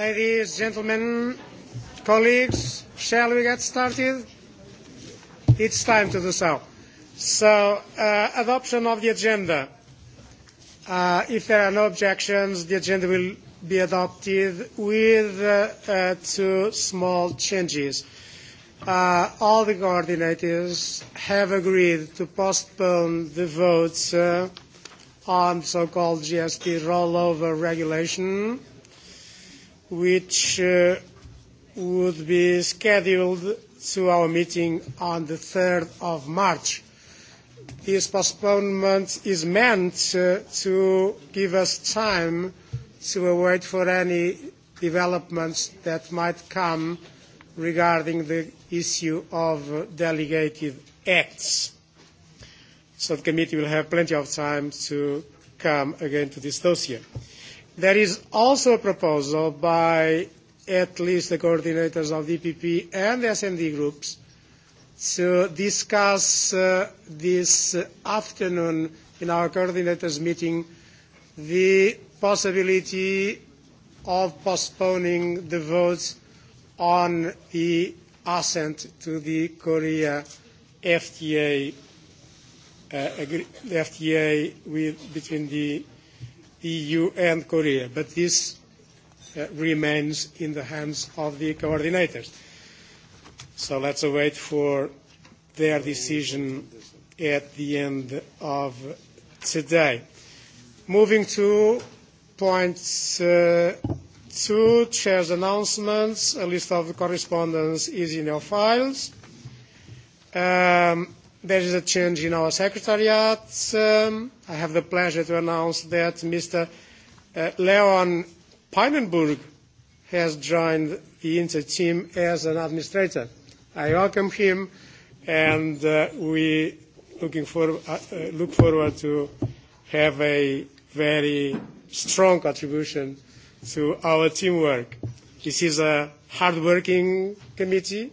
Ladies, gentlemen, colleagues, shall we get started? It's time to do so. So, uh, adoption of the agenda. Uh, if there are no objections, the agenda will be adopted with uh, uh, two small changes. Uh, all the coordinators have agreed to postpone the votes uh, on so-called GST rollover regulation which uh, would be scheduled to our meeting on the 3rd of March. This postponement is meant uh, to give us time to await for any developments that might come regarding the issue of delegated acts. So the committee will have plenty of time to come again to this dossier. There is also a proposal by at least the coordinators of the EPP and the SND groups to discuss uh, this afternoon in our coordinators meeting the possibility of postponing the votes on the assent to the Korea FTA, uh, FTA with, between the EU and Korea, but this uh, remains in the hands of the coordinators. So let's wait for their decision at the end of today. Moving to points uh, two, Chair's announcements. A list of correspondence is in your files. Um, There is a change in our secretariat. Um, I have the pleasure to announce that Mr. Uh, Leon Peinenburg has joined the Inter team as an administrator. I welcome him, and uh, we looking for, uh, uh look forward to have a very strong contribution to our teamwork. This is a hard-working committee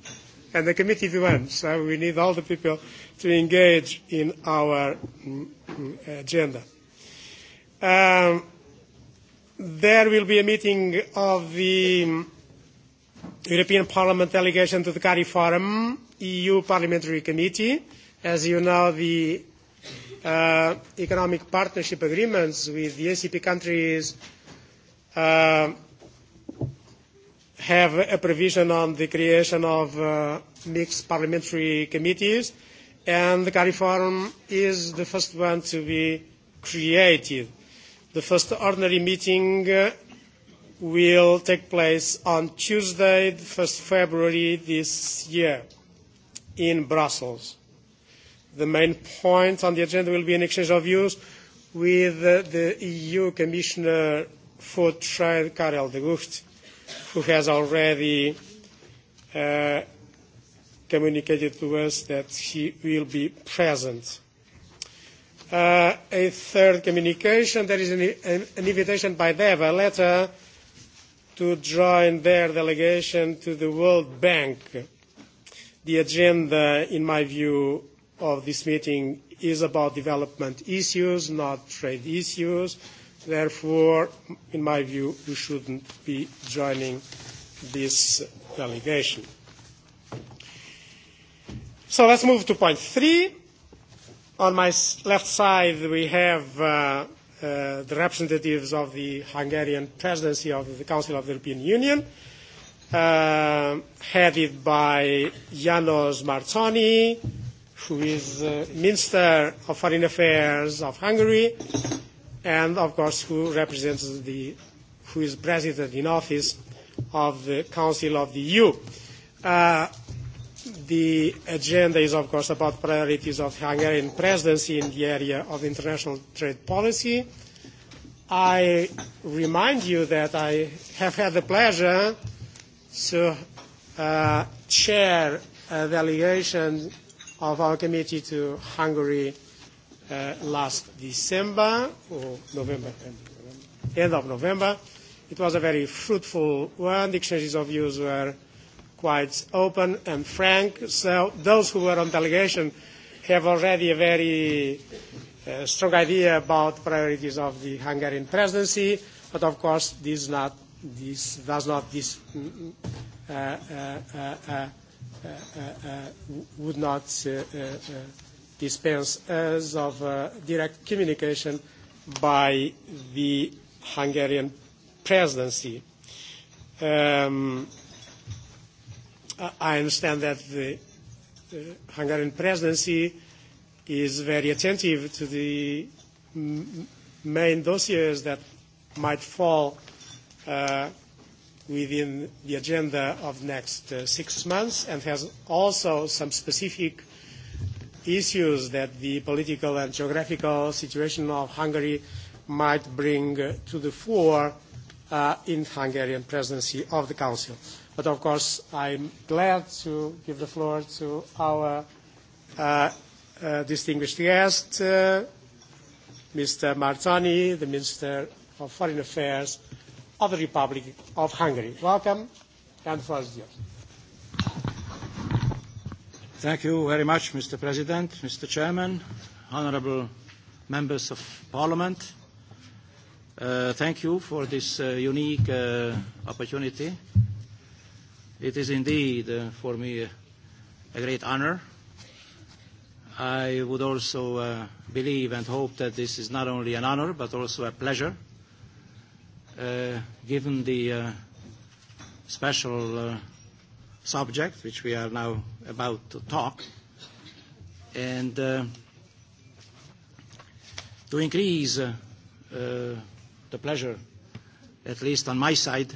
and a committee we want, so we need all the people to engage in our mm, mm, agenda. Um, there will be a meeting of the mm, European Parliament delegation to the CARI Forum, EU Parliamentary Committee. As you know, the uh, economic partnership agreements with the ACP countries uh, have a provision on the creation of uh, mixed parliamentary committees and the CARIFORUM is the first one to be created. The first ordinary meeting uh, will take place on Tuesday, 1st February this year in Brussels. The main point on the agenda will be an exchange of views with uh, the EU Commissioner for Trade, Karel de Gucht, who has already uh, communicated to us that he will be present. Uh, a third communication, there is an, an, an invitation by them, a letter to join their delegation to the World Bank. The agenda, in my view, of this meeting is about development issues, not trade issues. Therefore, in my view, we shouldn't be joining this delegation. So let's move to point three. On my left side, we have uh, uh, the representatives of the Hungarian presidency of the Council of the European Union, uh, headed by Janos Martoni, who is uh, Minister of Foreign Affairs of Hungary, and of course who represents the, who is President in office of the Council of the EU. Uh, The agenda is, of course, about priorities of Hungarian presidency in the area of international trade policy. I remind you that I have had the pleasure to uh, chair a delegation of our committee to Hungary uh, last December or November, end of November. It was a very fruitful one. The exchanges of views were quite open and frank. So those who were on delegation have already a very uh, strong idea about priorities of the Hungarian presidency, but of course this, not, this does not this uh, uh, would not dispense us of direct communication by the Hungarian presidency. Um, I understand that the Hungarian presidency is very attentive to the main dossiers that might fall uh, within the agenda of next uh, six months and has also some specific issues that the political and geographical situation of Hungary might bring uh, to the fore uh, in Hungarian presidency of the Council. But of course, I'm glad to give the floor to our uh, uh, distinguished guest, uh, Mr. Martoni, the Minister of Foreign Affairs of the Republic of Hungary. Welcome, and the floor is yours. Thank you very much, Mr. President, Mr. Chairman, honorable members of parliament. Uh, thank you for this uh, unique uh, opportunity It is indeed uh, for me a, great honor. I would also uh, believe and hope that this is not only an honor but also a pleasure, uh, given the uh, special uh, subject which we are now about to talk, and uh, to increase uh, uh, the pleasure, at least on my side,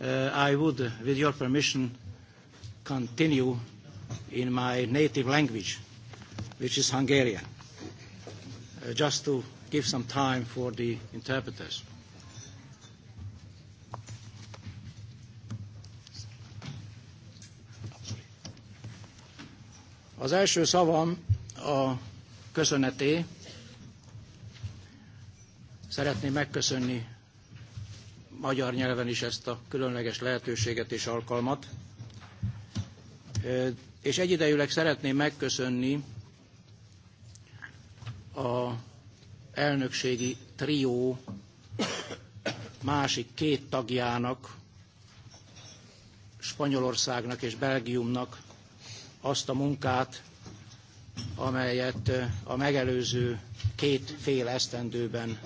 uh, I would, with your permission, continue in my native language, which is Hungarian, uh, just to give some time for the interpreters. Az első szavam a köszöneté. Szeretném megköszönni magyar nyelven is ezt a különleges lehetőséget és alkalmat. És egyidejűleg szeretném megköszönni a elnökségi trió másik két tagjának, Spanyolországnak és Belgiumnak azt a munkát, amelyet a megelőző két fél esztendőben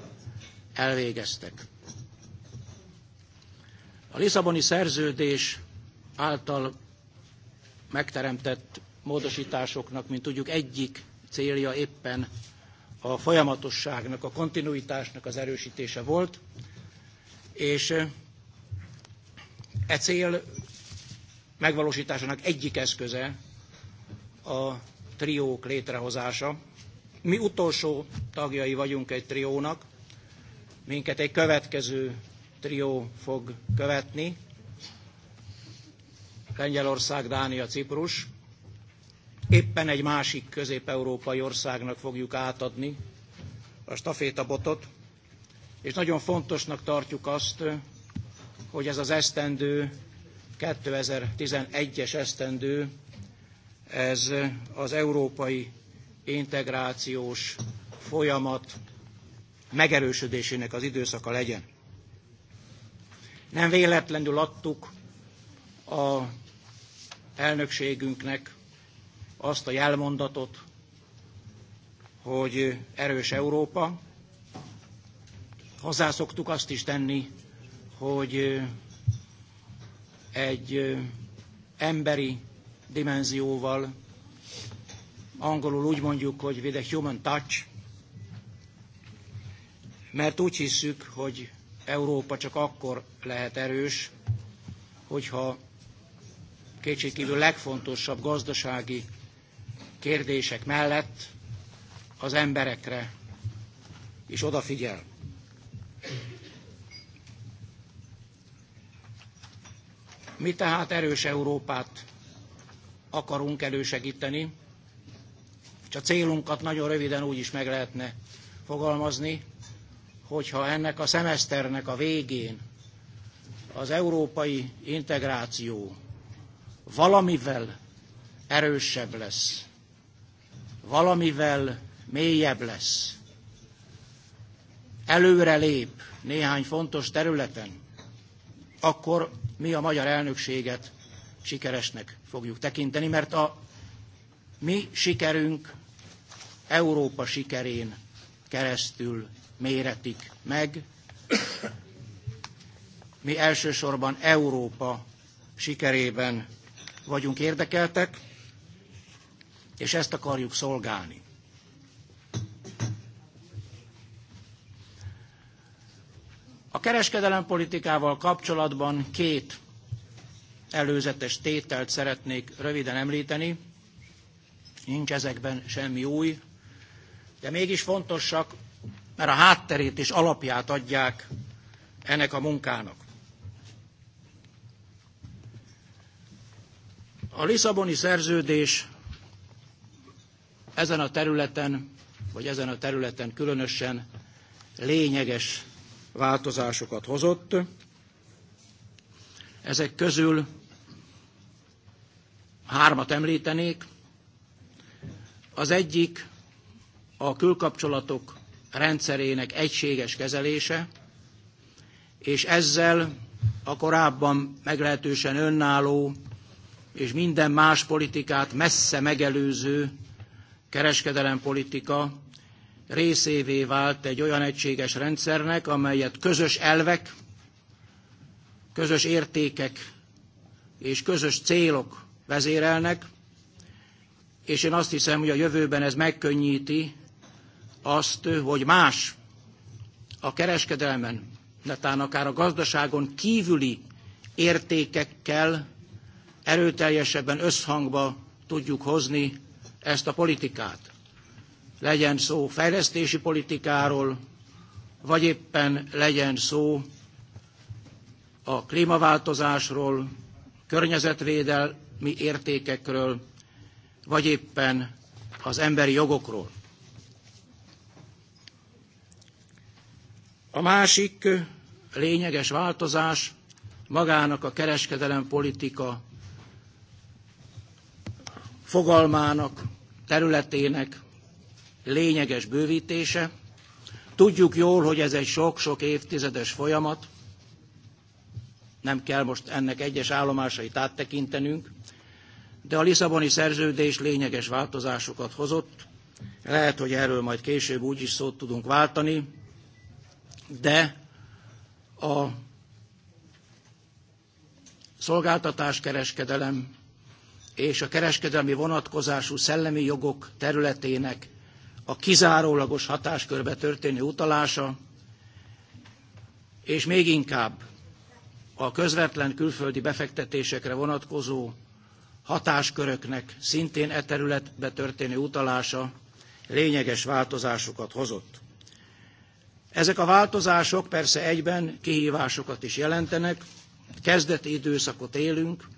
elvégeztek. A Lisszaboni szerződés által megteremtett módosításoknak, mint tudjuk, egyik célja éppen a folyamatosságnak, a kontinuitásnak az erősítése volt, és e cél megvalósításának egyik eszköze a triók létrehozása. Mi utolsó tagjai vagyunk egy triónak, minket egy következő trió fog követni. Lengyelország, Dánia, Ciprus. Éppen egy másik közép-európai országnak fogjuk átadni a stafétabotot, és nagyon fontosnak tartjuk azt, hogy ez az esztendő, 2011-es esztendő, ez az európai integrációs folyamat megerősödésének az időszaka legyen. Nem véletlenül adtuk a elnökségünknek azt a jelmondatot, hogy erős Európa. Hozzászoktuk azt is tenni, hogy egy emberi dimenzióval, angolul úgy mondjuk, hogy with a human touch, mert úgy hiszük, hogy Európa csak akkor lehet erős, hogyha kétségkívül legfontosabb gazdasági kérdések mellett az emberekre is odafigyel. Mi tehát erős Európát akarunk elősegíteni, és a célunkat nagyon röviden úgy is meg lehetne fogalmazni, hogyha ennek a szemeszternek a végén az európai integráció valamivel erősebb lesz, valamivel mélyebb lesz, előre lép néhány fontos területen, akkor mi a magyar elnökséget sikeresnek fogjuk tekinteni, mert a mi sikerünk Európa sikerén keresztül méretik meg. Mi elsősorban Európa sikerében vagyunk érdekeltek, és ezt akarjuk szolgálni. A kereskedelempolitikával kapcsolatban két előzetes tételt szeretnék röviden említeni. Nincs ezekben semmi új, de mégis fontosak mert a hátterét és alapját adják ennek a munkának. A Lisszaboni szerződés ezen a területen, vagy ezen a területen különösen lényeges változásokat hozott. Ezek közül hármat említenék. Az egyik a külkapcsolatok rendszerének egységes kezelése, és ezzel a korábban meglehetősen önálló és minden más politikát messze megelőző kereskedelempolitika részévé vált egy olyan egységes rendszernek, amelyet közös elvek, közös értékek és közös célok vezérelnek, és én azt hiszem, hogy a jövőben ez megkönnyíti azt, hogy más a kereskedelmen, netán akár a gazdaságon kívüli értékekkel erőteljesebben összhangba tudjuk hozni ezt a politikát. Legyen szó fejlesztési politikáról, vagy éppen legyen szó a klímaváltozásról, környezetvédelmi értékekről, vagy éppen az emberi jogokról. A másik lényeges változás magának a kereskedelem politika fogalmának, területének lényeges bővítése. Tudjuk jól, hogy ez egy sok-sok évtizedes folyamat, nem kell most ennek egyes állomásait áttekintenünk, de a Lisszaboni szerződés lényeges változásokat hozott, lehet, hogy erről majd később úgy is szót tudunk váltani, de a szolgáltatáskereskedelem és a kereskedelmi vonatkozású szellemi jogok területének a kizárólagos hatáskörbe történő utalása, és még inkább a közvetlen külföldi befektetésekre vonatkozó hatásköröknek szintén e területbe történő utalása lényeges változásokat hozott. Ezek a változások persze egyben kihívásokat is jelentenek, kezdeti időszakot élünk,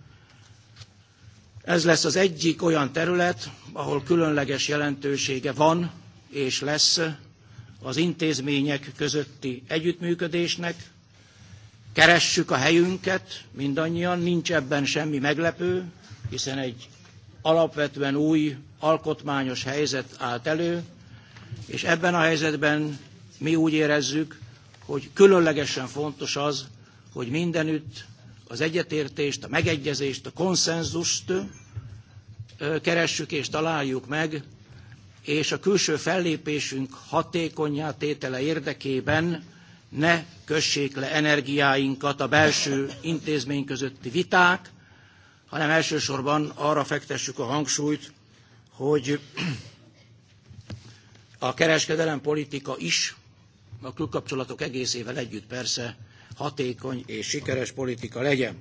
ez lesz az egyik olyan terület, ahol különleges jelentősége van és lesz az intézmények közötti együttműködésnek. Keressük a helyünket, mindannyian, nincs ebben semmi meglepő, hiszen egy alapvetően új alkotmányos helyzet állt elő, és ebben a helyzetben mi úgy érezzük, hogy különlegesen fontos az, hogy mindenütt az egyetértést, a megegyezést, a konszenzust keressük és találjuk meg, és a külső fellépésünk hatékonyá tétele érdekében ne kössék le energiáinkat a belső intézmény közötti viták, hanem elsősorban arra fektessük a hangsúlyt, hogy a kereskedelem politika is a külkapcsolatok egészével együtt persze hatékony és sikeres politika legyen.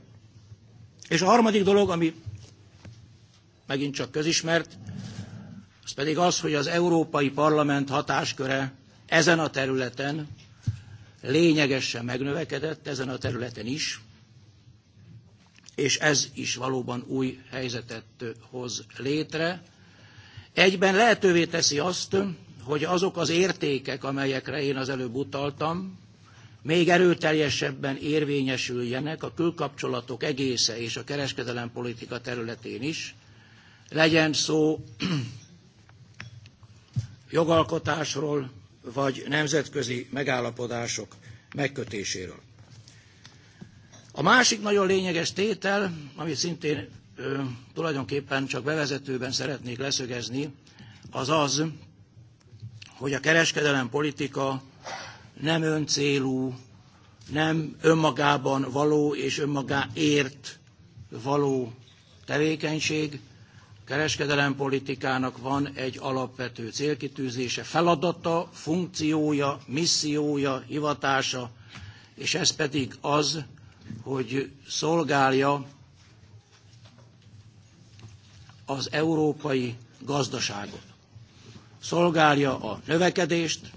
És a harmadik dolog, ami megint csak közismert, az pedig az, hogy az Európai Parlament hatásköre ezen a területen lényegesen megnövekedett, ezen a területen is, és ez is valóban új helyzetet hoz létre. Egyben lehetővé teszi azt, hogy azok az értékek, amelyekre én az előbb utaltam, még erőteljesebben érvényesüljenek a külkapcsolatok egésze és a politika területén is, legyen szó jogalkotásról vagy nemzetközi megállapodások megkötéséről. A másik nagyon lényeges tétel, amit szintén ö, tulajdonképpen csak bevezetőben szeretnék leszögezni, az az, hogy a kereskedelem politika nem öncélú, nem önmagában való és önmagáért való tevékenység. A kereskedelem politikának van egy alapvető célkitűzése, feladata, funkciója, missziója, hivatása, és ez pedig az, hogy szolgálja az európai gazdaságot szolgálja a növekedést,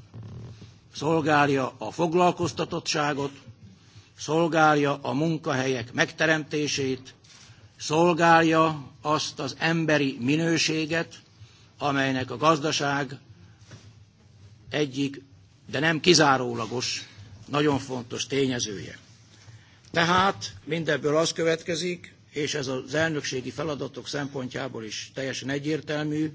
szolgálja a foglalkoztatottságot, szolgálja a munkahelyek megteremtését, szolgálja azt az emberi minőséget, amelynek a gazdaság egyik, de nem kizárólagos, nagyon fontos tényezője. Tehát mindebből az következik, és ez az elnökségi feladatok szempontjából is teljesen egyértelmű,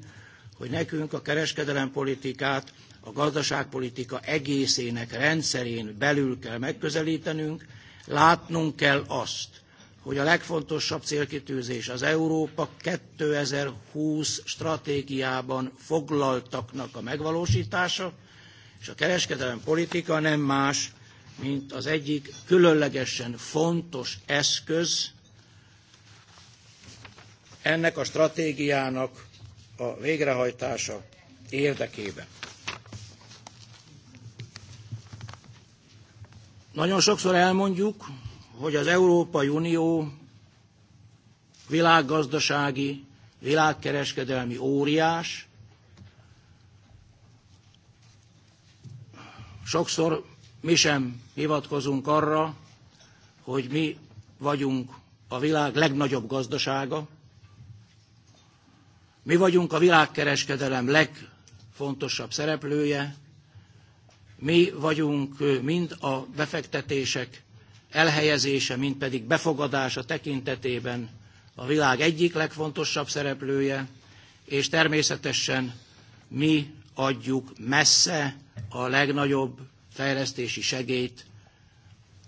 hogy nekünk a kereskedelempolitikát a gazdaságpolitika egészének rendszerén belül kell megközelítenünk, látnunk kell azt, hogy a legfontosabb célkitűzés az Európa 2020 stratégiában foglaltaknak a megvalósítása, és a kereskedelem politika nem más, mint az egyik különlegesen fontos eszköz ennek a stratégiának a végrehajtása érdekében. Nagyon sokszor elmondjuk, hogy az Európai Unió világgazdasági, világkereskedelmi óriás, sokszor mi sem hivatkozunk arra, hogy mi vagyunk a világ legnagyobb gazdasága, mi vagyunk a világkereskedelem legfontosabb szereplője, mi vagyunk mind a befektetések elhelyezése, mind pedig befogadása tekintetében a világ egyik legfontosabb szereplője, és természetesen mi adjuk messze a legnagyobb fejlesztési segélyt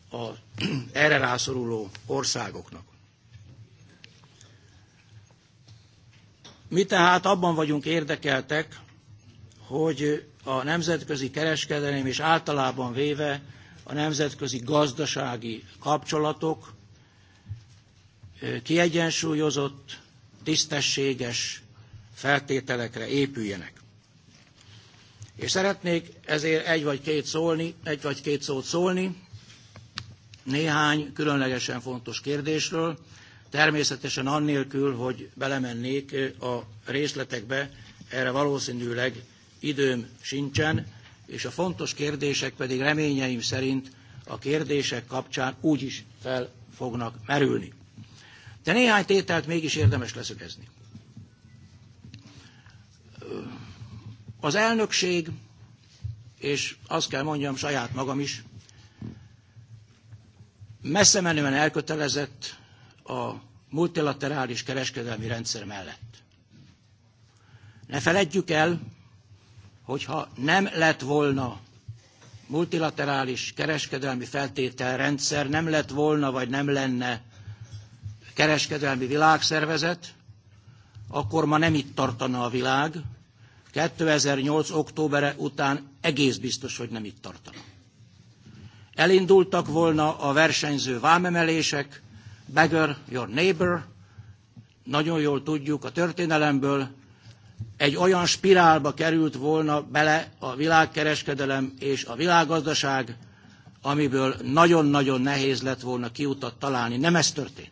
az erre rászoruló országoknak. Mi tehát abban vagyunk érdekeltek, hogy a nemzetközi kereskedelem és általában véve a nemzetközi gazdasági kapcsolatok kiegyensúlyozott, tisztességes feltételekre épüljenek. És szeretnék ezért egy vagy két, szólni, egy vagy két szót szólni néhány különlegesen fontos kérdésről, Természetesen annélkül, hogy belemennék a részletekbe, erre valószínűleg időm sincsen, és a fontos kérdések pedig reményeim szerint a kérdések kapcsán úgyis fel fognak merülni. De néhány tételt mégis érdemes leszögezni. Az elnökség, és azt kell mondjam saját magam is, messze menően elkötelezett a multilaterális kereskedelmi rendszer mellett. Ne feledjük el, hogyha nem lett volna multilaterális kereskedelmi feltételrendszer, nem lett volna vagy nem lenne kereskedelmi világszervezet, akkor ma nem itt tartana a világ. 2008. októbere után egész biztos, hogy nem itt tartana. Elindultak volna a versenyző vámemelések, beggar, your neighbor, nagyon jól tudjuk a történelemből, egy olyan spirálba került volna bele a világkereskedelem és a világgazdaság, amiből nagyon-nagyon nehéz lett volna kiutat találni. Nem ez történt.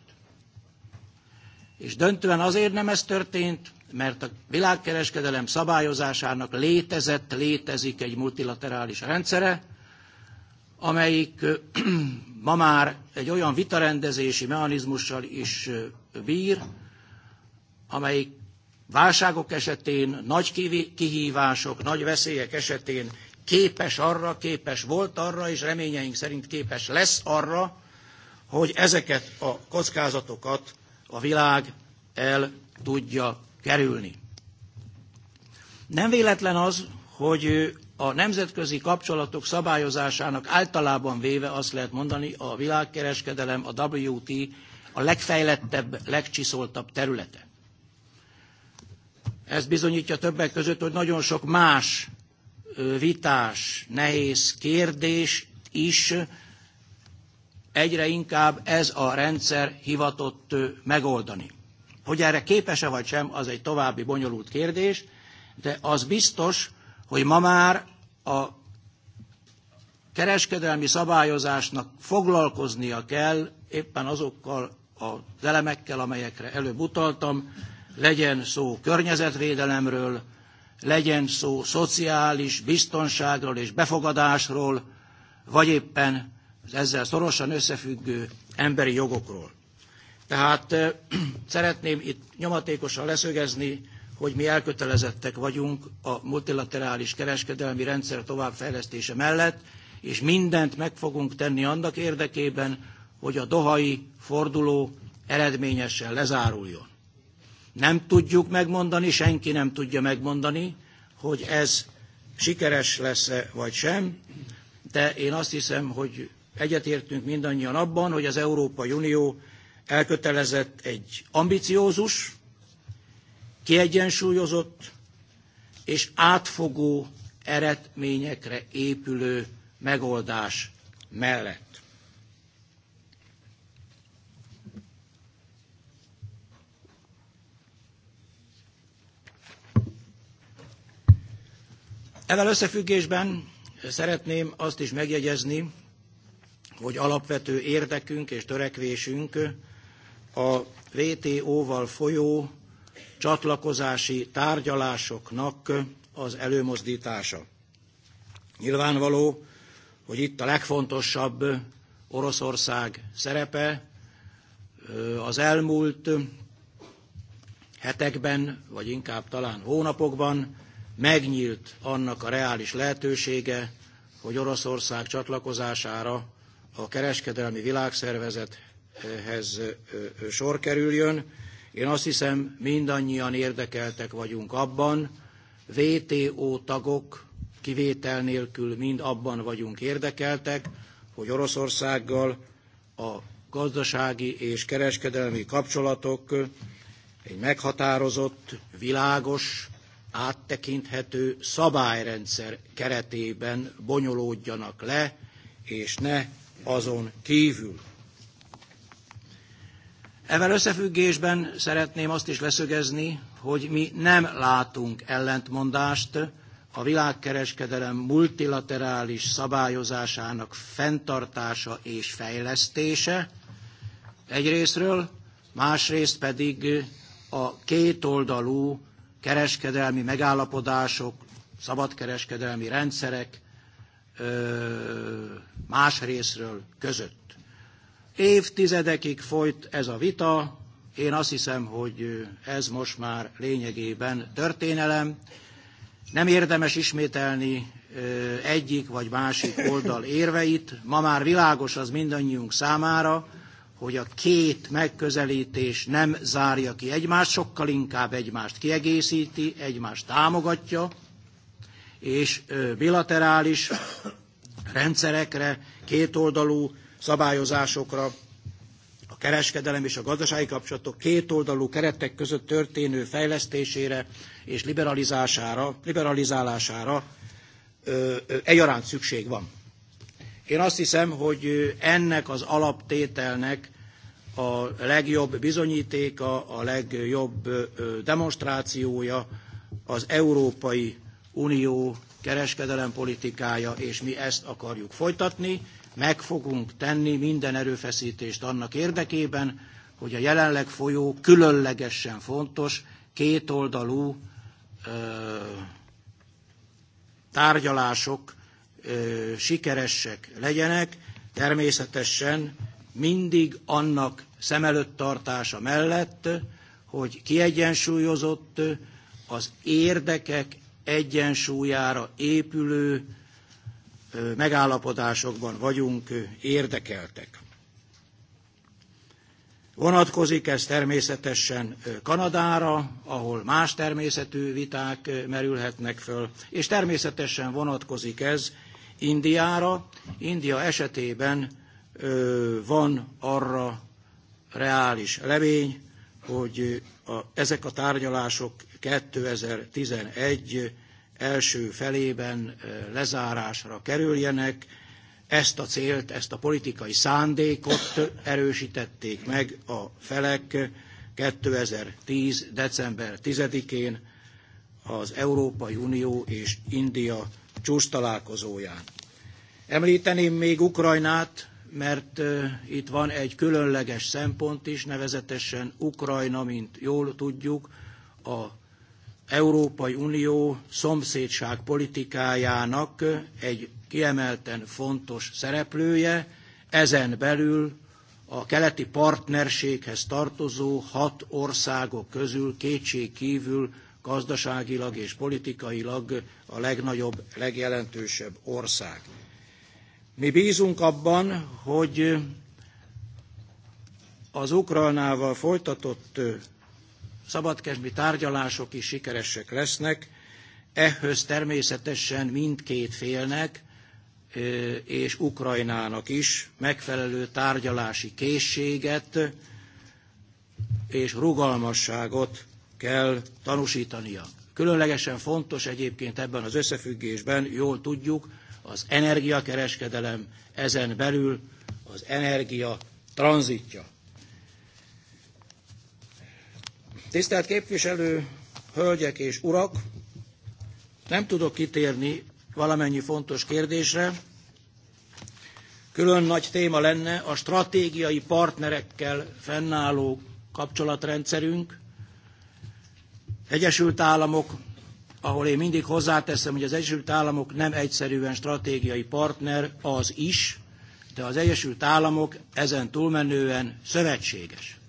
És döntően azért nem ez történt, mert a világkereskedelem szabályozásának létezett, létezik egy multilaterális rendszere, amelyik ma már egy olyan vitarendezési mechanizmussal is bír, amelyik válságok esetén, nagy kihívások, nagy veszélyek esetén képes arra, képes volt arra, és reményeink szerint képes lesz arra, hogy ezeket a kockázatokat a világ el tudja kerülni. Nem véletlen az, hogy a nemzetközi kapcsolatok szabályozásának általában véve azt lehet mondani, a világkereskedelem, a WT a legfejlettebb, legcsiszoltabb területe. Ez bizonyítja többek között, hogy nagyon sok más vitás, nehéz kérdés is egyre inkább ez a rendszer hivatott megoldani. Hogy erre képes-e vagy sem, az egy további bonyolult kérdés, de az biztos, hogy ma már a kereskedelmi szabályozásnak foglalkoznia kell éppen azokkal az elemekkel, amelyekre előbb utaltam, legyen szó környezetvédelemről, legyen szó szociális biztonságról és befogadásról, vagy éppen az ezzel szorosan összefüggő emberi jogokról. Tehát szeretném itt nyomatékosan leszögezni, hogy mi elkötelezettek vagyunk a multilaterális kereskedelmi rendszer továbbfejlesztése mellett, és mindent meg fogunk tenni annak érdekében, hogy a dohai forduló eredményesen lezáruljon. Nem tudjuk megmondani, senki nem tudja megmondani, hogy ez sikeres lesz-e vagy sem, de én azt hiszem, hogy egyetértünk mindannyian abban, hogy az Európai Unió elkötelezett egy ambiciózus, kiegyensúlyozott és átfogó eredményekre épülő megoldás mellett. Evel összefüggésben szeretném azt is megjegyezni, hogy alapvető érdekünk és törekvésünk a VTO-val folyó csatlakozási tárgyalásoknak az előmozdítása. Nyilvánvaló, hogy itt a legfontosabb Oroszország szerepe az elmúlt hetekben, vagy inkább talán hónapokban megnyílt annak a reális lehetősége, hogy Oroszország csatlakozására a kereskedelmi világszervezethez sor kerüljön, Én azt hiszem, mindannyian érdekeltek vagyunk abban, VTO tagok kivétel nélkül mind abban vagyunk érdekeltek, hogy Oroszországgal a gazdasági és kereskedelmi kapcsolatok egy meghatározott, világos, áttekinthető szabályrendszer keretében bonyolódjanak le, és ne azon kívül. Evel összefüggésben szeretném azt is leszögezni, hogy mi nem látunk ellentmondást a világkereskedelem multilaterális szabályozásának fenntartása és fejlesztése egyrésztről, másrészt pedig a kétoldalú kereskedelmi megállapodások, szabadkereskedelmi rendszerek más részről között. Évtizedekig folyt ez a vita, én azt hiszem, hogy ez most már lényegében történelem. Nem érdemes ismételni egyik vagy másik oldal érveit. Ma már világos az mindannyiunk számára, hogy a két megközelítés nem zárja ki egymást, sokkal inkább egymást kiegészíti, egymást támogatja, és bilaterális rendszerekre, kétoldalú szabályozásokra, a kereskedelem és a gazdasági kapcsolatok kétoldalú keretek között történő fejlesztésére és liberalizására, liberalizálására ö, ö, egyaránt szükség van. Én azt hiszem, hogy ennek az alaptételnek a legjobb bizonyítéka, a legjobb demonstrációja az Európai Unió kereskedelempolitikája, és mi ezt akarjuk folytatni meg fogunk tenni minden erőfeszítést annak érdekében, hogy a jelenleg folyó különlegesen fontos kétoldalú ö, tárgyalások ö, sikeresek legyenek, természetesen mindig annak szem előtt tartása mellett, hogy kiegyensúlyozott, az érdekek egyensúlyára épülő megállapodásokban vagyunk érdekeltek. Vonatkozik ez természetesen Kanadára, ahol más természetű viták merülhetnek föl, és természetesen vonatkozik ez Indiára. India esetében van arra reális levény, hogy a, ezek a tárgyalások 2011 első felében lezárásra kerüljenek. Ezt a célt, ezt a politikai szándékot erősítették meg a felek 2010. december 10-én az Európai Unió és India csúcstalálkozóján. Említeném még Ukrajnát, mert itt van egy különleges szempont is, nevezetesen Ukrajna, mint jól tudjuk, a Európai Unió szomszédság politikájának egy kiemelten fontos szereplője, ezen belül a keleti partnerséghez tartozó hat országok közül kétség kívül gazdaságilag és politikailag a legnagyobb, legjelentősebb ország. Mi bízunk abban, hogy az Ukrajnával folytatott szabadkesmi tárgyalások is sikeresek lesznek, ehhez természetesen mindkét félnek és Ukrajnának is megfelelő tárgyalási készséget és rugalmasságot kell tanúsítania. Különlegesen fontos egyébként ebben az összefüggésben, jól tudjuk, az energiakereskedelem ezen belül az energia tranzitja. Tisztelt képviselő, hölgyek és urak! Nem tudok kitérni valamennyi fontos kérdésre. Külön nagy téma lenne a stratégiai partnerekkel fennálló kapcsolatrendszerünk. Egyesült Államok, ahol én mindig hozzáteszem, hogy az Egyesült Államok nem egyszerűen stratégiai partner, az is, de az Egyesült Államok ezen túlmenően szövetséges.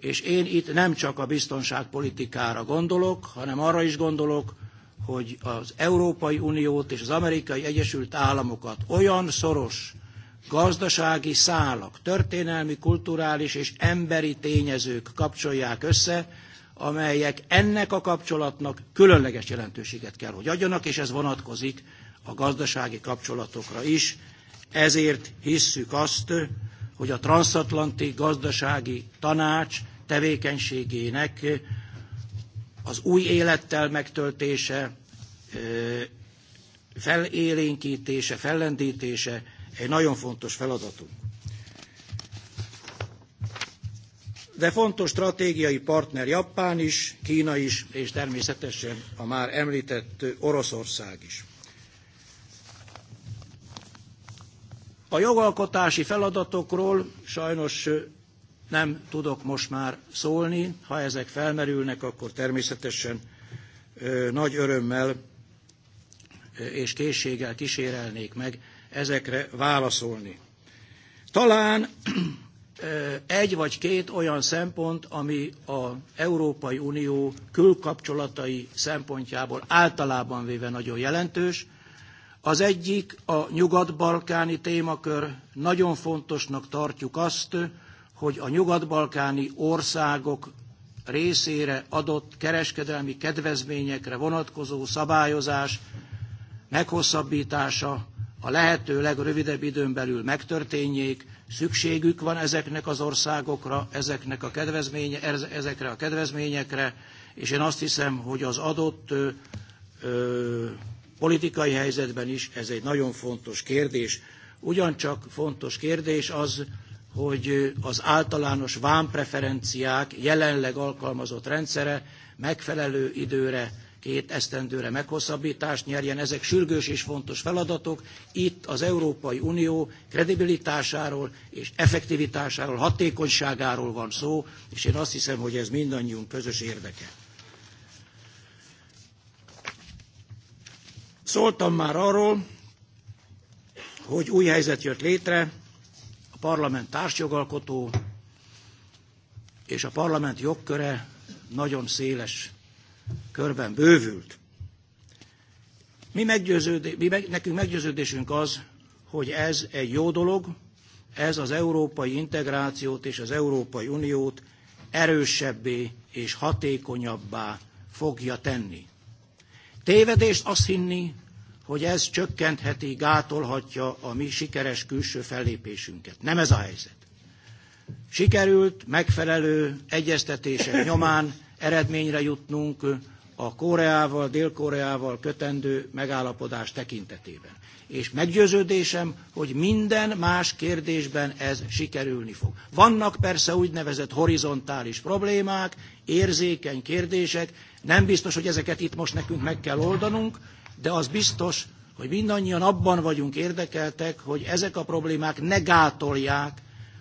És én itt nem csak a biztonságpolitikára gondolok, hanem arra is gondolok, hogy az Európai Uniót és az Amerikai Egyesült Államokat olyan szoros gazdasági szálak, történelmi, kulturális és emberi tényezők kapcsolják össze, amelyek ennek a kapcsolatnak különleges jelentőséget kell, hogy adjanak, és ez vonatkozik a gazdasági kapcsolatokra is. Ezért hisszük azt, hogy a transatlanti gazdasági tanács tevékenységének az új élettel megtöltése, felélénkítése, fellendítése egy nagyon fontos feladatunk. De fontos stratégiai partner Japán is, Kína is, és természetesen a már említett Oroszország is. A jogalkotási feladatokról sajnos nem tudok most már szólni, ha ezek felmerülnek, akkor természetesen nagy örömmel és készséggel kísérelnék meg ezekre válaszolni. Talán egy vagy két olyan szempont, ami az Európai Unió külkapcsolatai szempontjából általában véve nagyon jelentős, Az egyik a nyugat-balkáni témakör. Nagyon fontosnak tartjuk azt, hogy a nyugat-balkáni országok részére adott kereskedelmi kedvezményekre vonatkozó szabályozás meghosszabbítása a lehető legrövidebb időn belül megtörténjék, szükségük van ezeknek az országokra, ezeknek a kedvezménye, ezekre a kedvezményekre, és én azt hiszem, hogy az adott ö, politikai helyzetben is ez egy nagyon fontos kérdés. Ugyancsak fontos kérdés az, hogy az általános vámpreferenciák jelenleg alkalmazott rendszere megfelelő időre, két esztendőre meghosszabbítást nyerjen. Ezek sürgős és fontos feladatok. Itt az Európai Unió kredibilitásáról és effektivitásáról, hatékonyságáról van szó, és én azt hiszem, hogy ez mindannyiunk közös érdeke. Szóltam már arról, hogy új helyzet jött létre, a parlament társjogalkotó és a parlament jogköre nagyon széles körben bővült. Mi meggyőződé, mi meg, nekünk meggyőződésünk az, hogy ez egy jó dolog, ez az európai integrációt és az Európai Uniót erősebbé és hatékonyabbá fogja tenni. Tévedést azt hinni, hogy ez csökkentheti, gátolhatja a mi sikeres külső fellépésünket. Nem ez a helyzet. Sikerült megfelelő egyeztetések nyomán eredményre jutnunk a Koreával, Dél-Koreával kötendő megállapodás tekintetében. És meggyőződésem, hogy minden más kérdésben ez sikerülni fog. Vannak persze úgynevezett horizontális problémák, érzékeny kérdések, nem biztos, hogy ezeket itt most nekünk meg kell oldanunk, de az biztos, hogy mindannyian abban vagyunk érdekeltek, hogy ezek a problémák ne gátolják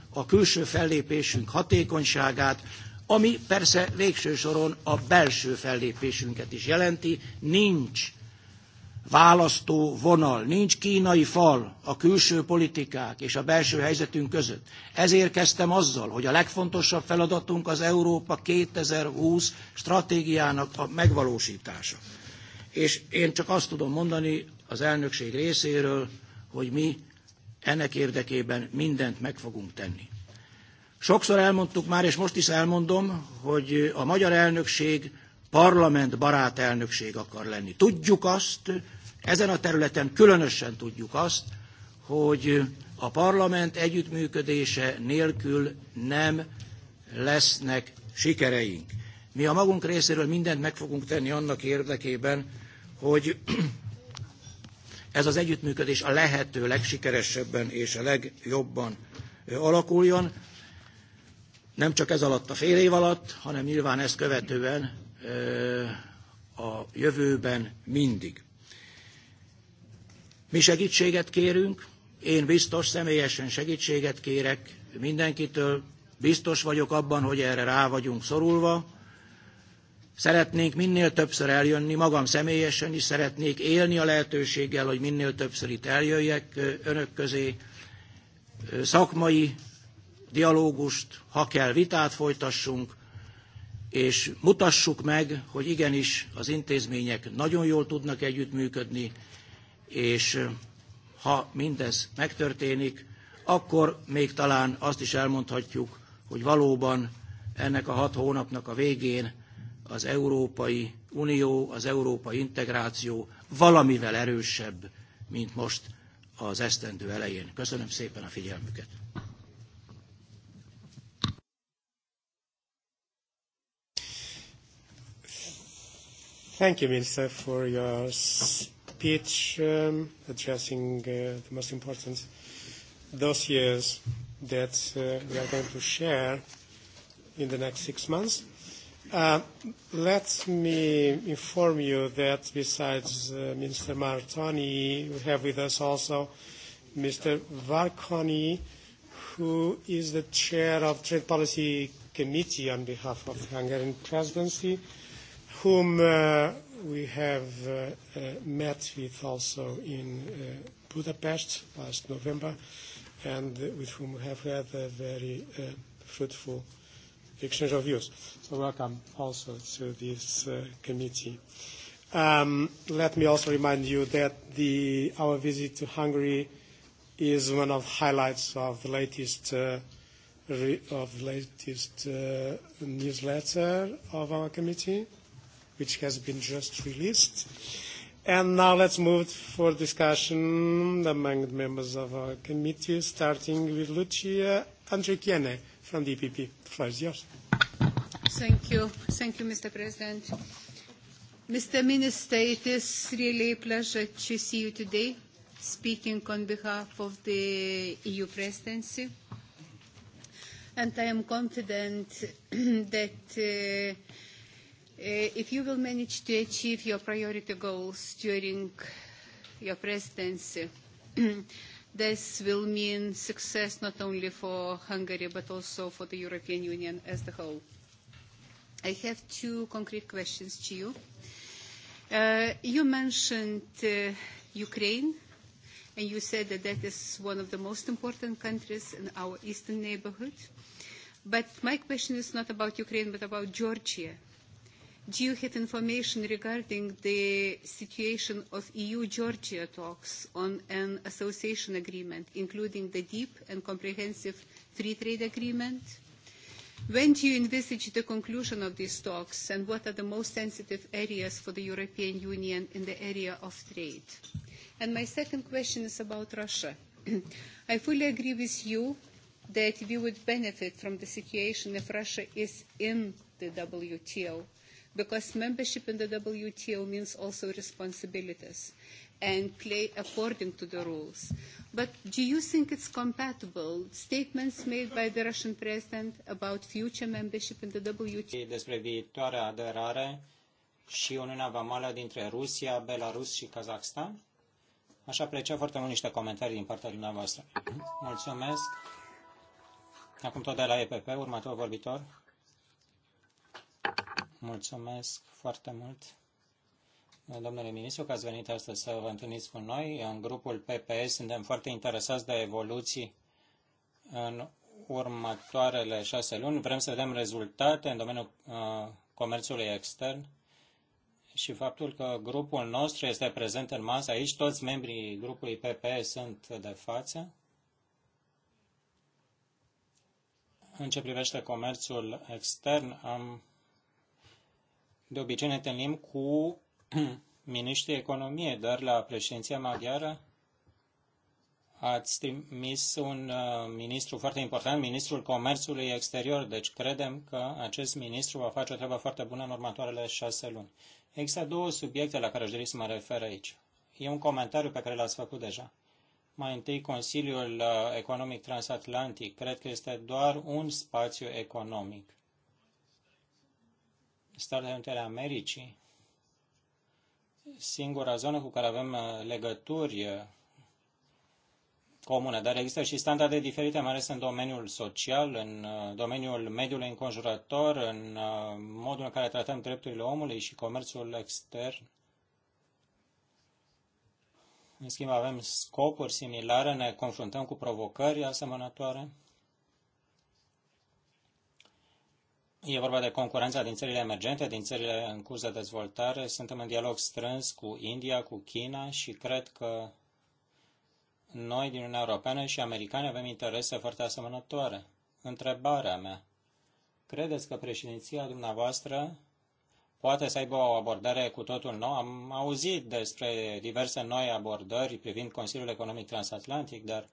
a külső fellépésünk hatékonyságát, ami persze végső soron a belső fellépésünket is jelenti, nincs választó vonal, nincs kínai fal a külső politikák és a belső helyzetünk között. Ezért kezdtem azzal, hogy a legfontosabb feladatunk az Európa 2020 stratégiának a megvalósítása. És én csak azt tudom mondani az elnökség részéről, hogy mi ennek érdekében mindent meg fogunk tenni. Sokszor elmondtuk már, és most is elmondom, hogy a magyar elnökség parlamentbarát elnökség akar lenni. Tudjuk azt, ezen a területen különösen tudjuk azt, hogy a parlament együttműködése nélkül nem lesznek sikereink. Mi a magunk részéről mindent meg fogunk tenni annak érdekében, hogy ez az együttműködés a lehető legsikeresebben és a legjobban alakuljon nem csak ez alatt a fél év alatt, hanem nyilván ezt követően a jövőben mindig. Mi segítséget kérünk, én biztos személyesen segítséget kérek mindenkitől, biztos vagyok abban, hogy erre rá vagyunk szorulva, Szeretnénk minél többször eljönni, magam személyesen is szeretnék élni a lehetőséggel, hogy minél többször itt eljöjjek önök közé. Szakmai dialógust, ha kell vitát folytassunk, és mutassuk meg, hogy igenis az intézmények nagyon jól tudnak együttműködni, és ha mindez megtörténik, akkor még talán azt is elmondhatjuk, hogy valóban ennek a hat hónapnak a végén az Európai Unió, az európai integráció valamivel erősebb, mint most az esztendő elején. Köszönöm szépen a figyelmüket! Thank you, Minister, for your speech um, addressing uh, the most important dossiers that uh, we are going to share in the next six months. Uh, let me inform you that besides uh, Mr. Martoni, we have with us also Mr. Varconi, who is the chair of Trade Policy Committee on behalf of the Hungarian Presidency whom uh, we have uh, uh, met with also in uh, Budapest last November, and with whom we have had a very uh, fruitful exchange of views. So welcome also to this uh, committee. Um, let me also remind you that the, our visit to Hungary is one of the highlights of the latest uh, re, of the latest uh, newsletter of our committee which has been just released. And now let's move for discussion among the members of our committee, starting with Lucia Andrikiene from the EPP. The floor is yours. Thank you. Thank you, Mr. President. Mr. Minister, it is really a pleasure to see you today, speaking on behalf of the EU presidency. And I am confident that uh, Uh, if you will manage to achieve your priority goals during your presidency, this will mean success not only for Hungary but also for the European Union as a whole. I have two concrete questions to you. Uh, you mentioned uh, Ukraine, and you said that that is one of the most important countries in our eastern neighborhood. But my question is not about Ukraine, but about Georgia you have information regarding the situation of EU-Georgia talks on an association agreement, including the deep and comprehensive free trade agreement? When do you envisage the conclusion of these talks, and what are the most sensitive areas for the European Union in the area of trade? And my second question is about Russia. I fully agree with you that we would benefit from the situation if Russia is in the WTO because membership in the WTO means also responsibilities and play according to the rules. But do you think it's compatible, statements made by the Russian president about future membership in the WTO? Despre viitoarea aderare și Uniunea Vamală dintre Rusia, Belarus și Kazakhstan? Aș aprecia foarte mult niște comentarii din partea dumneavoastră. Mulțumesc. Acum tot de la EPP, următorul vorbitor. Mulțumesc foarte mult, domnule ministru, că ați venit astăzi să vă întâlniți cu noi. În grupul PPS suntem foarte interesați de evoluții în următoarele șase luni. Vrem să vedem rezultate în domeniul uh, comerțului extern și faptul că grupul nostru este prezent în masă aici, toți membrii grupului PPS sunt de față. În ce privește comerțul extern, am de obicei ne întâlnim cu miniștrii economie, dar la președinția maghiară ați trimis un uh, ministru foarte important, ministrul comerțului exterior, deci credem că acest ministru va face o treabă foarte bună în următoarele șase luni. Există două subiecte la care aș dori să mă refer aici. E un comentariu pe care l-ați făcut deja. Mai întâi, Consiliul uh, Economic Transatlantic. Cred că este doar un spațiu economic. Statele Unite ale Americii, singura zonă cu care avem uh, legături uh, comune, dar există și standarde diferite, mai ales în domeniul social, în uh, domeniul mediului înconjurător, în modul în care tratăm drepturile omului și comerțul extern. În schimb, avem scopuri similare, ne confruntăm cu provocări asemănătoare. E vorba de concurența din țările emergente, din țările în curs de dezvoltare. Suntem în dialog strâns cu India, cu China și cred că noi din Uniunea Europeană și americani avem interese foarte asemănătoare. Întrebarea mea. Credeți că președinția dumneavoastră poate să aibă o abordare cu totul nouă? Am auzit despre diverse noi abordări privind Consiliul Economic Transatlantic, dar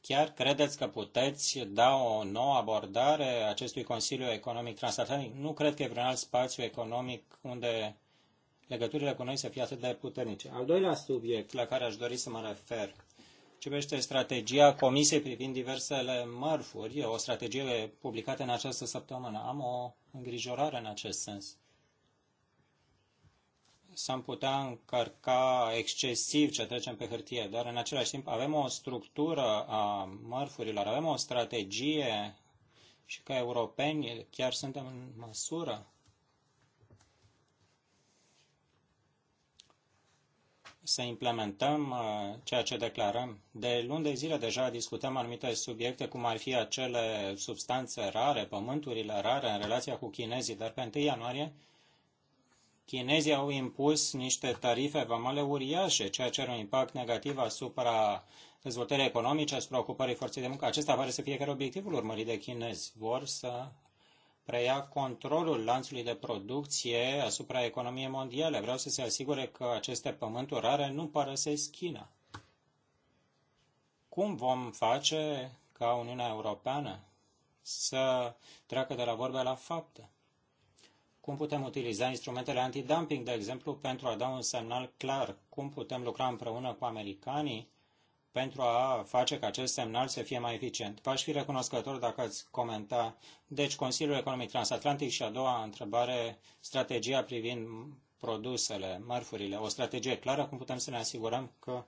Chiar credeți că puteți da o nouă abordare acestui Consiliu Economic Transatlantic? Nu cred că e vreun alt spațiu economic unde legăturile cu noi să fie atât de puternice. Al doilea subiect la care aș dori să mă refer este strategia Comisiei privind diversele mărfuri, o strategie publicată în această săptămână. Am o îngrijorare în acest sens s-am putea încărca excesiv ce trecem pe hârtie, dar în același timp avem o structură a mărfurilor, avem o strategie și ca europeni chiar suntem în măsură să implementăm uh, ceea ce declarăm. De luni de zile deja discutăm anumite subiecte, cum ar fi acele substanțe rare, pământurile rare în relația cu chinezii, dar pe 1 ianuarie Chinezii au impus niște tarife vamale uriașe, ceea ce are un impact negativ asupra dezvoltării economice, asupra ocupării forței de muncă. Acesta pare să fie chiar obiectivul urmărit de chinezi. Vor să preia controlul lanțului de producție asupra economiei mondiale. Vreau să se asigure că aceste pământuri rare nu părăsesc China. Cum vom face ca Uniunea Europeană să treacă de la vorbe la fapte? Cum putem utiliza instrumentele antidumping, de exemplu, pentru a da un semnal clar? Cum putem lucra împreună cu americanii pentru a face ca acest semnal să fie mai eficient? V-aș fi recunoscător dacă ați comenta. Deci, Consiliul Economic Transatlantic și a doua întrebare, strategia privind produsele, mărfurile, o strategie clară, cum putem să ne asigurăm că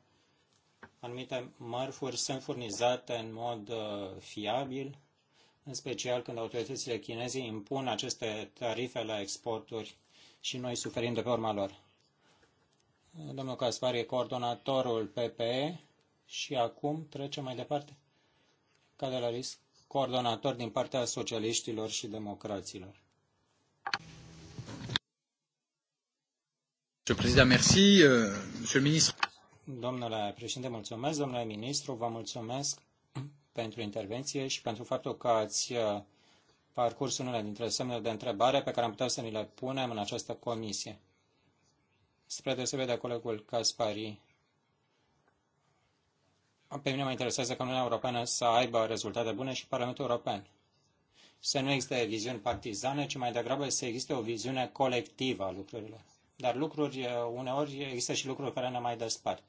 anumite mărfuri sunt furnizate în mod uh, fiabil, în special când autoritățile chineze impun aceste tarife la exporturi și noi suferim de pe urma lor. Domnul Caspar e coordonatorul PPE și acum trecem mai departe. Cade la risc coordonator din partea socialiștilor și democraților. Euh, Domnule președinte, mulțumesc. Domnule ministru, vă mulțumesc pentru intervenție și pentru faptul că ați uh, parcurs unele dintre semnele de întrebare pe care am putea să ni le punem în această comisie. Spre deosebire de colegul Caspari, pe mine mă interesează că Uniunea Europeană să aibă rezultate bune și Parlamentul European. Să nu existe viziuni partizane, ci mai degrabă să existe o viziune colectivă a lucrurilor. Dar lucruri, uh, uneori, există și lucruri care ne mai despart.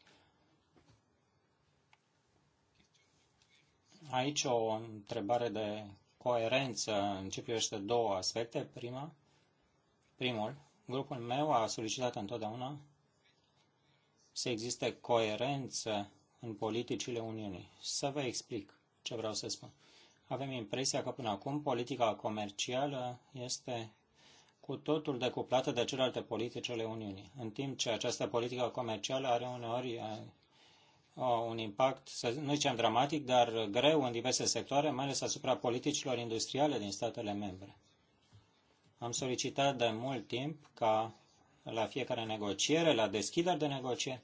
Aici o întrebare de coerență în ce privește două aspecte. Prima, primul, grupul meu a solicitat întotdeauna să existe coerență în politicile Uniunii. Să vă explic ce vreau să spun. Avem impresia că până acum politica comercială este cu totul decuplată de celelalte politici ale Uniunii, în timp ce această politică comercială are uneori eh, un impact, să nu zicem dramatic, dar greu în diverse sectoare, mai ales asupra politicilor industriale din statele membre. Am solicitat de mult timp ca la fiecare negociere, la deschideri de negociere,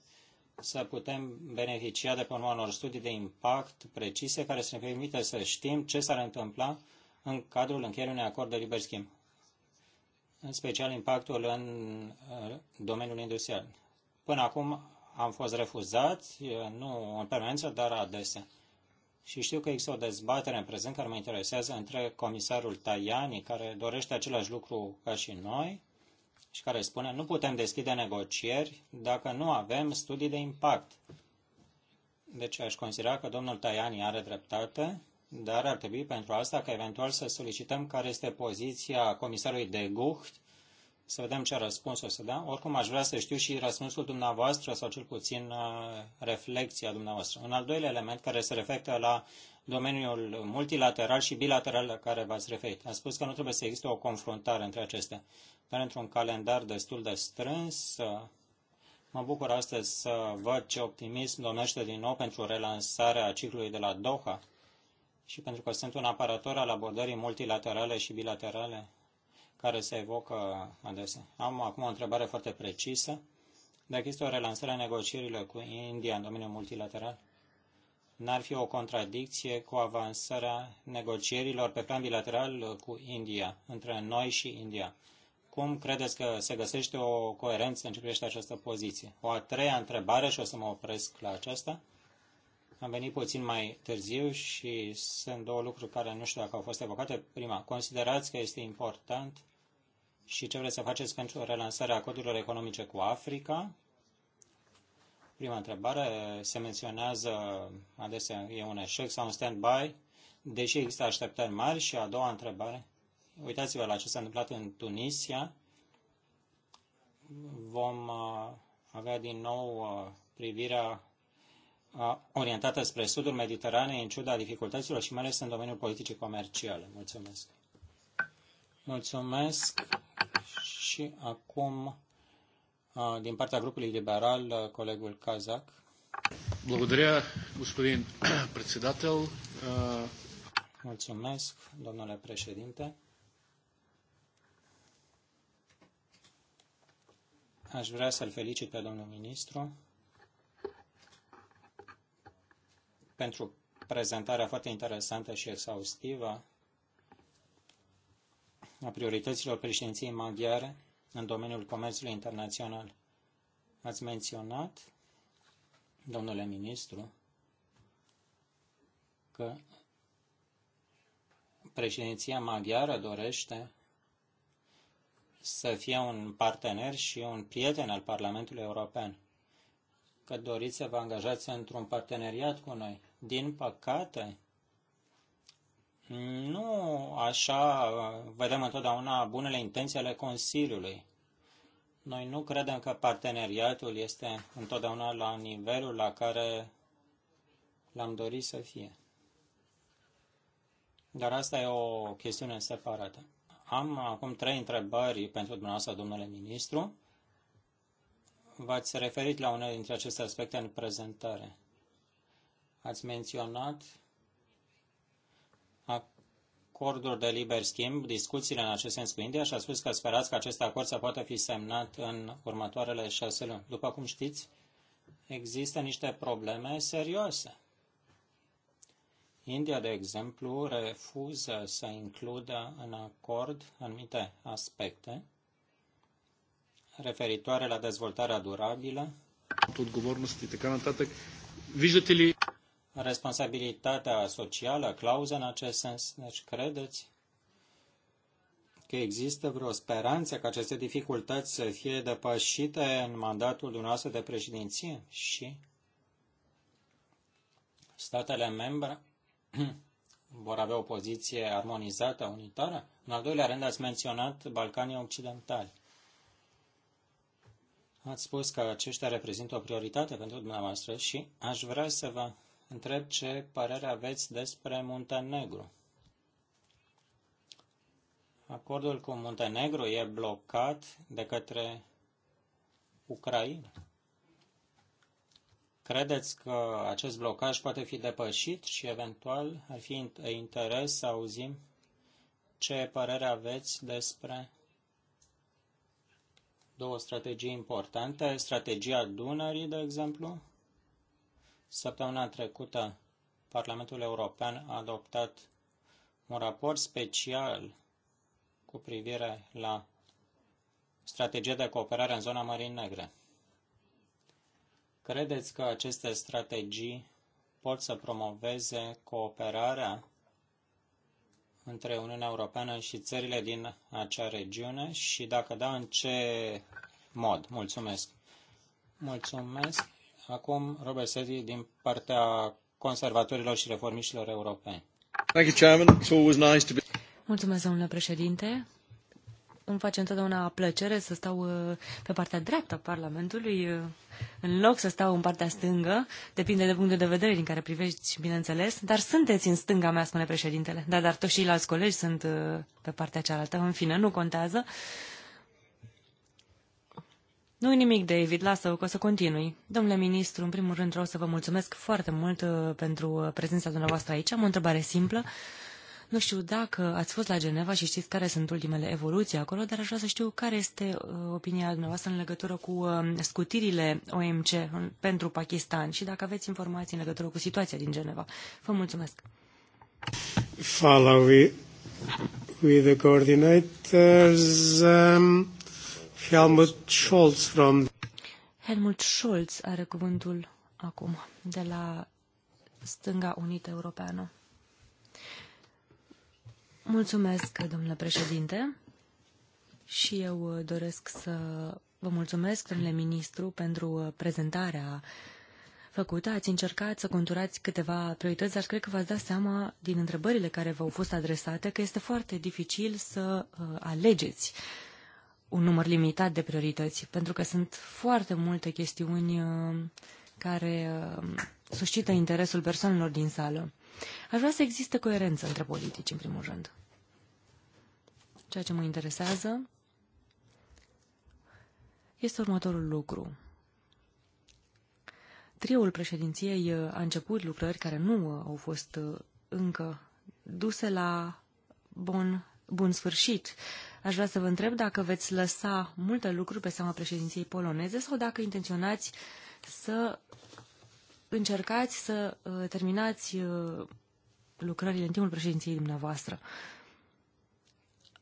să putem beneficia de pe urma unor studii de impact precise care să ne permite să știm ce s-ar întâmpla în cadrul încheierii unui acord de liber schimb, în special impactul în uh, domeniul industrial. Până acum am fost refuzați, nu în permanență, dar adesea. Și știu că există o dezbatere în prezent care mă interesează între comisarul Tajani, care dorește același lucru ca și noi, și care spune nu putem deschide negocieri dacă nu avem studii de impact. Deci aș considera că domnul Tajani are dreptate, dar ar trebui pentru asta ca eventual să solicităm care este poziția comisarului de Gucht să vedem ce răspuns o să dea. Oricum, aș vrea să știu și răspunsul dumneavoastră sau cel puțin uh, reflexia dumneavoastră. Un al doilea element care se reflectă la domeniul multilateral și bilateral la care v-ați referit. Am spus că nu trebuie să existe o confruntare între acestea, dar într-un calendar destul de strâns, uh, mă bucur astăzi să văd ce optimism domnește din nou pentru relansarea ciclului de la Doha și pentru că sunt un aparator al abordării multilaterale și bilaterale care se evocă adesea. Am acum o întrebare foarte precisă. Dacă este o relansare a negocierilor cu India în domeniul multilateral, n-ar fi o contradicție cu avansarea negocierilor pe plan bilateral cu India, între noi și India. Cum credeți că se găsește o coerență în ce privește această poziție? O a treia întrebare și o să mă opresc la aceasta. Am venit puțin mai târziu și sunt două lucruri care nu știu dacă au fost evocate. Prima, considerați că este important și ce vreți să faceți pentru relansarea acordurilor economice cu Africa? Prima întrebare, se menționează adesea e un eșec sau un stand-by, deși există așteptări mari. Și a doua întrebare, uitați-vă la ce s-a întâmplat în Tunisia. Vom uh, avea din nou uh, privirea orientată spre sudul Mediteranei, în ciuda dificultăților și mai ales în domeniul politicii comerciale. Mulțumesc. Mulțumesc și acum din partea grupului liberal, colegul Kazak. Благодаря, господин председател. Mulțumesc, domnule președinte. Aș vrea să-l felicit pe domnul ministru pentru prezentarea foarte interesantă și exhaustivă a priorităților președinției maghiare în domeniul comerțului internațional. Ați menționat, domnule ministru, că președinția maghiară dorește să fie un partener și un prieten al Parlamentului European, că doriți să vă angajați într-un parteneriat cu noi din păcate, nu așa vedem întotdeauna bunele intenții ale Consiliului. Noi nu credem că parteneriatul este întotdeauna la nivelul la care l-am dorit să fie. Dar asta e o chestiune separată. Am acum trei întrebări pentru dumneavoastră, domnule ministru. V-ați referit la unele dintre aceste aspecte în prezentare. Ați menționat acordul de liber schimb, discuțiile în acest sens cu India și a spus că sperați că acest acord să poată fi semnat în următoarele șase luni. După cum știți, există niște probleme serioase. India, de exemplu, refuză să includă în acord anumite aspecte referitoare la dezvoltarea durabilă. Tot guvernul така нататък. Виждате ли, responsabilitatea socială, clauză în acest sens? Deci credeți că există vreo speranță că aceste dificultăți să fie depășite în mandatul dumneavoastră de președinție și statele membre vor avea o poziție armonizată, unitară? În al doilea rând, ați menționat Balcanii Occidentali. Ați spus că aceștia reprezintă o prioritate pentru dumneavoastră și aș vrea să vă întreb ce părere aveți despre Muntenegru. Acordul cu Muntenegru e blocat de către Ucraina. Credeți că acest blocaj poate fi depășit și eventual ar fi interes să auzim ce părere aveți despre două strategii importante, strategia Dunării, de exemplu, Săptămâna trecută, Parlamentul European a adoptat un raport special cu privire la strategia de cooperare în zona Mării Negre. Credeți că aceste strategii pot să promoveze cooperarea între Uniunea Europeană și țările din acea regiune și dacă da, în ce mod? Mulțumesc! Mulțumesc! Acum Robert Seti din partea conservatorilor și reformiștilor europeni. Thank you, Chairman. It's always nice to be... Mulțumesc, domnule președinte. Îmi face întotdeauna plăcere să stau uh, pe partea dreaptă a Parlamentului, uh, în loc să stau în partea stângă. Depinde de punctul de vedere din care privești, bineînțeles. Dar sunteți în stânga mea, spune președintele. Da, dar toți ceilalți colegi sunt uh, pe partea cealaltă. În fine, nu contează. Uh, nu-i nimic, David, lasă-o că o să continui. Domnule ministru, în primul rând vreau să vă mulțumesc foarte mult uh, pentru uh, prezența dumneavoastră aici. Am o întrebare simplă. Nu știu dacă ați fost la Geneva și știți care sunt ultimele evoluții acolo, dar aș vrea să știu care este uh, opinia dumneavoastră în legătură cu scutirile OMC pentru Pakistan și dacă aveți informații în legătură cu situația din Geneva. Vă mulțumesc. Follow with the coordinators. Um... Helmut Scholz from... Helmut Scholz are cuvântul acum, de la Stânga Unită Europeană. Mulțumesc, domnule președinte, și eu doresc să vă mulțumesc, domnule ministru, pentru prezentarea făcută. Ați încercat să conturați câteva priorități, dar cred că v-ați dat seama din întrebările care v-au fost adresate că este foarte dificil să uh, alegeți uh, un număr limitat de priorități, pentru că sunt foarte multe chestiuni uh, care uh, suscită interesul persoanelor din sală. Aș vrea să existe coerență între politici, în primul rând. Ceea ce mă interesează este următorul lucru. Triul președinției uh, a început lucrări care nu au fost încă duse la bun bun sfârșit. Aș vrea să vă întreb dacă veți lăsa multe lucruri pe seama președinției poloneze sau dacă intenționați să încercați să uh, terminați uh, lucrările în timpul președinției dumneavoastră.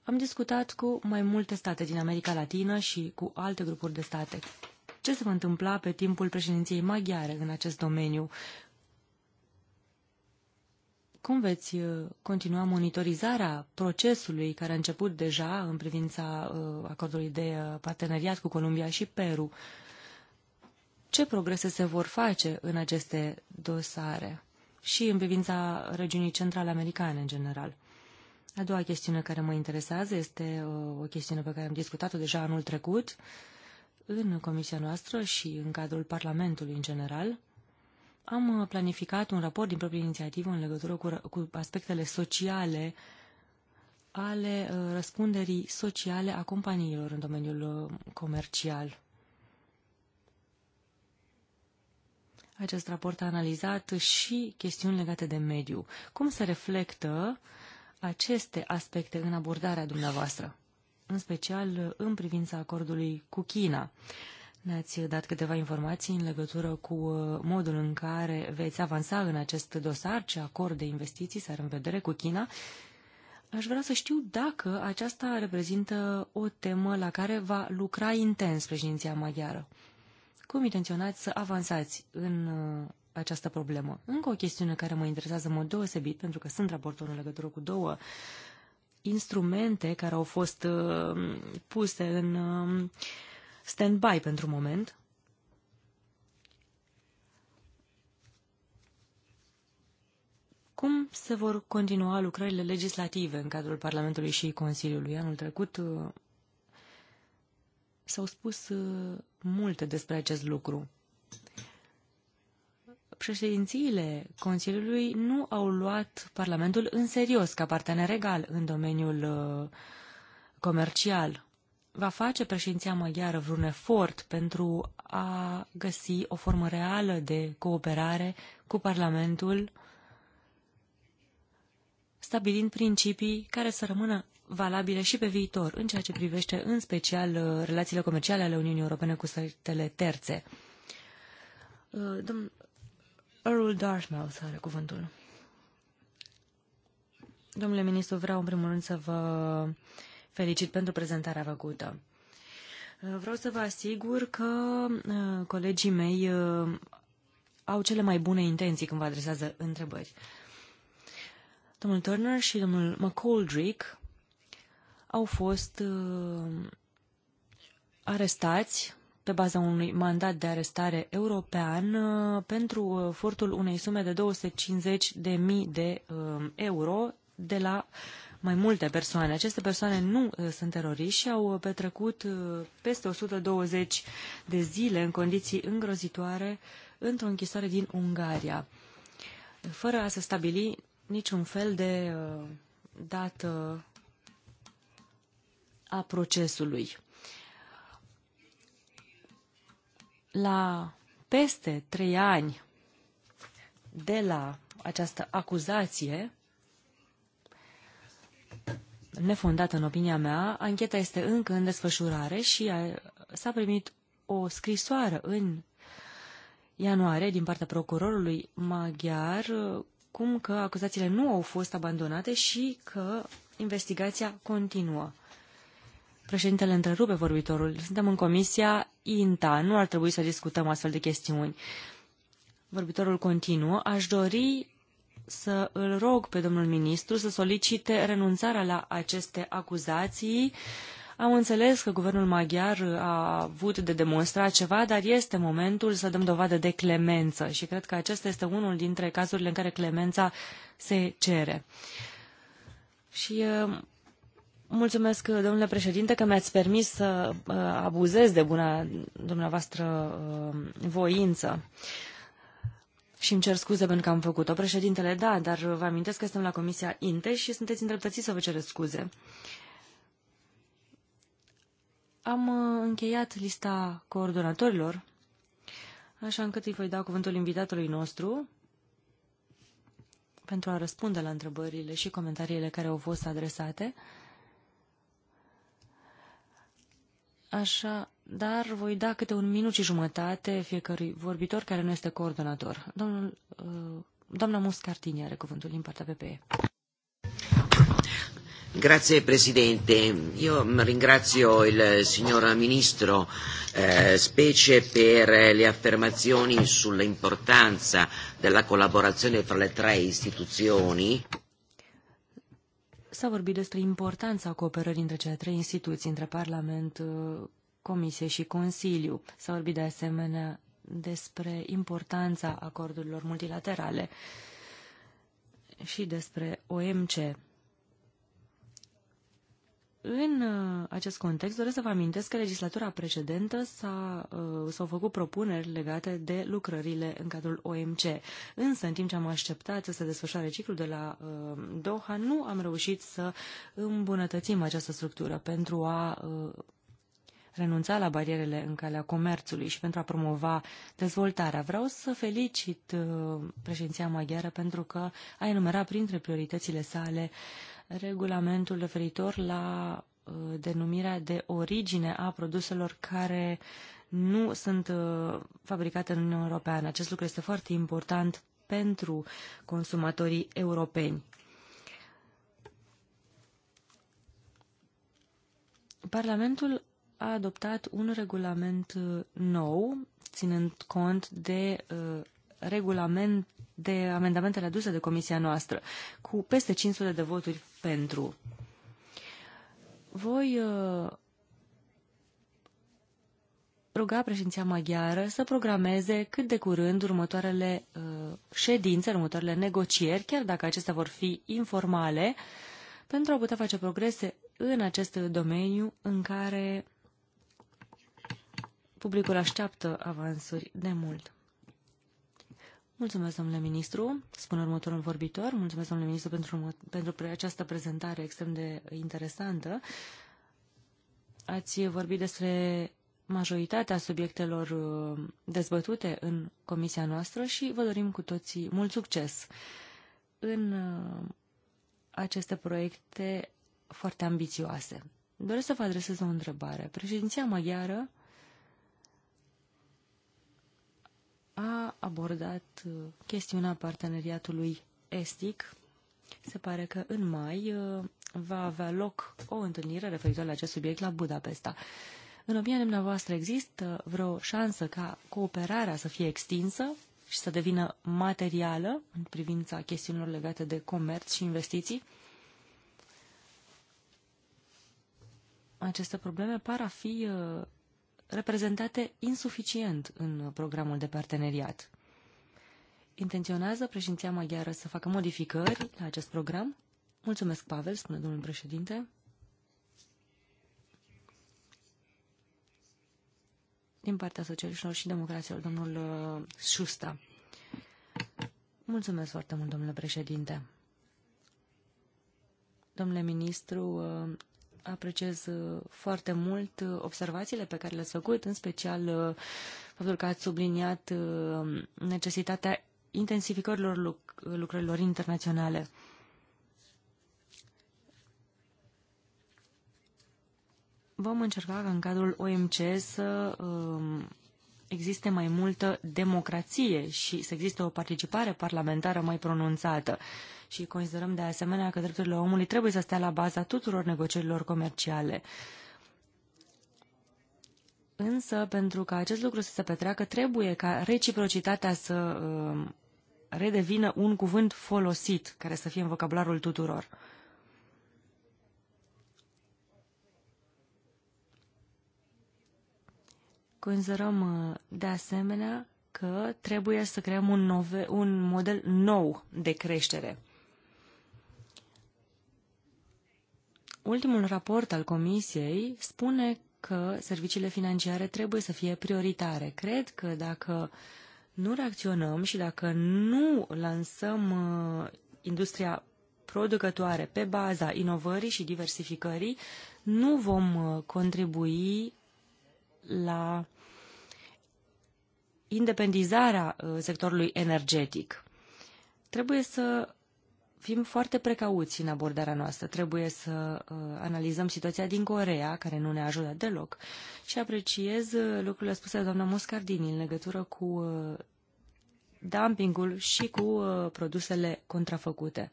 Am discutat cu mai multe state din America Latină și cu alte grupuri de state. Ce se va întâmpla pe timpul președinției maghiare în acest domeniu? Cum veți uh, continua monitorizarea procesului care a început deja în privința uh, acordului de uh, parteneriat cu Columbia și Peru? Ce progrese se vor face în aceste dosare și în privința regiunii centrale americane în general? A doua chestiune care mă interesează este o chestiune pe care am discutat-o deja anul trecut în comisia noastră și în cadrul Parlamentului în general, am uh, planificat un raport din proprie inițiativă în legătură cu, cu aspectele sociale ale uh, răspunderii sociale a companiilor în domeniul uh, comercial. Acest raport a analizat și chestiuni legate de mediu. Cum se reflectă aceste aspecte în abordarea dumneavoastră, în special în privința acordului cu China? Ne-ați dat câteva informații în legătură cu uh, modul în care veți avansa în acest dosar, ce acord de investiții s-ar în vedere cu China. Aș vrea să știu dacă aceasta reprezintă o temă la care va lucra intens președinția maghiară. Cum intenționați să avansați în uh, această problemă? Încă o chestiune care mă interesează în mod deosebit, pentru că sunt raportor în legătură cu două instrumente care au fost uh, puse în stand-by pentru moment. Cum se vor continua lucrările legislative în cadrul Parlamentului și Consiliului? Anul trecut uh, s-au spus uh, multe despre acest lucru. Președințiile Consiliului nu au luat Parlamentul în serios ca partener egal în domeniul uh, comercial va face președinția maghiară vreun efort pentru a găsi o formă reală de cooperare cu Parlamentul, stabilind principii care să rămână valabile și pe viitor, în ceea ce privește în special uh, relațiile comerciale ale Uniunii Europene cu statele terțe. Uh, Domnul Earl Dartmouth are cuvântul. Domnule ministru, vreau în primul rând să vă uh, felicit pentru prezentarea făcută. Uh, vreau să vă asigur că uh, colegii mei uh, au cele mai bune intenții când vă adresează întrebări. Domnul Turner și domnul McColdrick au fost arestați pe baza unui mandat de arestare european pentru furtul unei sume de 250.000 de euro de la mai multe persoane. Aceste persoane nu uh, sunt teroriști și au uh, petrecut uh, peste 120 de zile în condiții îngrozitoare într-o închisoare din Ungaria, fără a se stabili niciun fel de dată a procesului. La peste trei ani de la această acuzație, nefondată în opinia mea. Ancheta este încă în desfășurare și s-a primit o scrisoare în ianuarie din partea procurorului maghiar cum că acuzațiile nu au fost abandonate și că investigația continuă. Președintele întrerupe vorbitorul. Suntem în comisia INTA. Nu ar trebui să discutăm astfel de chestiuni. Vorbitorul continuă. Aș dori să îl rog pe domnul ministru să solicite renunțarea la aceste acuzații. Am înțeles că guvernul maghiar a avut de demonstrat ceva, dar este momentul să dăm dovadă de clemență și cred că acesta este unul dintre cazurile în care clemența se cere. Și uh, mulțumesc, domnule președinte, că mi-ați permis să uh, abuzez de buna dumneavoastră uh, voință și îmi cer scuze pentru că am făcut-o. Președintele, da, dar vă amintesc că suntem la Comisia INTE și sunteți îndreptățiți să vă cereți scuze. Am uh, încheiat lista coordonatorilor, așa încât îi voi da cuvântul invitatului nostru pentru a răspunde la întrebările și comentariile care au fost adresate. Așa dar voi da câte un minut și jumătate fiecărui vorbitor care nu este coordonator. Domnul, uh, doamna Muscartini are cuvântul din partea PPE. Grazie Presidente, io ringrazio il signor Ministro eh, specie per le affermazioni sull'importanza della collaborazione fra le tre istituzioni. S-a vorbit despre importanța cooperării între cele trei instituții, între Parlament, Comisie și Consiliu. S-a vorbit de asemenea despre importanța acordurilor multilaterale și despre OMC. În uh, acest context doresc să vă amintesc că legislatura precedentă s-a, uh, s-au făcut propuneri legate de lucrările în cadrul OMC. Însă, în timp ce am așteptat să se desfășoare ciclul de la uh, Doha, nu am reușit să îmbunătățim această structură pentru a renunța la barierele în calea comerțului și pentru a promova dezvoltarea. Vreau să felicit uh, președinția maghiară pentru că a enumerat printre prioritățile sale regulamentul referitor la uh, denumirea de origine a produselor care nu sunt uh, fabricate în Uniunea Europeană. Acest lucru este foarte important pentru consumatorii europeni. Parlamentul a adoptat un regulament uh, nou, ținând cont de uh, regulament de amendamentele aduse de comisia noastră, cu peste 500 de voturi pentru. Voi uh, ruga președinția maghiară să programeze cât de curând următoarele uh, ședințe, următoarele negocieri, chiar dacă acestea vor fi informale, pentru a putea face progrese în acest domeniu în care Publicul așteaptă avansuri de mult. Mulțumesc, domnule ministru, spun următorul vorbitor. Mulțumesc, domnule ministru, pentru, pentru această prezentare extrem de interesantă. Ați vorbit despre majoritatea subiectelor uh, dezbătute în comisia noastră și vă dorim cu toții mult succes în uh, aceste proiecte foarte ambițioase. Doresc să vă adresez o întrebare. Președinția maghiară a abordat uh, chestiunea parteneriatului estic. Se pare că în mai uh, va avea loc o întâlnire referitoare la acest subiect la Budapesta. În opinia dumneavoastră există vreo șansă ca cooperarea să fie extinsă și să devină materială în privința chestiunilor legate de comerț și investiții? Aceste probleme par a fi uh, reprezentate insuficient în programul de parteneriat. Intenționează președinția maghiară să facă modificări la acest program? Mulțumesc, Pavel, spune domnul președinte. Din partea socialiștilor și democraților, domnul uh, Șusta. Mulțumesc foarte mult, domnule președinte. Domnule ministru, uh, apreciez uh, foarte mult uh, observațiile pe care le-ați făcut, în special uh, faptul că ați subliniat necesitatea intensificărilor lucrărilor internaționale. Vom încerca în cadrul OMC să um, existe mai multă democrație și să existe o participare parlamentară mai pronunțată. Și considerăm de asemenea că drepturile omului trebuie să stea la baza tuturor negocierilor comerciale. Însă, pentru ca acest lucru să se petreacă, trebuie ca reciprocitatea să um, redevină un cuvânt folosit, care să fie în vocabularul tuturor. considerăm uh, de asemenea că trebuie să creăm un, nove, un model nou de creștere. Ultimul raport al Comisiei spune că serviciile financiare trebuie să fie prioritare. Cred că dacă nu reacționăm și dacă nu lansăm uh, industria producătoare pe baza inovării și diversificării, nu vom uh, contribui la independizarea uh, sectorului energetic. Trebuie să fim foarte precauți în abordarea noastră. Trebuie să uh, analizăm situația din Corea, care nu ne ajută deloc, și apreciez uh, lucrurile spuse de doamna Moscardini în legătură cu dumpingul și cu produsele contrafăcute.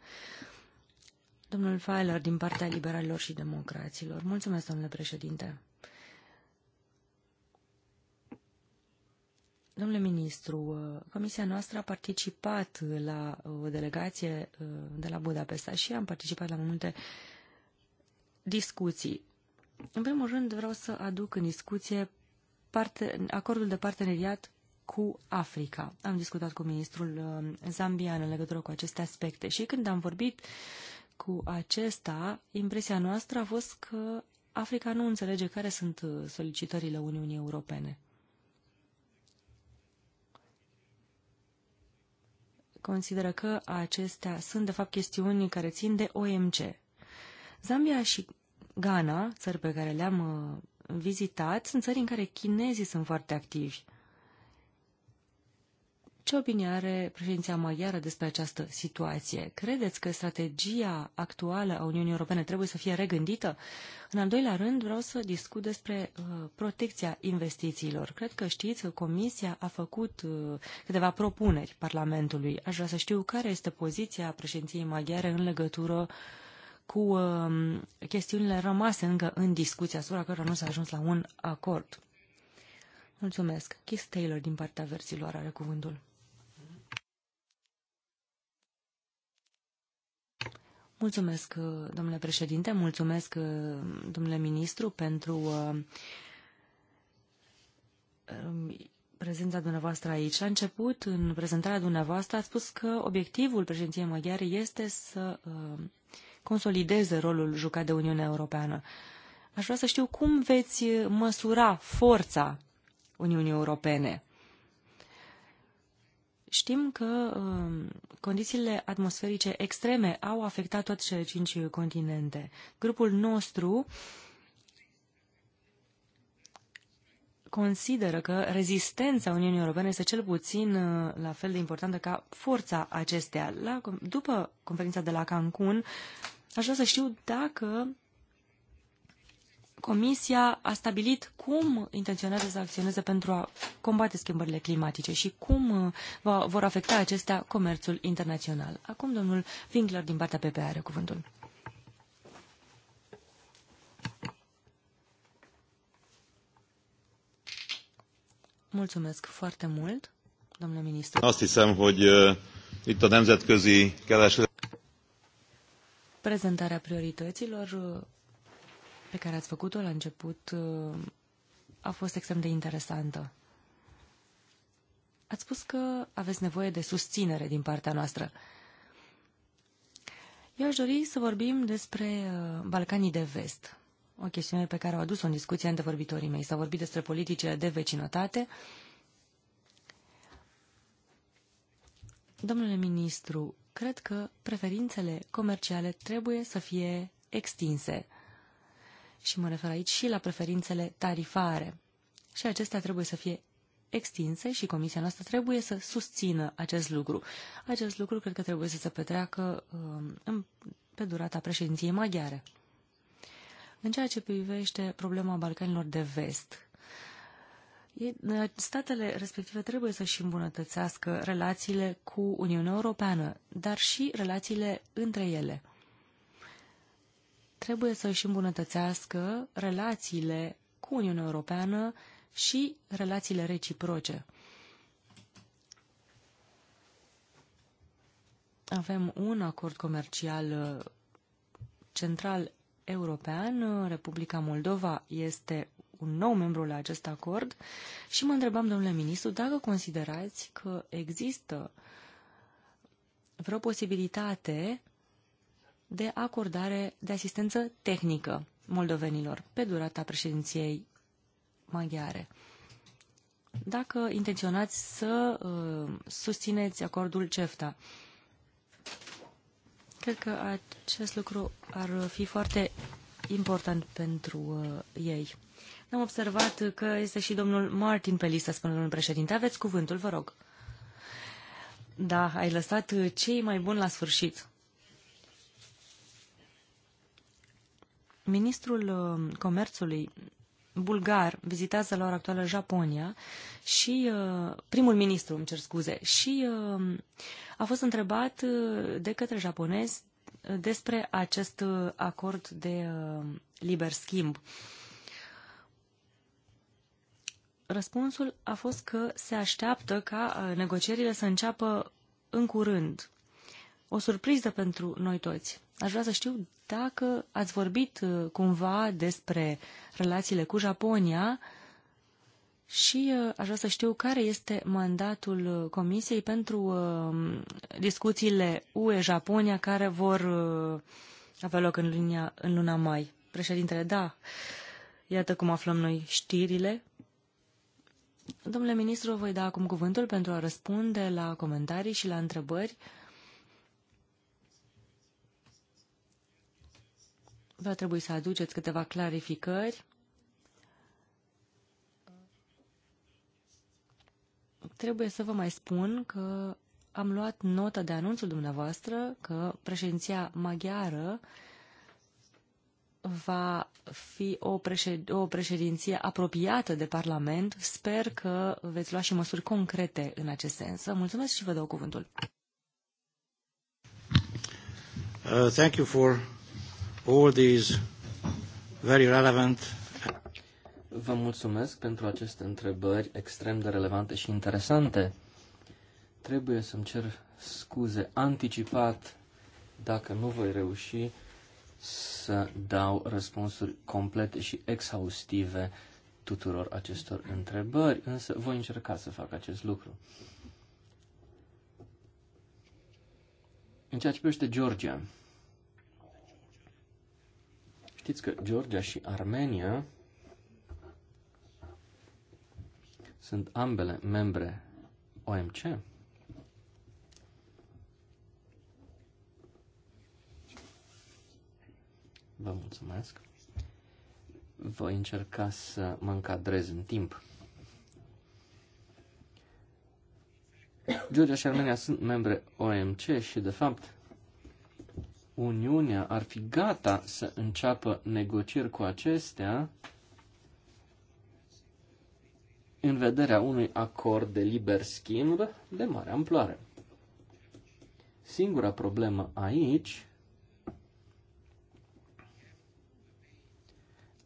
Domnul Feiler, din partea liberalilor și democraților. Mulțumesc, domnule președinte. Domnule ministru, uh, comisia noastră a participat la uh, o delegație uh, de la Budapesta și am participat la multe discuții. În primul rând vreau să aduc în discuție parte, acordul de parteneriat cu Africa. Am discutat cu ministrul zambian în legătură cu aceste aspecte și când am vorbit cu acesta, impresia noastră a fost că Africa nu înțelege care sunt solicitările Uniunii Europene. consideră că acestea sunt, de fapt, chestiuni care țin de OMC. Zambia și Ghana, țări pe care le-am uh, vizitat, sunt țări în care chinezii sunt foarte activi. Ce opinie are președinția maghiară despre această situație? Credeți că strategia actuală a Uniunii Europene trebuie să fie regândită? În al doilea rând, vreau să discut despre uh, protecția investițiilor. Cred că știți că Comisia a făcut uh, câteva propuneri Parlamentului. Aș vrea să știu care este poziția președinției maghiare în legătură cu uh, chestiunile rămase încă în discuție, asupra cărora nu s-a ajuns la un acord. Mulțumesc. Keith Taylor din partea versilor are cuvântul. Mulțumesc, uh, domnule președinte, mulțumesc, uh, domnule ministru, pentru uh, um, prezența dumneavoastră aici. La început, în prezentarea dumneavoastră, ați spus că obiectivul președinției maghiare este să consolideze rolul jucat de Uniunea Europeană. Aș vrea să știu cum veți măsura forța Uniunii Europene Știm că uh, condițiile atmosferice extreme au afectat toate cele cinci continente. Grupul nostru consideră că rezistența Uniunii Europene este cel puțin uh, la fel de importantă ca forța acestea. La, după conferința de la Cancun, aș vrea să știu dacă Comisia a stabilit cum intenționează să acționeze pentru a combate schimbările climatice și cum uh, va, vor afecta acestea comerțul internațional. Acum domnul Winkler din partea PPA are cuvântul. Mulțumesc foarte mult, domnule ministru. Azt hiszem, hogy uh, itt a nemzetközi prezentarea priorităților uh, pe care ați făcut-o la început uh, a fost extrem de interesantă. Ați spus că aveți nevoie de susținere din partea noastră. Eu aș dori să vorbim despre uh, Balcanii de Vest, o chestiune pe care au adus-o în discuție vorbitorii mei. S-a vorbit despre politicile de vecinătate. Domnule ministru, cred că preferințele comerciale trebuie să fie extinse și mă refer aici și la preferințele tarifare. Și acestea trebuie să fie extinse și comisia noastră trebuie să susțină acest lucru. Acest lucru cred că trebuie să se petreacă um, pe durata președinției maghiare. În ceea ce privește problema Balcanilor de Vest, statele respective trebuie să-și îmbunătățească relațiile cu Uniunea Europeană, dar și relațiile între ele – trebuie să își îmbunătățească relațiile cu Uniunea Europeană și relațiile reciproce. Avem un acord comercial uh, central european, uh, Republica Moldova este un nou membru la acest acord și mă întrebam, domnule ministru, dacă considerați că există vreo posibilitate de acordare de asistență tehnică moldovenilor pe durata președinției maghiare. Dacă intenționați să uh, susțineți acordul CEFTA, cred că acest lucru ar fi foarte important pentru uh, ei. Am observat că este și domnul Martin pe listă, spune domnul președinte. Aveți cuvântul, vă rog. Da, ai lăsat cei mai buni la sfârșit. Ministrul uh, Comerțului bulgar vizitează la ora actuală Japonia și uh, primul ministru, îmi cer scuze, și uh, a fost întrebat de către japonezi despre acest acord de liber schimb. Răspunsul a fost că se așteaptă ca negocierile să înceapă în curând, o surpriză pentru noi toți. Aș vrea să știu dacă ați vorbit uh, cumva despre relațiile cu Japonia și uh, aș vrea să știu care este mandatul uh, Comisiei pentru discuțiile UE-Japonia care vor avea loc în, linia, în luna mai. Președintele, da, iată cum aflăm noi știrile. Domnule ministru, voi da acum cuvântul pentru a răspunde la comentarii și la întrebări. va trebui să aduceți câteva clarificări. Trebuie să vă mai spun că am luat notă de anunțul dumneavoastră că președinția maghiară va fi o, președ o președinție apropiată de Parlament. Sper că veți lua și măsuri concrete în acest sens. mulțumesc și vă dau cuvântul. Uh, thank you for all these very relevant Vă mulțumesc pentru aceste întrebări extrem de relevante și interesante. Trebuie să-mi cer scuze anticipat dacă nu voi reuși să dau răspunsuri complete și exhaustive tuturor acestor întrebări, însă voi încerca să fac acest lucru. În ceea ce privește Georgia, Știți că Georgia și Armenia sunt ambele membre OMC? Vă mulțumesc. Voi încerca să mă încadrez în timp. Georgia și Armenia sunt membre OMC și, de fapt, Uniunea ar fi gata să înceapă negocieri cu acestea în vederea unui acord de liber schimb de mare amploare. Singura problemă aici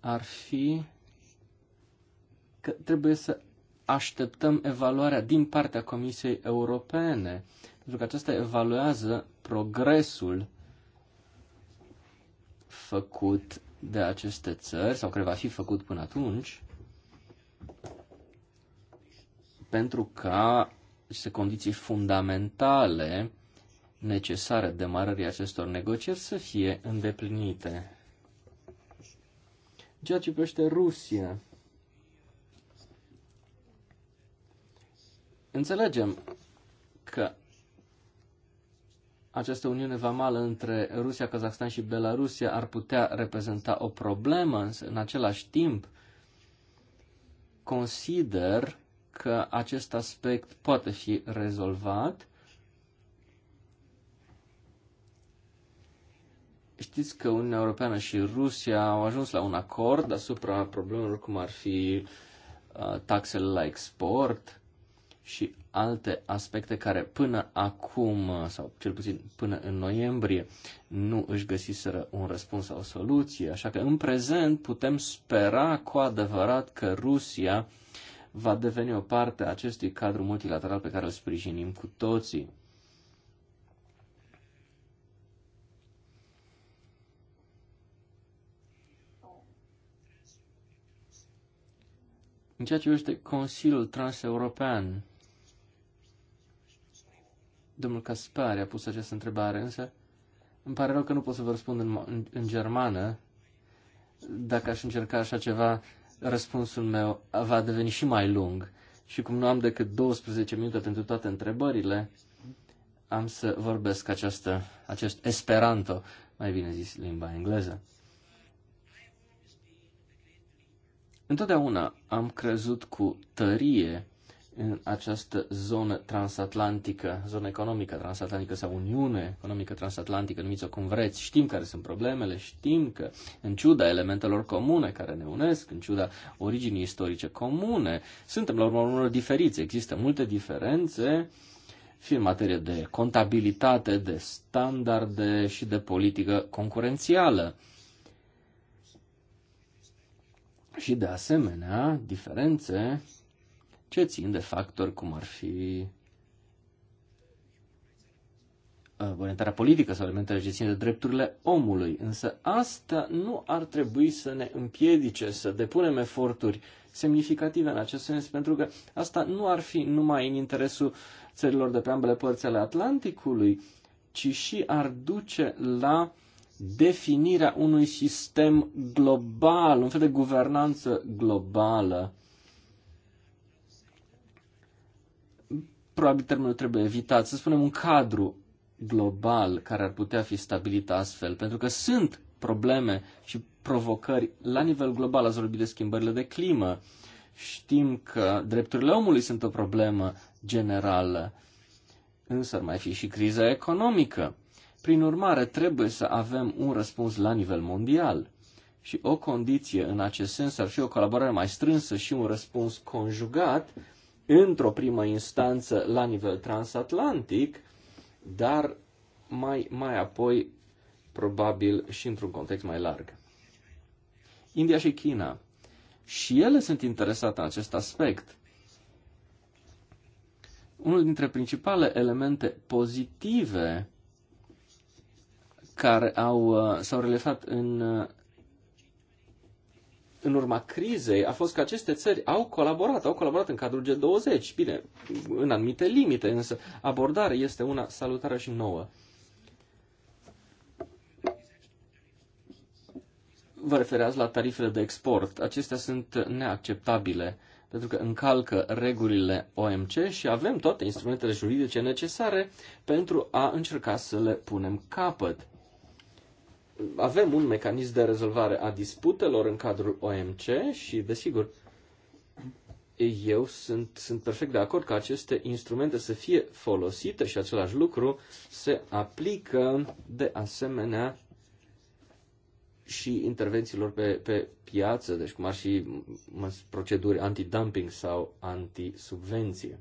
ar fi că trebuie să așteptăm evaluarea din partea Comisiei Europene, pentru că aceasta evaluează progresul făcut de aceste țări sau care va fi făcut până atunci pentru ca aceste condiții fundamentale necesare demarării acestor negocieri să fie îndeplinite. Ceea ce privește Rusia, înțelegem că această uniune vamală între Rusia, Kazakhstan și Belarusia ar putea reprezenta o problemă, însă în același timp consider că acest aspect poate fi rezolvat. Știți că Uniunea Europeană și Rusia au ajuns la un acord asupra problemelor cum ar fi uh, taxele la export și alte aspecte care până acum, uh, sau cel puțin până în noiembrie, nu își găsiseră un răspuns sau o soluție. Așa că în prezent putem spera cu adevărat că Rusia va deveni o parte a acestui cadru multilateral pe care îl sprijinim cu toții. În ceea ce privește Consiliul Transeuropean, Domnul Caspari a pus această întrebare, însă îmi pare rău că nu pot să vă răspund în, în, în germană. Dacă aș încerca așa ceva, răspunsul meu va deveni și mai lung. Și cum nu am decât 12 minute pentru toate întrebările, am să vorbesc această, acest esperanto, mai bine zis limba engleză. Întotdeauna am crezut cu tărie în această zonă transatlantică, zonă economică transatlantică sau Uniune economică transatlantică, numiți-o cum vreți, știm care sunt problemele, știm că în ciuda elementelor comune care ne unesc, în ciuda originii istorice comune, suntem la urmă unor diferiți, există multe diferențe, fie în materie de contabilitate, de standarde și de politică concurențială. Și de asemenea, diferențe ce țin de factori cum ar fi uh, orientarea politică sau elementele ce țin de drepturile omului. Însă asta nu ar trebui să ne împiedice să depunem eforturi semnificative în acest sens, pentru că asta nu ar fi numai în interesul țărilor de pe ambele părți ale Atlanticului, ci și ar duce la definirea unui sistem global, un fel de guvernanță globală probabil termenul trebuie evitat, să spunem un cadru global care ar putea fi stabilit astfel, pentru că sunt probleme și provocări la nivel global, ați vorbit de schimbările de climă, știm că drepturile omului sunt o problemă generală, însă ar mai fi și criza economică. Prin urmare, trebuie să avem un răspuns la nivel mondial. Și o condiție în acest sens ar fi o colaborare mai strânsă și un răspuns conjugat într-o primă instanță la nivel transatlantic, dar mai, mai apoi probabil și într-un context mai larg. India și China. Și ele sunt interesate în acest aspect. Unul dintre principale elemente pozitive care au, uh, s-au relefat în uh, în urma crizei a fost că aceste țări au colaborat, au colaborat în cadrul G20, bine, în anumite limite, însă abordarea este una salutară și nouă. Vă refereați la tarifele de export. Acestea sunt neacceptabile pentru că încalcă regulile OMC și avem toate instrumentele juridice necesare pentru a încerca să le punem capăt avem un mecanism de rezolvare a disputelor în cadrul OMC și, desigur, eu sunt, sunt perfect de acord că aceste instrumente să fie folosite și același lucru se aplică de asemenea și intervențiilor pe, pe piață, deci cum ar fi proceduri anti dumping sau anti anti-subvenție.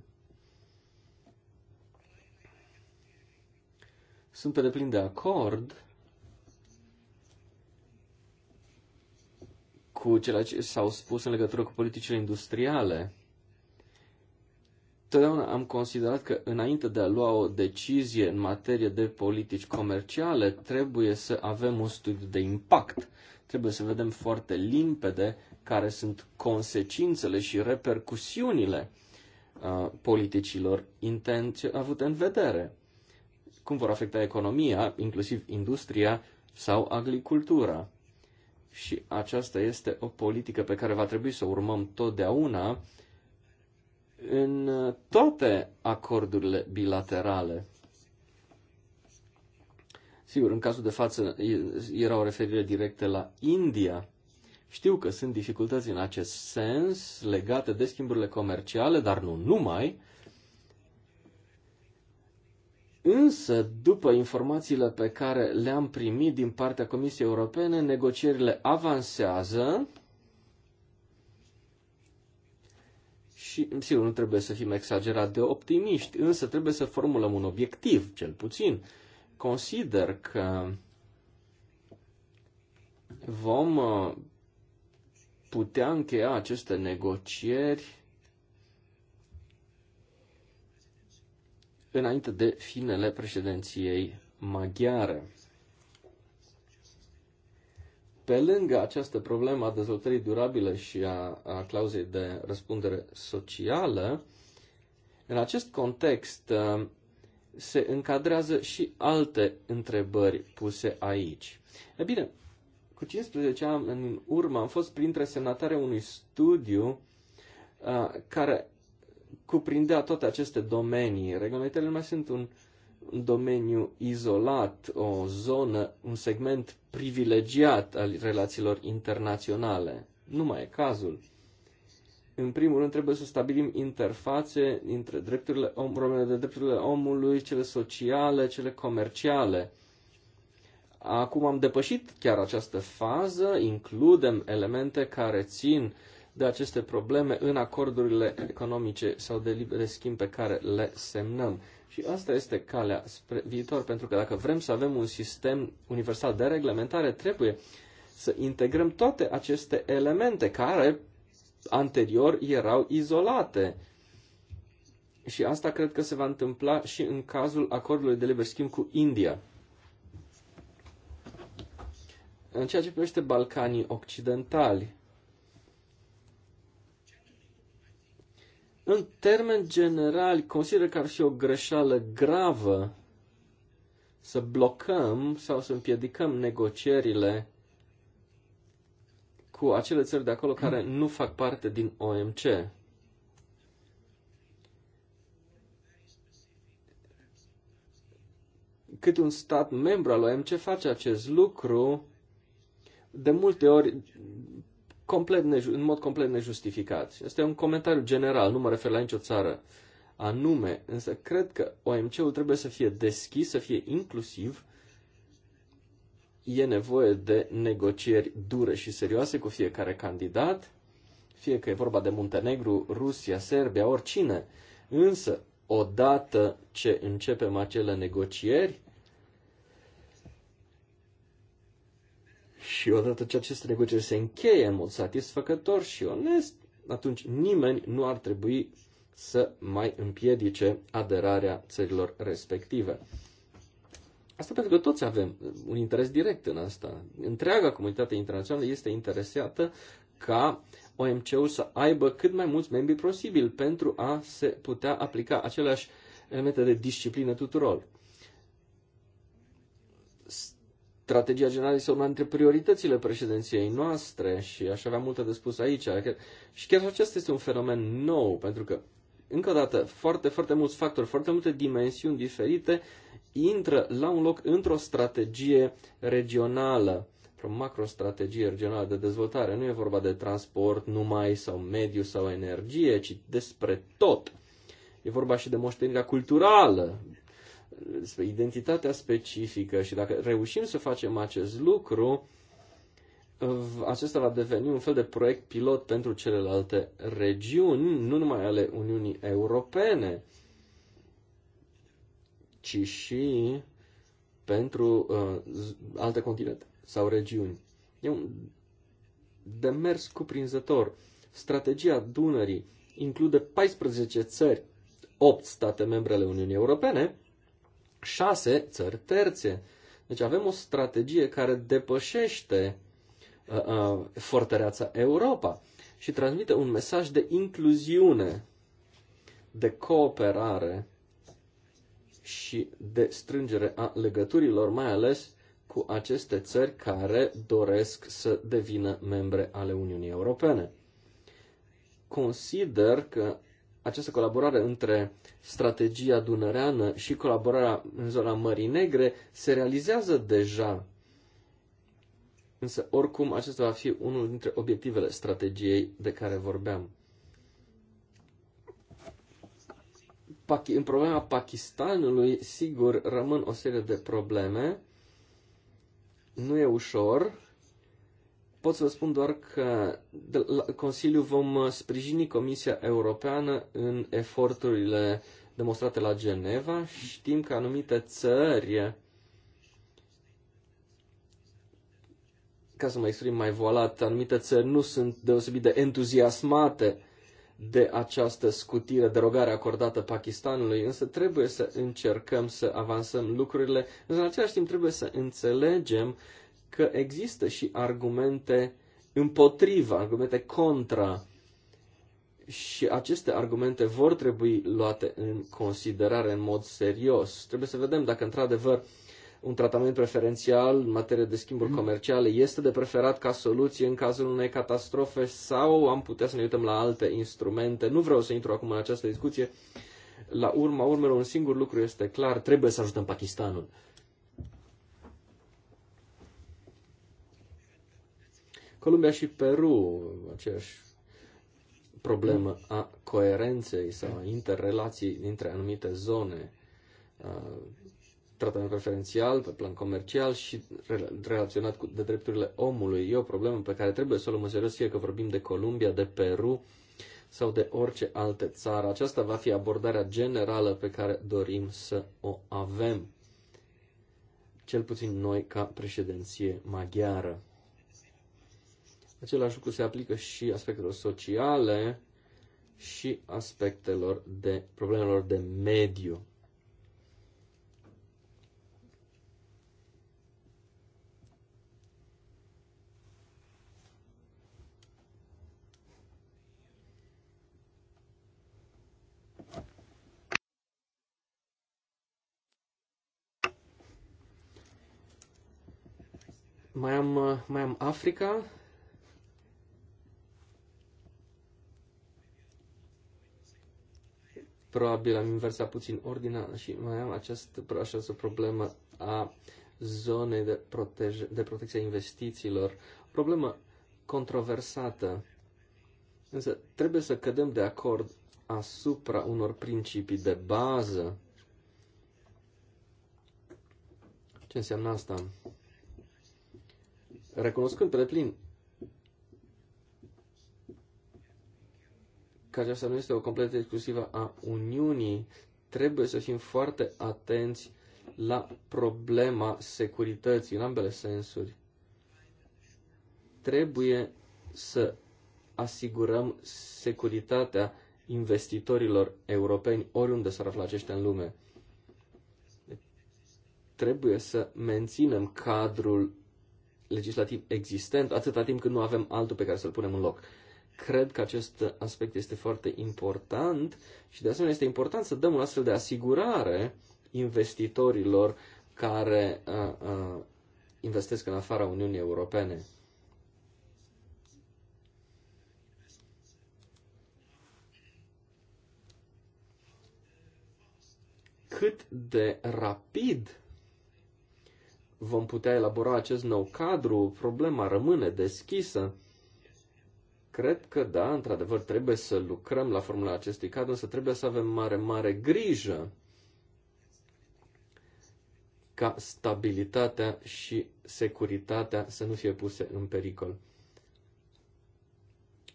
Sunt pe deplin de acord cu ceea ce s-au spus în legătură cu politicile industriale. Totdeauna am considerat că înainte de a lua o decizie în materie de politici comerciale, trebuie să avem un studiu de impact. Trebuie să vedem foarte limpede care sunt consecințele și repercusiunile uh, politicilor intențio- avute în vedere. Cum vor afecta economia, inclusiv industria sau agricultura și aceasta este o politică pe care va trebui să o urmăm totdeauna în toate acordurile bilaterale. Sigur, în cazul de față era o referire directă la India. Știu că sunt dificultăți în acest sens legate de schimburile comerciale, dar nu numai. Însă, după informațiile pe care le-am primit din partea Comisiei Europene, negocierile avansează și, sigur, nu trebuie să fim exagerat de optimiști, însă trebuie să formulăm un obiectiv, cel puțin. Consider că vom uh, putea încheia aceste negocieri înainte de finele președinției maghiare. Pe lângă această problemă a dezvoltării durabile și a, a clauzei de răspundere socială, în acest context uh, se încadrează și alte întrebări puse aici. E bine, cu 15 ani în urmă am fost printre semnatare unui studiu uh, care cuprindea toate aceste domenii. Regulamentele nu mai sunt un, un domeniu izolat, o zonă, un segment privilegiat al relațiilor internaționale. Nu mai e cazul. În primul rând trebuie să stabilim interfațe între drepturile om, de drepturile omului, cele sociale, cele comerciale. Acum am depășit chiar această fază, includem elemente care țin uh, de aceste probleme în acordurile economice sau de liber schimb pe care le semnăm. Și asta este calea spre viitor, pentru că dacă vrem să avem un sistem universal de reglementare, trebuie să integrăm toate aceste elemente care anterior erau izolate. Și asta cred că se va întâmpla și în cazul acordului de liber schimb cu India. În ceea ce privește Balcanii Occidentali, În termen general, consider că ar fi o greșeală gravă să blocăm sau să împiedicăm negocierile cu acele țări de acolo care nu fac parte din OMC. Cât un stat membru al OMC face acest lucru, de multe ori complet în mod complet nejustificat. Și asta e un comentariu general, nu mă refer la nicio țară anume, însă cred că OMC-ul trebuie să fie deschis, să fie inclusiv. E nevoie de negocieri dure și serioase cu fiecare candidat, fie că e vorba de Muntenegru, Rusia, Serbia, oricine. Însă, odată ce începem acele negocieri, Și odată ce aceste negocieri se încheie în mod satisfăcător și onest, atunci nimeni nu ar trebui să mai împiedice aderarea țărilor respective. Asta pentru că toți avem un interes direct în asta. Întreaga comunitate internațională este interesată ca OMC-ul să aibă cât mai mulți membri posibil pentru a se putea aplica aceleași elemente de disciplină tuturor. strategia generală este una dintre prioritățile președinției noastre și aș avea multe de spus aici. Adică, și chiar acesta este un fenomen nou, pentru că, încă o dată, foarte, foarte mulți factori, foarte multe dimensiuni diferite intră la un loc într-o strategie regională, o macrostrategie regională de dezvoltare. Nu e vorba de transport numai sau mediu sau energie, ci despre tot. E vorba și de moștenirea culturală, identitatea specifică și dacă reușim să facem acest lucru, acesta va deveni un fel de proiect pilot pentru celelalte regiuni, nu numai ale Uniunii Europene, ci și pentru uh, alte continente sau regiuni. E un demers cuprinzător. Strategia Dunării include 14 țări, 8 state membre ale Uniunii Europene, șase țări terțe. Deci avem o strategie care depășește uh, uh, fortăreața Europa și transmite un mesaj de incluziune, de cooperare și de strângere a legăturilor, mai ales cu aceste țări care doresc să devină membre ale Uniunii Europene. Consider că această colaborare între strategia dunăreană și colaborarea în zona Mării Negre se realizează deja. Însă, oricum, acesta va fi unul dintre obiectivele strategiei de care vorbeam. În problema Pakistanului, sigur, rămân o serie de probleme. Nu e ușor, pot să vă spun doar că de la Consiliu vom uh, sprijini Comisia Europeană în eforturile demonstrate la Geneva. Știm că anumite țări, ca să mă exprim mai voalat, anumite țări nu sunt deosebit de entuziasmate de această scutire, derogare acordată Pakistanului, însă trebuie să încercăm să avansăm lucrurile, însă în același timp trebuie să înțelegem că există și argumente împotriva, argumente contra și aceste argumente vor trebui luate în considerare în mod serios. Trebuie să vedem dacă într-adevăr un tratament preferențial în materie de schimburi mhm. comerciale este de preferat ca soluție în cazul unei catastrofe sau am putea să ne uităm la alte instrumente. Nu vreau să intru acum în această discuție. La urma urmelor, un singur lucru este clar, trebuie să ajutăm Pakistanul. Columbia și Peru, aceeași problemă a coerenței sau a interrelației dintre anumite zone, tratament preferențial pe plan comercial și relaționat cu de drepturile omului. E o problemă pe care trebuie să o luăm în serios, fie că vorbim de Columbia, de Peru sau de orice alte țară. Aceasta va fi abordarea generală pe care dorim să o avem. Cel puțin noi ca președinție maghiară. Același lucru se aplică și aspectelor sociale și aspectelor de problemelor de mediu. Mai am, mai am Africa, Probabil am inversat puțin ordinea și mai am această, această problemă a zonei de, protej, de protecție a investițiilor. Problemă controversată, însă trebuie să cădem de acord asupra unor principii de bază. Ce înseamnă asta? Recunoscând pe deplin că aceasta nu este o completă exclusivă a Uniunii, trebuie să fim foarte atenți la problema securității în ambele sensuri. Trebuie să asigurăm securitatea investitorilor europeni oriunde s-ar afla aceștia în lume. Trebuie să menținem cadrul legislativ existent atâta timp cât nu avem altul pe care să-l punem în loc cred că acest aspect este foarte important și de asemenea este important să dăm un astfel de asigurare investitorilor care uh, uh, investesc în afara Uniunii Europene. Cât de rapid vom putea elabora acest nou cadru, problema rămâne deschisă. Cred că, da, într-adevăr, trebuie să lucrăm la formula acestui cadru, însă trebuie să avem mare, mare grijă ca stabilitatea și securitatea să nu fie puse în pericol.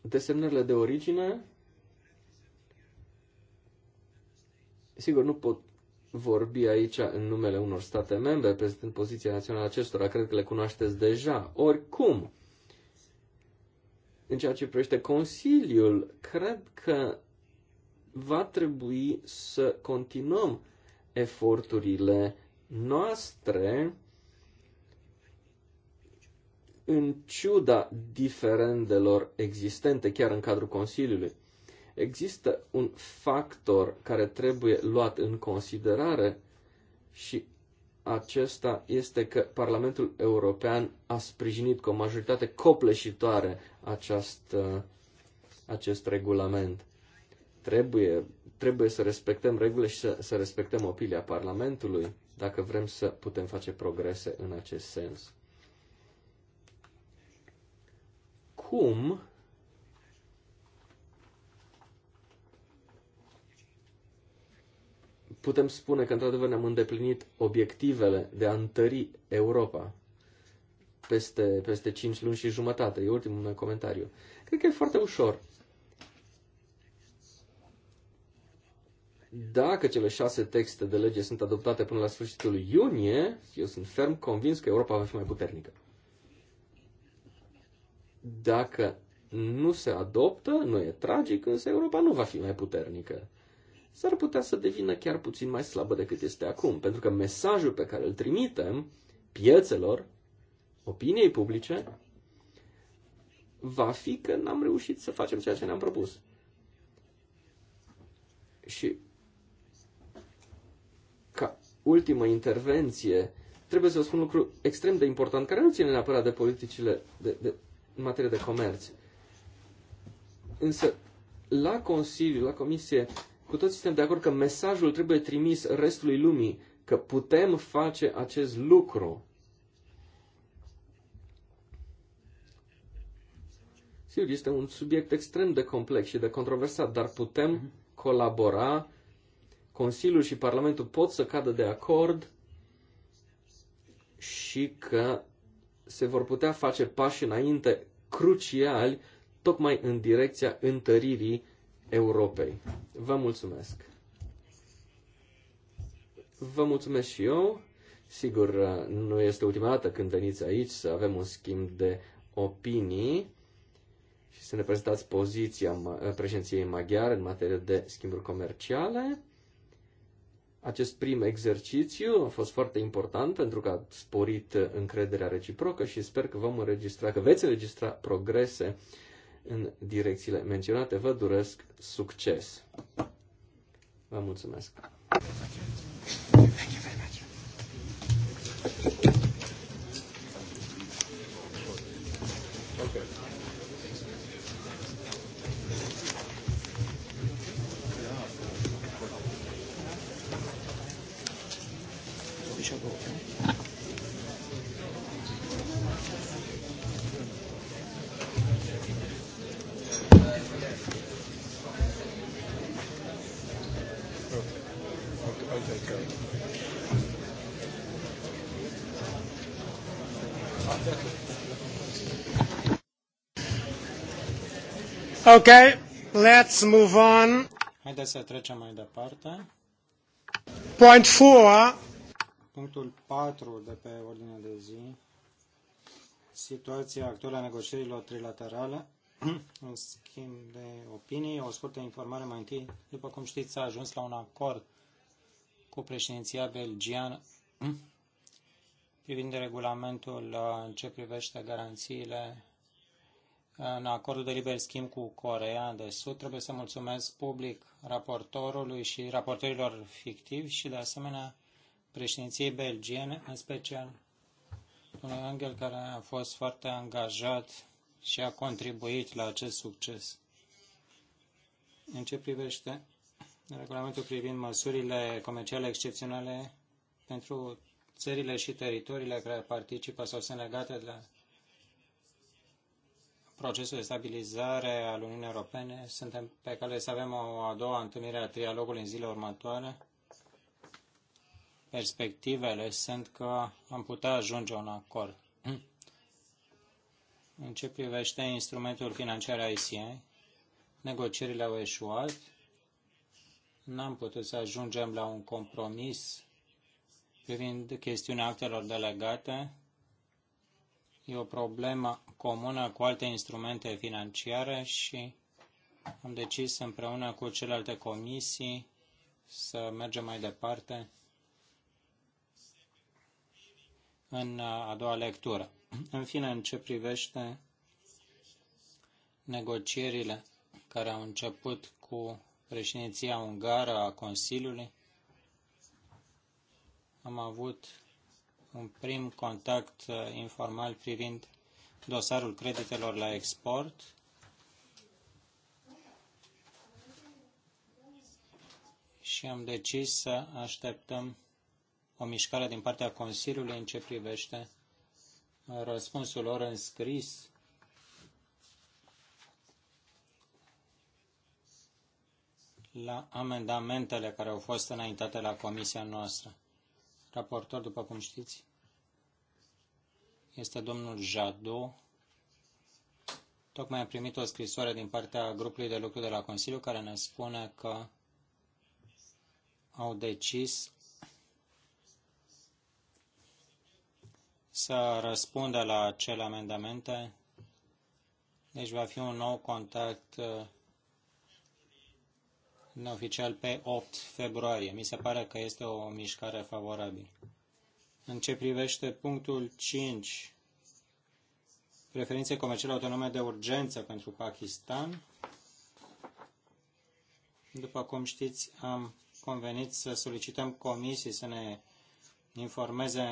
Desemnările de origine, sigur, nu pot vorbi aici în numele unor state membre, prezentând poziția națională acestora, cred că le cunoașteți deja. Oricum, în ceea ce privește Consiliul, cred că va trebui să continuăm eforturile noastre în ciuda diferendelor existente chiar în cadrul Consiliului. Există un factor care trebuie luat în considerare și acesta este că Parlamentul European a sprijinit cu o majoritate copleșitoare acest, uh, acest regulament. Trebuie, trebuie să respectăm regulile și să, să respectăm opinia Parlamentului dacă vrem să putem face progrese în acest sens. Cum putem spune că, într-adevăr, ne-am îndeplinit obiectivele de a întări Europa peste, peste 5 luni și jumătate. E ultimul meu comentariu. Cred că e foarte ușor. Dacă cele șase texte de lege sunt adoptate până la sfârșitul iunie, eu sunt ferm convins că Europa va fi mai puternică. Dacă nu se adoptă, nu e tragic, însă Europa nu va fi mai puternică s-ar putea să devină chiar puțin mai slabă decât este acum, pentru că mesajul pe care îl trimitem piețelor, opiniei publice, va fi că n-am reușit să facem ceea ce ne-am propus. Și ca ultimă intervenție, trebuie să vă spun un lucru extrem de important, care nu ține neapărat de politicile de, de, în materie de comerț. Însă, la Consiliu, la Comisie, cu toți suntem de acord că mesajul trebuie trimis restului lumii, că putem face acest lucru. Sigur, este un subiect extrem de complex și de controversat, dar putem mhm. colabora. Consiliul și Parlamentul pot să cadă de acord și că se vor putea face pași înainte cruciali tocmai în direcția întăririi Europei. Vă mulțumesc! Vă mulțumesc și eu. Sigur, nu este ultima dată când veniți aici să avem un schimb de opinii și să ne prezentați poziția președinției maghiare în materie de schimburi comerciale. Acest prim exercițiu a fost foarte important pentru că a sporit încrederea reciprocă și sper că vom înregistra, că veți înregistra progrese în direcțiile menționate. Vă doresc succes! Vă mulțumesc! Thank you. Thank you very much. Ok, let's move on. Haideți să trecem mai departe. Point 4. Punctul 4 de pe ordinea de zi. Situația actuală a negocierilor trilaterale. În schimb de opinii, o scurtă informare mai întâi. După cum știți, s-a ajuns la un acord cu președinția belgiană privind regulamentul uh, în ce privește garanțiile în acordul de liber schimb cu Corea de Sud. Trebuie să mulțumesc public raportorului și raportorilor fictivi și, de asemenea, președinției belgiene, în special domnul Angel, care a fost foarte angajat și a contribuit la acest succes. În ce privește regulamentul privind măsurile comerciale excepționale pentru țările și teritoriile care participă sau sunt legate de procesul de stabilizare al Uniunii Europene. Suntem pe cale să avem o a doua întâlnire a trialogului în zilele următoare. Perspectivele sunt că am putea ajunge un acord. În ce privește instrumentul financiar ICA, negocierile au eșuat. N-am putut să ajungem la un compromis privind chestiunea actelor delegate. E o problemă comună cu alte instrumente financiare și am decis împreună cu celelalte comisii să mergem mai departe în a doua lectură. În fine, în ce privește negocierile care au început cu președinția ungară a Consiliului, am avut un prim contact uh, informal privind dosarul creditelor la export, și am decis să așteptăm o mișcare din partea Consiliului în ce privește uh, răspunsul lor în scris la amendamentele care au fost înaintate la comisia noastră. Raportor, după cum știți, este domnul Jadot. Tocmai am primit o scrisoare din partea grupului de lucru de la Consiliu care ne spune că au decis să răspundă la acele amendamente. Deci va fi un nou contact uh, neoficial pe 8 februarie. Mi se pare că este o mișcare favorabilă. În ce privește punctul 5, preferințe comerciale autonome de urgență pentru Pakistan, după cum știți, am convenit să solicităm comisii să ne informeze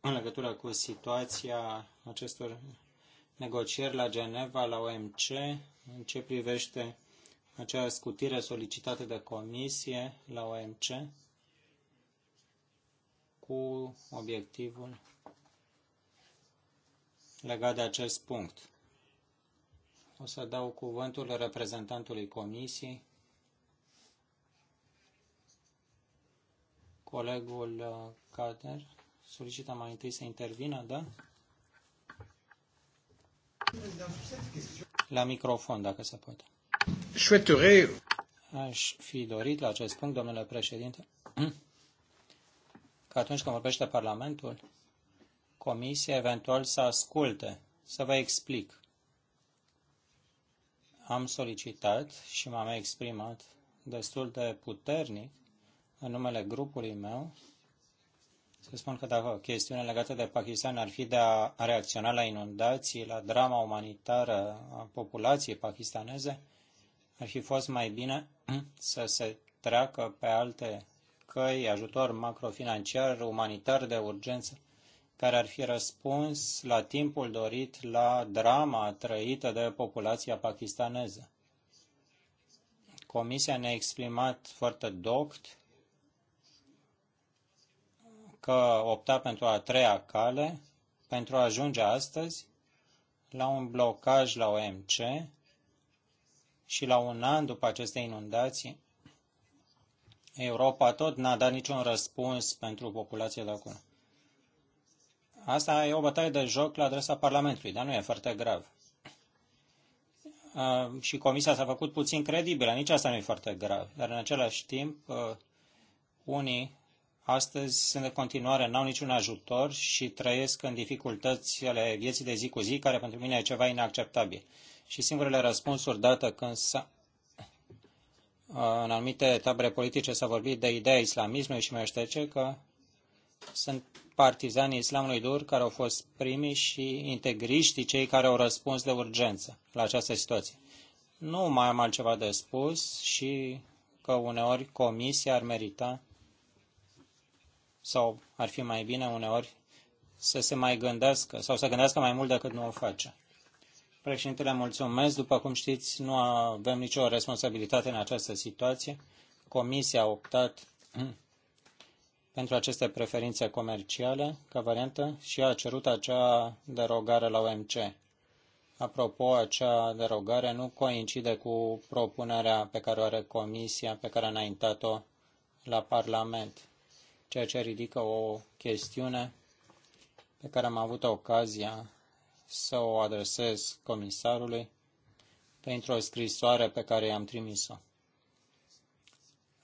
în legătură cu situația acestor negocieri la Geneva, la OMC, în ce privește acea scutire solicitată de comisie la OMC cu obiectivul legat de acest punct. O să dau cuvântul reprezentantului comisiei, colegul uh, Cater. Solicită mai întâi să intervină, da? La microfon, dacă se poate. Aș fi dorit la acest punct, domnule președinte, că atunci când vorbește Parlamentul, Comisia eventual să asculte, să vă explic. Am solicitat și m-am exprimat destul de puternic în numele grupului meu să spun că dacă chestiunea legată de Pakistan ar fi de a reacționa la inundații, la drama umanitară a populației pakistaneze, ar fi fost mai bine să se treacă pe alte cai ajutor macrofinanciar, umanitar de urgență, care ar fi răspuns la timpul dorit la drama trăită de populația pakistaneză. Comisia ne-a exprimat foarte doct că opta pentru a treia cale pentru a ajunge astăzi la un blocaj la OMC și la un an după aceste inundații Europa tot n-a dat niciun răspuns pentru populația de acolo. Asta e o bătaie de joc la adresa Parlamentului, dar nu e foarte grav. Uh, și comisia s-a făcut puțin credibilă, nici asta nu e foarte grav. Dar în același timp, uh, unii astăzi sunt de continuare, n-au niciun ajutor și trăiesc în dificultăți ale vieții de zi cu zi, care pentru mine e ceva inacceptabil. Și singurele răspunsuri date când s-a Uh, în anumite tabere politice s-a vorbit de ideea islamismului și mai ce, că sunt partizanii islamului dur care au fost primii și integriștii cei care au răspuns de urgență la această situație. Nu mai am altceva de spus și că uneori comisia ar merita sau ar fi mai bine uneori să se mai gândească sau să gândească mai mult decât nu o face. Președintele, mulțumesc. După cum știți, nu avem nicio responsabilitate în această situație. Comisia a optat pentru aceste preferințe comerciale ca variantă și a cerut acea derogare la OMC. Apropo, acea derogare nu coincide cu propunerea pe care o are Comisia, pe care a înaintat-o la Parlament, ceea ce ridică o chestiune pe care am avut ocazia să o adresez comisarului pentru o scrisoare pe care i-am trimis-o.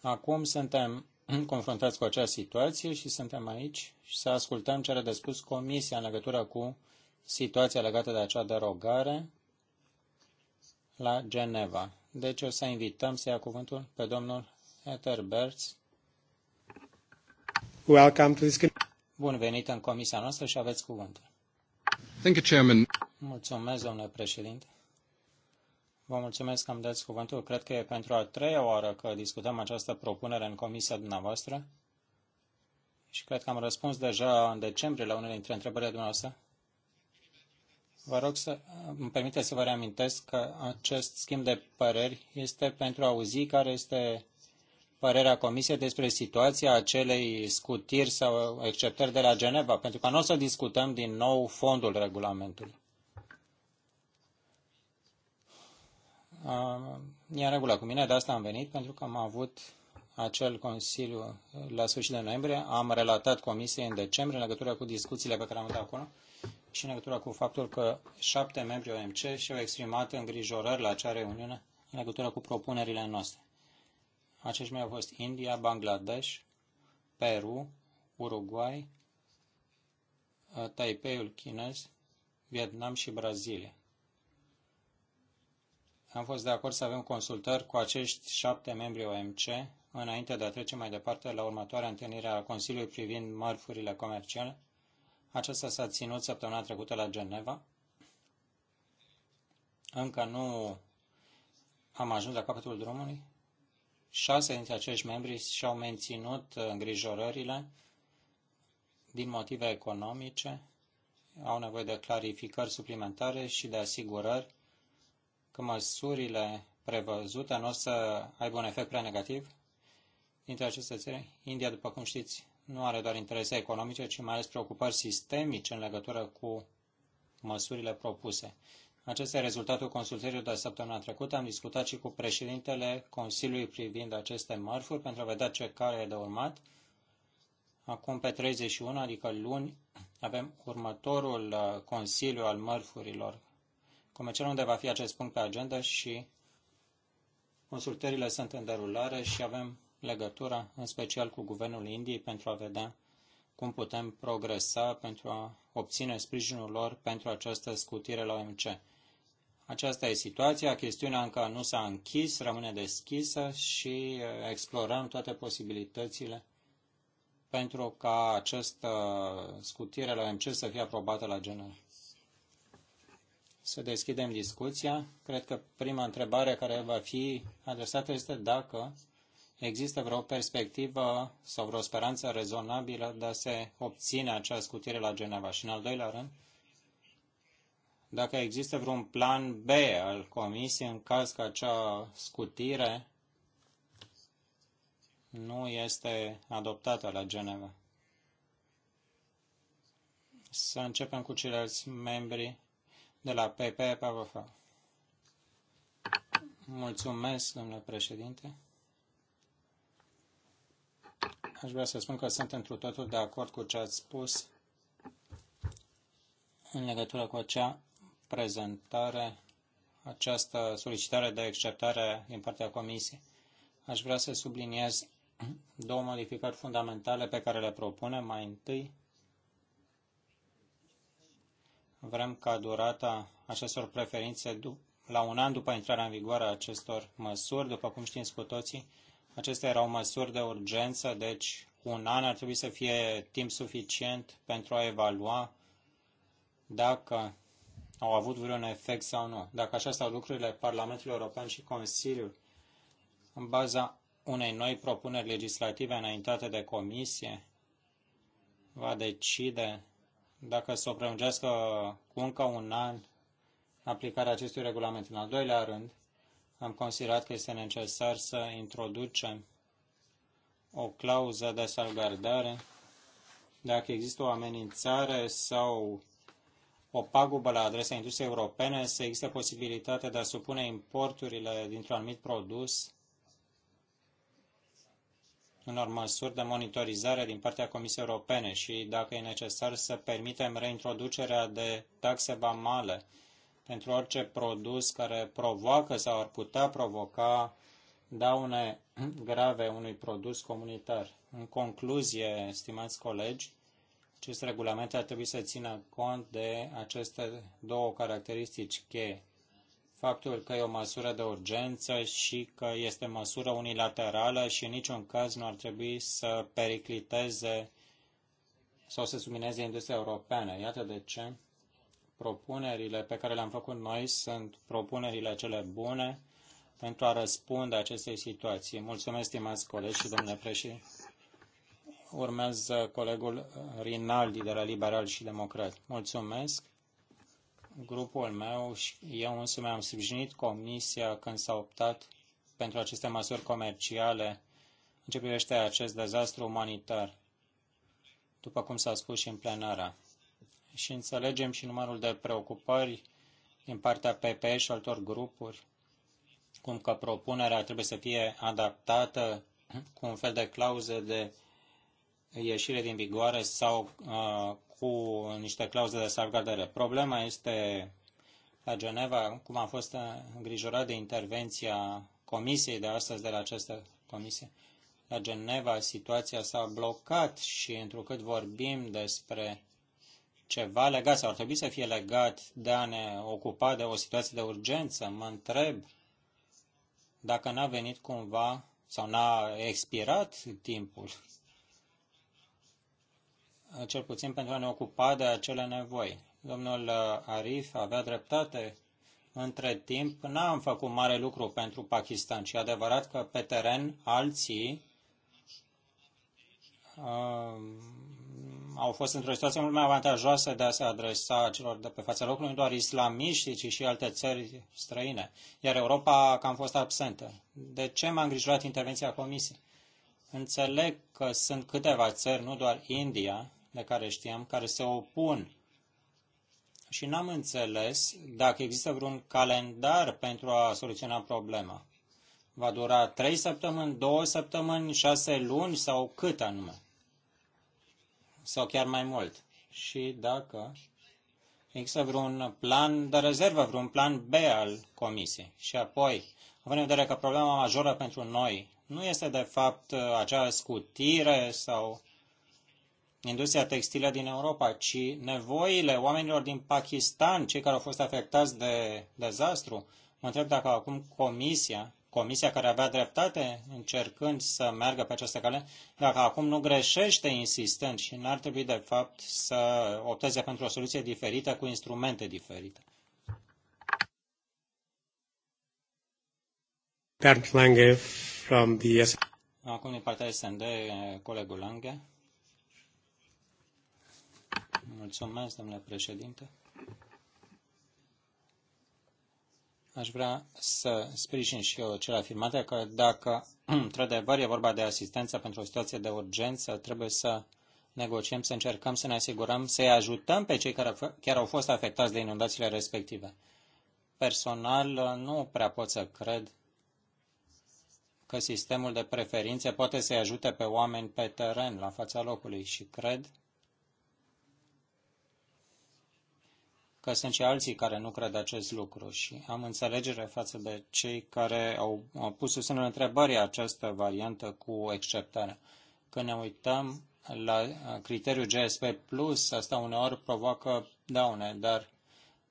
Acum suntem confruntați cu acea situație și suntem aici și să ascultăm ce are de spus Comisia în legătură cu situația legată de acea derogare la Geneva. Deci o să invităm să ia cuvântul pe domnul Heather Bertz. Welcome to this... Bun venit în comisia noastră și aveți cuvântul. Thank you, Chairman. Mulțumesc, domnule președinte. Vă mulțumesc că îmi dați cuvântul. Cred că e pentru a treia oară că discutăm această propunere în comisia dumneavoastră și cred că am răspuns deja în decembrie la unele dintre întrebările dumneavoastră. Vă rog să îmi permite să vă reamintesc că acest schimb de păreri este pentru a auzi care este părerea Comisiei despre situația acelei scutiri sau acceptări de la Geneva, pentru că nu o să discutăm din nou fondul regulamentului. Uh, e în regulă cu mine, de asta am venit, pentru că am avut acel Consiliu la sfârșit de noiembrie. Am relatat Comisiei în decembrie în legătură cu discuțiile pe care am avut acolo și în legătură cu faptul că șapte membri OMC și-au exprimat îngrijorări la acea reuniune în legătură cu propunerile noastre. Aceștia au fost India, Bangladesh, Peru, Uruguay, ă, Taipeiul chinez, Vietnam și Brazilia. Am fost de acord să avem consultări cu acești șapte membri OMC înainte de a trece mai departe la următoarea întâlnire a Consiliului privind mărfurile comerciale. Aceasta s-a ținut săptămâna trecută la Geneva. Încă nu am ajuns la capătul drumului. Șase dintre acești membri și-au menținut îngrijorările din motive economice, au nevoie de clarificări suplimentare și de asigurări că măsurile prevăzute nu o să aibă un efect prea negativ. Dintre aceste țări, India, după cum știți, nu are doar interese economice, ci mai ales preocupări sistemice în legătură cu măsurile propuse. Acesta e rezultatul consultărilor de săptămâna trecută. Am discutat și cu președintele Consiliului privind aceste mărfuri pentru a vedea ce care e de urmat. Acum, pe 31, adică luni, avem următorul uh, Consiliu al mărfurilor comercial, unde va fi acest punct pe agenda și consultările sunt în derulare și avem legătura, în special cu Guvernul Indiei, pentru a vedea cum putem progresa pentru a obține sprijinul lor pentru această scutire la OMC. Aceasta e situația, chestiunea încă nu s-a închis, rămâne deschisă și uh, explorăm toate posibilitățile pentru ca această scutire la OMC să fie aprobată la general. Să deschidem discuția. Cred că prima întrebare care va fi adresată este dacă există vreo perspectivă sau vreo speranță rezonabilă de a se obține această scutire la Geneva. Și în al doilea rând, dacă există vreun plan B al Comisiei în caz că acea scutire nu este adoptată la Geneva. Să începem cu ceilalți membri de la PP PVF. Mulțumesc, domnule președinte. Aș vrea să spun că sunt întru totul de acord cu ce ați spus în legătură cu acea prezentare această solicitare de acceptare din partea Comisiei. Aș vrea să subliniez două modificări fundamentale pe care le propunem. Mai întâi, vrem ca durata acestor preferințe la un an după intrarea în vigoare a acestor măsuri, după cum știți cu toții, acestea erau măsuri de urgență, deci un an ar trebui să fie timp suficient pentru a evalua dacă au avut vreun efect sau nu. Dacă așa stau lucrurile, Parlamentul European și Consiliul, în baza unei noi propuneri legislative înaintate de comisie, va decide dacă să o prelungească cu încă un an aplicarea acestui regulament. În al doilea rând, am considerat că este necesar să introducem o clauză de salvgardare dacă există o amenințare sau o pagubă la adresa industriei europene, să existe posibilitatea de a supune importurile dintr-un anumit produs unor măsuri de monitorizare din partea Comisiei Europene și, dacă e necesar, să permitem reintroducerea de taxe vamale pentru orice produs care provoacă sau ar putea provoca daune grave unui produs comunitar. În concluzie, stimați colegi, acest regulament ar trebui să țină cont de aceste două caracteristici cheie. Faptul că e o măsură de urgență și că este măsură unilaterală și în niciun caz nu ar trebui să pericliteze sau să submineze industria europeană. Iată de ce propunerile pe care le-am făcut noi sunt propunerile cele bune pentru a răspunde acestei situații. Mulțumesc, stimați colegi și domnule președinte. Urmează colegul Rinaldi de la Liberal și Democrat. Mulțumesc. Grupul meu și eu însumi am sprijinit comisia când s-a optat pentru aceste măsuri comerciale în ce privește acest dezastru umanitar, după cum s-a spus și în plenară. Și înțelegem și numărul de preocupări din partea PPE și altor grupuri, cum că propunerea trebuie să fie adaptată cu un fel de clauze de ieșire din vigoare sau uh, cu niște clauze de salvgardare. Problema este la Geneva, cum a fost îngrijorat de intervenția comisiei de astăzi de la această comisie. La Geneva situația s-a blocat și întrucât vorbim despre ceva legat sau ar trebui să fie legat de a ne ocupa de o situație de urgență, mă întreb dacă n-a venit cumva sau n-a expirat timpul Uh, cel puțin pentru a ne ocupa de acele nevoi. Domnul uh, Arif avea dreptate. Între timp, n-am făcut mare lucru pentru Pakistan și adevărat că pe teren alții uh, au fost într-o situație mult mai avantajoasă de a se adresa celor de pe fața locului, nu doar islamiști, ci și alte țări străine. Iar Europa a cam fost absentă. De ce m-a îngrijorat intervenția Comisiei? Înțeleg că sunt câteva țări, nu doar India, de care știam, care se opun. Și n-am înțeles dacă există vreun calendar pentru a soluționa problema. Va dura trei săptămâni, două săptămâni, șase luni sau cât anume? Sau chiar mai mult? Și dacă există vreun plan de rezervă, vreun plan B al comisiei. Și apoi, având în vedere că problema majoră pentru noi nu este de fapt acea scutire sau industria textilă din Europa, ci nevoile oamenilor din Pakistan, cei care au fost afectați de dezastru. Mă întreb dacă acum comisia, comisia care avea dreptate încercând să meargă pe această cale, dacă acum nu greșește insistând și n-ar trebui de fapt să opteze pentru o soluție diferită cu instrumente diferite. Bernd Lange from the... Acum din partea SND, colegul Lange. Mulțumesc, domnule președinte. Aș vrea să sprijin și eu cele afirmate că dacă, într-adevăr, e vorba de asistență pentru o situație de urgență, trebuie să negociem, să încercăm să ne asigurăm, să-i ajutăm pe cei care chiar au fost afectați de inundațiile respective. Personal, nu prea pot să cred că sistemul de preferințe poate să-i ajute pe oameni pe teren, la fața locului și cred că sunt și alții care nu cred acest lucru și am înțelegere față de cei care au pus în semnul întrebării această variantă cu exceptare. Când ne uităm la uh, criteriul GSP+, asta uneori provoacă daune, dar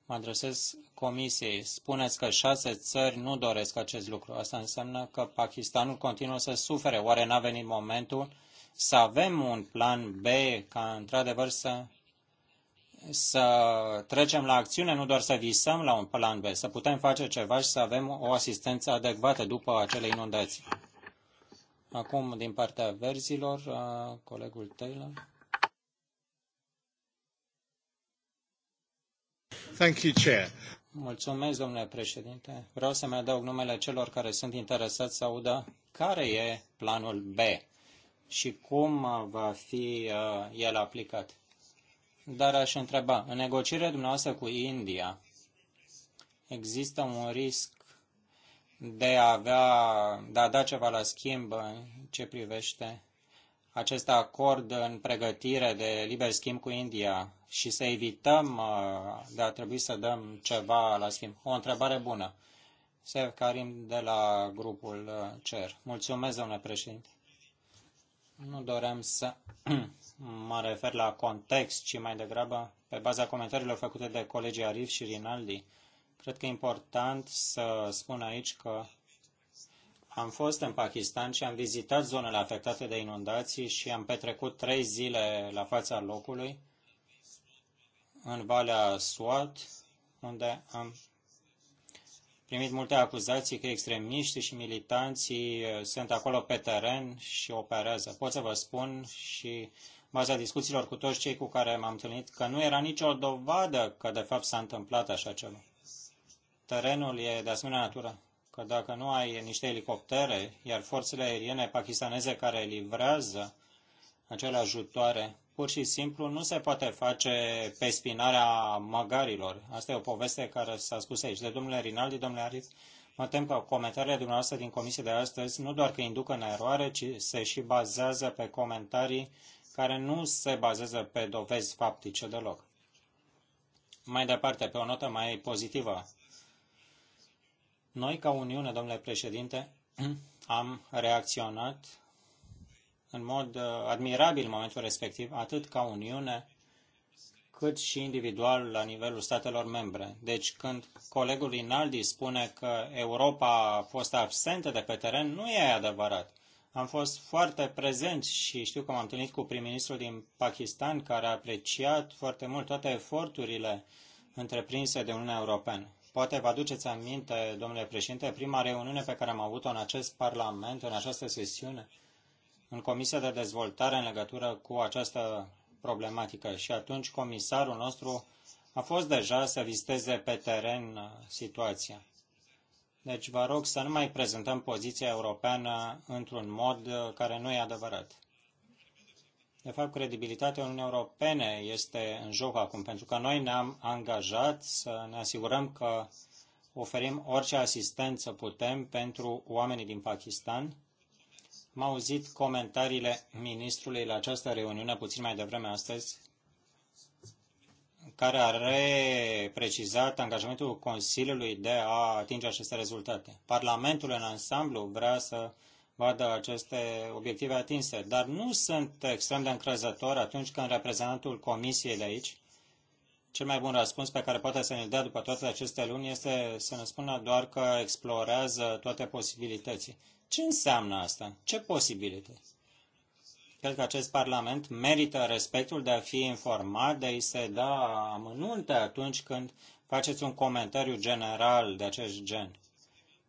mă adresez comisiei. Spuneți că șase țări nu doresc acest lucru. Asta înseamnă că Pakistanul continuă să sufere. Oare n-a venit momentul să avem un plan B ca într-adevăr să să trecem la acțiune, nu doar să visăm la un plan B, să putem face ceva și să avem o asistență adecvată după acele inundații. Acum, din partea verzilor, uh, colegul Taylor. Thank you, Chair. Mulțumesc, domnule președinte. Vreau să-mi adaug numele celor care sunt interesați să audă care e planul B și cum va fi uh, el aplicat. Dar aș întreba, în negocierea dumneavoastră cu India, există un risc de a, avea, de a da ceva la schimb în ce privește acest acord în pregătire de liber schimb cu India și să evităm uh, de a trebui să dăm ceva la schimb? O întrebare bună. Sef Karim de la grupul uh, CER. Mulțumesc, domnule președinte. Nu doream să mă refer la context, ci mai degrabă pe baza comentariilor făcute de colegii Arif și Rinaldi. Cred că e important să spun aici că am fost în Pakistan și am vizitat zonele afectate de inundații și am petrecut trei zile la fața locului, în Valea Swat, unde am primit multe acuzații că extremiștii și militanții uh, sunt acolo pe teren și operează. Pot să vă spun și baza discuțiilor cu toți cei cu care m-am întâlnit că nu era nicio dovadă că de fapt s-a întâmplat așa ceva. Terenul e de asemenea natură că dacă nu ai niște elicoptere, iar forțele aeriene pakistaneze care livrează acele ajutoare, pur și simplu nu se poate face pe spinarea măgarilor. Asta e o poveste care s-a spus aici de domnule Rinaldi, domnule Aris. Mă tem că comentariile dumneavoastră din comisie de astăzi nu doar că induc în eroare, ci se și bazează pe comentarii care nu se bazează pe dovezi faptice deloc. Mai departe, pe o notă mai pozitivă, noi ca Uniune, domnule președinte, am reacționat în mod uh, admirabil în momentul respectiv, atât ca Uniune, cât și individual la nivelul statelor membre. Deci când colegul Rinaldi spune că Europa a fost absentă de pe teren, nu e adevărat. Am fost foarte prezenți și știu că m-am întâlnit cu prim-ministrul din Pakistan, care a apreciat foarte mult toate eforturile întreprinse de Uniunea Europeană. Poate vă aduceți aminte, domnule președinte, prima reuniune pe care am avut-o în acest Parlament, în această sesiune, în Comisia de Dezvoltare în legătură cu această problematică. Și atunci comisarul nostru a fost deja să viziteze pe teren situația. Deci vă rog să nu mai prezentăm poziția europeană într-un mod uh, care nu e adevărat. De fapt, credibilitatea Uniunii Europene este în joc acum, pentru că noi ne-am angajat să ne asigurăm că oferim orice asistență putem pentru oamenii din Pakistan. M-au auzit comentariile ministrului la această reuniune puțin mai devreme astăzi, care a reprecizat angajamentul Consiliului de a atinge aceste rezultate. Parlamentul în ansamblu vrea să vadă aceste obiective atinse, dar nu sunt extrem de încrezător atunci când reprezentantul Comisiei de aici, cel mai bun răspuns pe care poate să ne dea după toate aceste luni este să ne spună doar că explorează toate posibilitățile. Ce înseamnă asta? Ce posibilități? Cred că acest Parlament merită respectul de a fi informat, de a-i se da amănunte atunci când faceți un comentariu general de acest gen.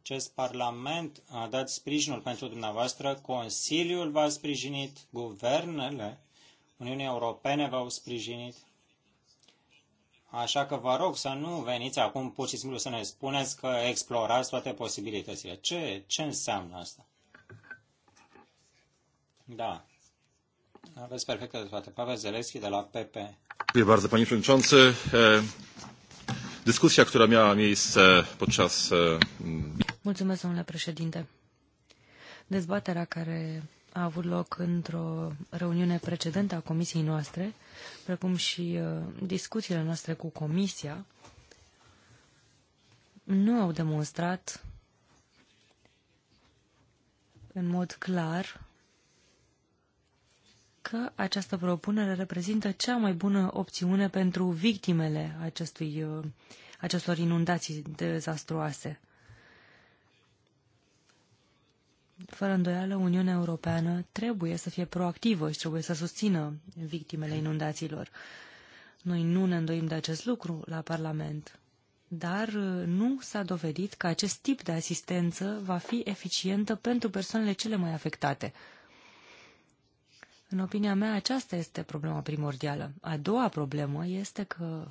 Acest Parlament a dat sprijinul pentru dumneavoastră, Consiliul v-a sprijinit, guvernele Uniunii Europene v-au sprijinit. Așa că vă rog să nu veniți acum pur și simplu să ne spuneți că explorați toate posibilitățile. Ce, ce înseamnă asta? Da, perfectă Pavel de la PP. Dziękuję bardzo, panie przewodniczący. Dyskusja, która miała miejsce podczas... Mulțumesc, domnule președinte. Dezbaterea care a avut loc într-o reuniune precedentă a comisiei noastre, precum și discuțiile noastre cu comisia, nu au demonstrat în mod clar că această propunere reprezintă cea mai bună opțiune pentru victimele acestui, uh, acestor inundații dezastruoase. Fără îndoială, Uniunea Europeană trebuie să fie proactivă și trebuie să susțină victimele inundațiilor. Noi nu ne îndoim de acest lucru la Parlament, dar uh, nu s-a dovedit că acest tip de asistență va fi eficientă pentru persoanele cele mai afectate – în opinia mea, aceasta este problema primordială. A doua problemă este că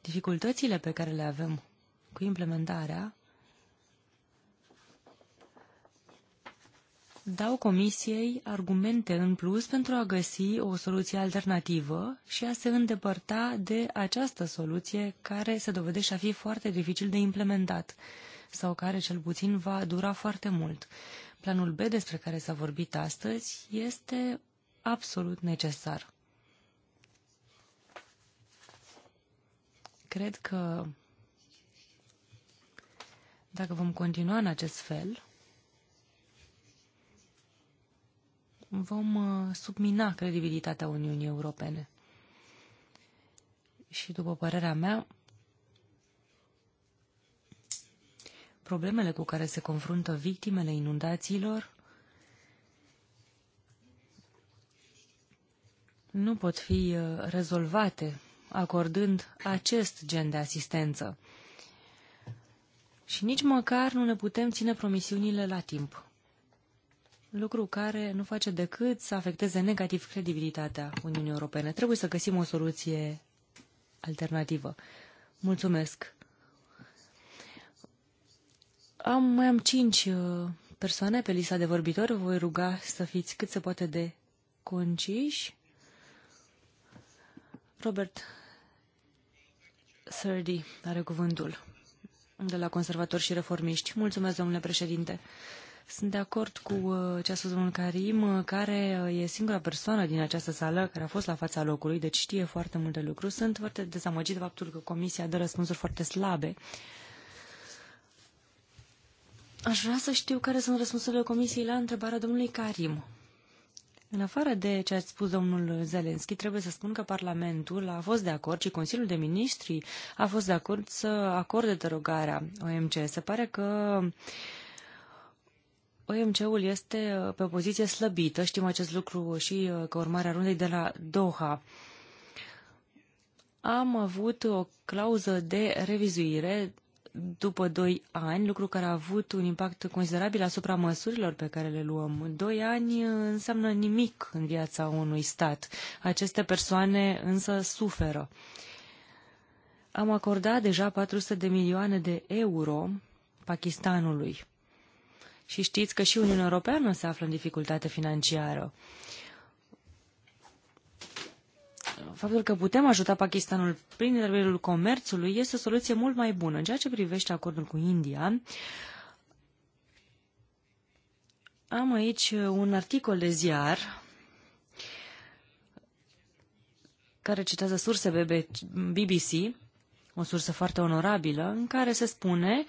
dificultățile pe care le avem cu implementarea dau comisiei argumente în plus pentru a găsi o soluție alternativă și a se îndepărta de această soluție care se dovedește a fi foarte dificil de implementat sau care cel puțin va dura foarte mult. Planul B despre care s-a vorbit astăzi este absolut necesar. Cred că dacă vom continua în acest fel, vom uh, submina credibilitatea Uniunii Europene. Și după părerea mea, problemele cu care se confruntă victimele inundațiilor nu pot fi uh, rezolvate acordând acest gen de asistență. Și nici măcar nu ne putem ține promisiunile la timp. Lucru care nu face decât să afecteze negativ credibilitatea Uniunii Europene. Trebuie să găsim o soluție alternativă. Mulțumesc! Am, mai am cinci uh, persoane pe lista de vorbitori. Vă voi ruga să fiți cât se poate de conciși. Robert Sărdi are cuvântul de la conservatori și reformiști. Mulțumesc, domnule președinte. Sunt de acord cu uh, ce a spus domnul Karim, uh, care e singura persoană din această sală care a fost la fața locului, deci știe foarte multe lucruri. Sunt foarte dezamăgit de faptul că comisia dă răspunsuri foarte slabe. Uh, Aș vrea să știu care sunt răspunsurile Comisiei la întrebarea domnului Karim. În afară de ce a spus domnul Zelenski, trebuie să spun că Parlamentul a fost de acord și Consiliul de Ministri a fost de acord să acorde derogarea OMC. Se pare că OMC-ul este uh, pe o poziție slăbită, știm acest lucru și uh, că urmarea rundei de la Doha. Am avut o clauză de revizuire după doi ani, lucru care a avut un impact considerabil asupra măsurilor pe care le luăm. doi ani uh, înseamnă nimic în viața unui stat. Aceste persoane însă suferă. Am acordat deja 400 de milioane de euro Pakistanului. Și știți că și Uniunea Europeană se află în dificultate financiară. Uh, faptul că putem ajuta Pakistanul prin intermediul comerțului este o soluție mult mai bună. În ceea ce privește acordul cu India, am aici un articol de ziar care citează surse BBC, o sursă foarte onorabilă, în care se spune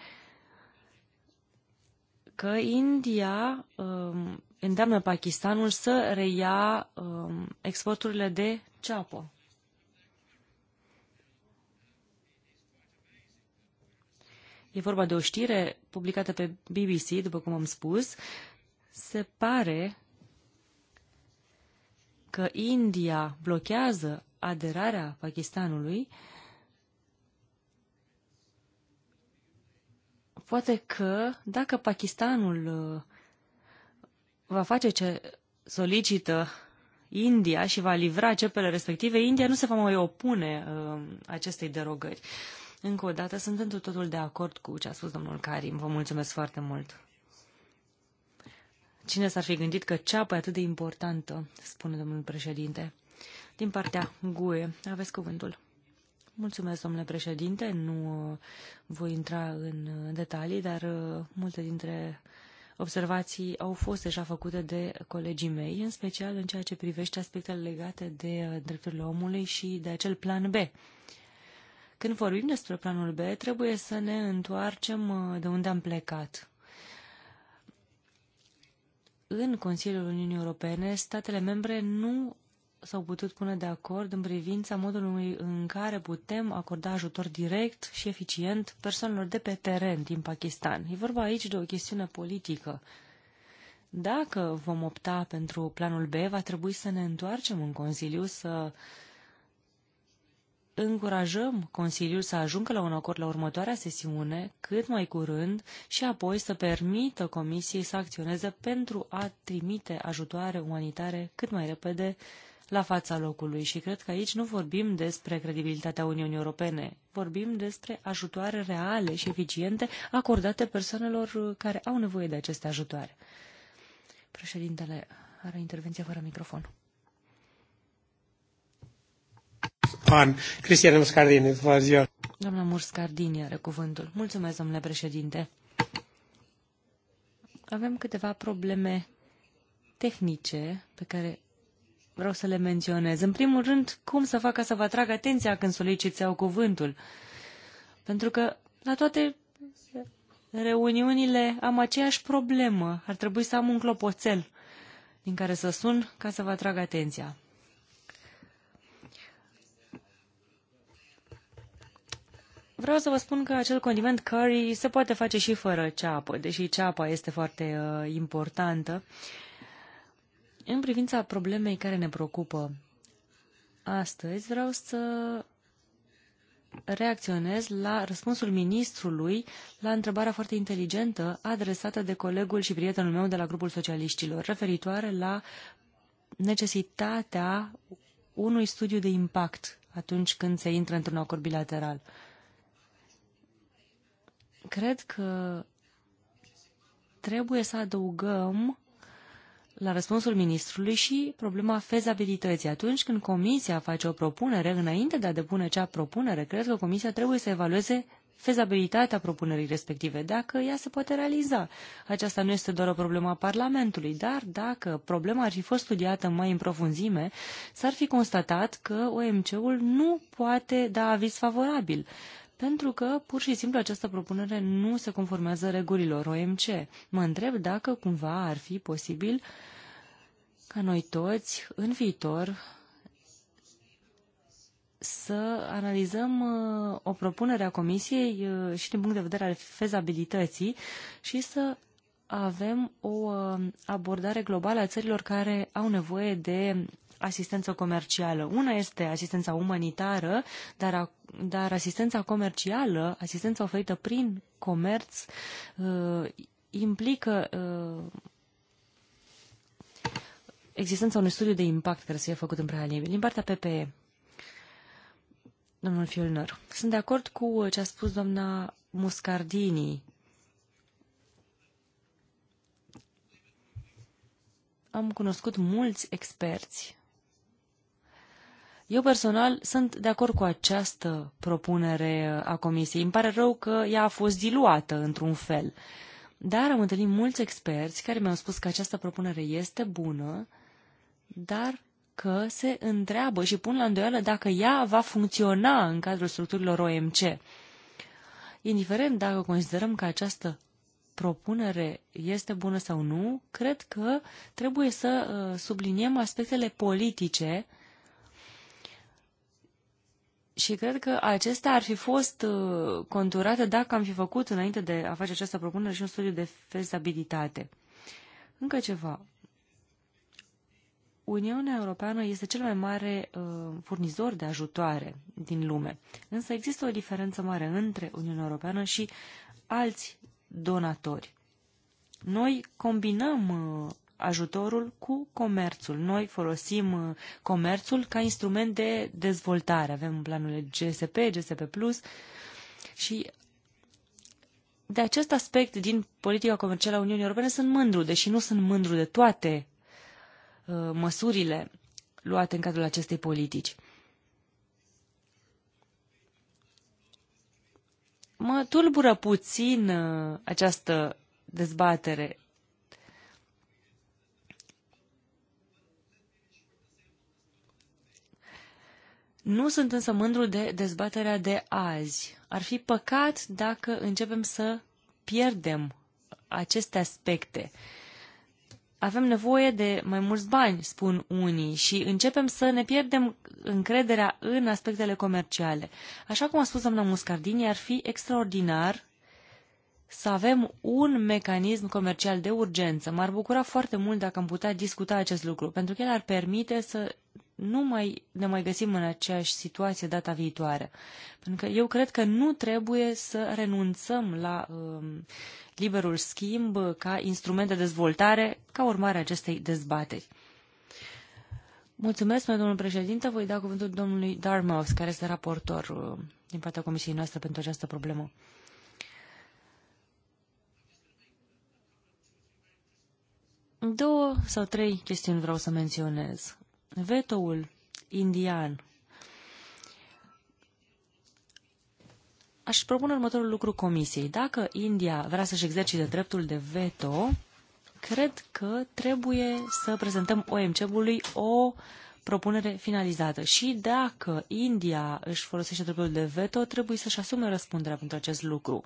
că India um, îndeamnă Pakistanul să reia um, exporturile de ceapă. E vorba de o știre publicată pe BBC, după cum am spus. Se pare că India blochează aderarea Pakistanului. Poate că dacă Pakistanul uh, va face ce solicită India și va livra cepele respective, India nu se va mai opune uh, acestei derogări. Uh, încă o dată, sunt întru totul de acord cu ce a spus domnul Karim. Vă mulțumesc foarte mult. Cine s-ar fi gândit că ceapă e atât de importantă, spune domnul președinte. Din partea GUE, aveți cuvântul. Mulțumesc, domnule președinte. Nu uh, voi intra în uh, detalii, dar uh, multe dintre observații au fost deja făcute de colegii mei, în special în ceea ce privește aspectele legate de drepturile omului și de acel plan B. Când vorbim despre planul B, trebuie să ne întoarcem uh, de unde am plecat. În Consiliul Uniunii Europene, statele membre nu s-au putut pune de acord în privința modului în care putem acorda ajutor direct și eficient persoanelor de pe teren din Pakistan. E vorba aici de o chestiune politică. Dacă vom opta pentru planul B, va trebui să ne întoarcem în Consiliu, să uh, încurajăm Consiliul să ajungă la un acord la următoarea sesiune, cât mai curând, și apoi să permită Comisiei să acționeze pentru a trimite ajutoare umanitare cât mai repede la fața locului. Și cred că aici nu vorbim despre credibilitatea Uniunii Europene, vorbim despre ajutoare reale și eficiente acordate persoanelor care au nevoie de aceste ajutoare. Președintele are intervenție fără microfon. pan. Cristian Muscardini, it was Doamna Muscardini are cuvântul. Mulțumesc, domnule președinte. Avem câteva probleme tehnice pe care vreau să le menționez. În primul rând, cum să fac ca să vă atrag atenția când soliciți sau cuvântul? Pentru că la toate reuniunile am aceeași problemă. Ar trebui să am un clopoțel din care să sun ca să vă atrag atenția. Vreau să vă spun că acel condiment curry se poate face și fără ceapă, deși ceapa este foarte uh, importantă. În privința problemei care ne preocupă astăzi, vreau să reacționez la răspunsul ministrului la întrebarea foarte inteligentă adresată de colegul și prietenul meu de la grupul socialiștilor, referitoare la necesitatea unui studiu de impact atunci când se intră într-un acord bilateral. Cred că trebuie să adăugăm la răspunsul ministrului și problema fezabilității. Atunci când comisia face o propunere, înainte de a depune cea propunere, cred că comisia trebuie să evalueze fezabilitatea propunerii respective, dacă ea se poate realiza. Aceasta nu este doar o problemă a Parlamentului, dar dacă problema ar fi fost studiată mai în profunzime, s-ar fi constatat că OMC-ul nu poate da aviz favorabil pentru că pur și simplu această propunere nu se conformează regulilor OMC. Mă întreb dacă cumva ar fi posibil ca noi toți în viitor să analizăm uh, o propunere a Comisiei uh, și din punct de vedere al fezabilității și să avem o uh, abordare globală a țărilor care au nevoie de asistență comercială. Una este asistența umanitară, dar, dar asistența comercială, asistența oferită prin comerț, uh, implică uh, existența unui studiu de impact care să fie făcut în prealabil. Din partea PPE, domnul Fiolner, sunt de acord cu ce a spus doamna Muscardini. Am cunoscut mulți experți eu personal sunt de acord cu această propunere a Comisiei. Îmi pare rău că ea a fost diluată într-un fel. Dar am întâlnit mulți experți care mi-au spus că această propunere este bună, dar că se întreabă și pun la îndoială dacă ea va funcționa în cadrul structurilor OMC. Indiferent dacă considerăm că această propunere este bună sau nu, cred că trebuie să uh, subliniem aspectele politice uh, și cred că acestea ar fi fost uh, conturate dacă am fi făcut înainte de a face această propunere și un studiu de fezabilitate. Încă ceva. Uniunea Europeană este cel mai mare uh, furnizor de ajutoare din lume, însă există o diferență mare între Uniunea Europeană și alți donatori. Noi combinăm uh, ajutorul cu comerțul. Noi folosim uh, comerțul ca instrument de dezvoltare. Avem planurile GSP, GSP+, plus. și de acest aspect din politica comercială a Uniunii Europene sunt mândru, deși nu sunt mândru de toate uh, măsurile luate în cadrul acestei politici. Mă tulbură puțin uh, această dezbatere Nu sunt însă mândru de dezbaterea de azi. Ar fi păcat dacă începem să pierdem aceste aspecte. Avem nevoie de mai mulți bani, spun unii, și începem să ne pierdem încrederea în aspectele comerciale. Așa cum a spus doamna Muscardini, ar fi extraordinar să avem un mecanism comercial de urgență. M-ar bucura foarte mult dacă am putea discuta acest lucru, pentru că el ar permite să nu mai ne mai găsim în aceeași situație data viitoare. Pentru că eu cred că nu trebuie să renunțăm la um, liberul schimb ca instrument de dezvoltare ca urmare a acestei dezbateri. Mulțumesc, domnul președinte. Voi da cuvântul domnului Darmaus, care este raportor uh, din partea comisiei noastre pentru această problemă. Două sau trei chestiuni vreau să menționez vetoul indian. Aș propune următorul lucru comisiei. Dacă India vrea să-și exercite dreptul de veto, cred că trebuie să prezentăm OMC-ului o uh, propunere finalizată. Și dacă India își folosește dreptul de veto, trebuie să-și asume răspunderea pentru acest lucru.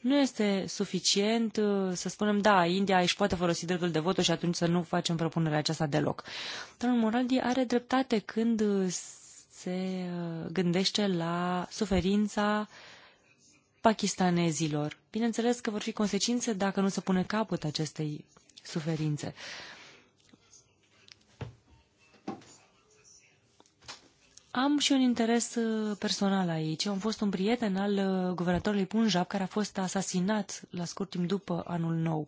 Nu este suficient uh, să spunem, da, India își poate folosi dreptul de voto și atunci să nu facem propunerea aceasta deloc. Domnul Moraldi are dreptate când uh, se uh, gândește la suferința pakistanezilor. Bineînțeles că vor fi consecințe dacă nu se pune capăt acestei suferințe. Am și un interes uh, personal aici. Am fost un prieten al uh, guvernatorului Punjab care a fost asasinat la scurt timp după anul nou.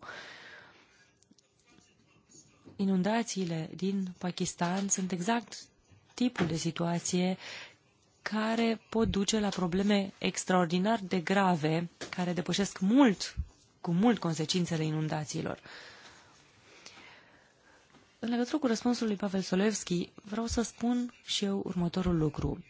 Inundațiile din Pakistan sunt exact tipul de situație care pot duce la probleme extraordinar de grave, care depășesc mult, cu mult consecințele inundațiilor. În legătură cu răspunsul lui Pavel Solevski, vreau să spun și eu următorul lucru.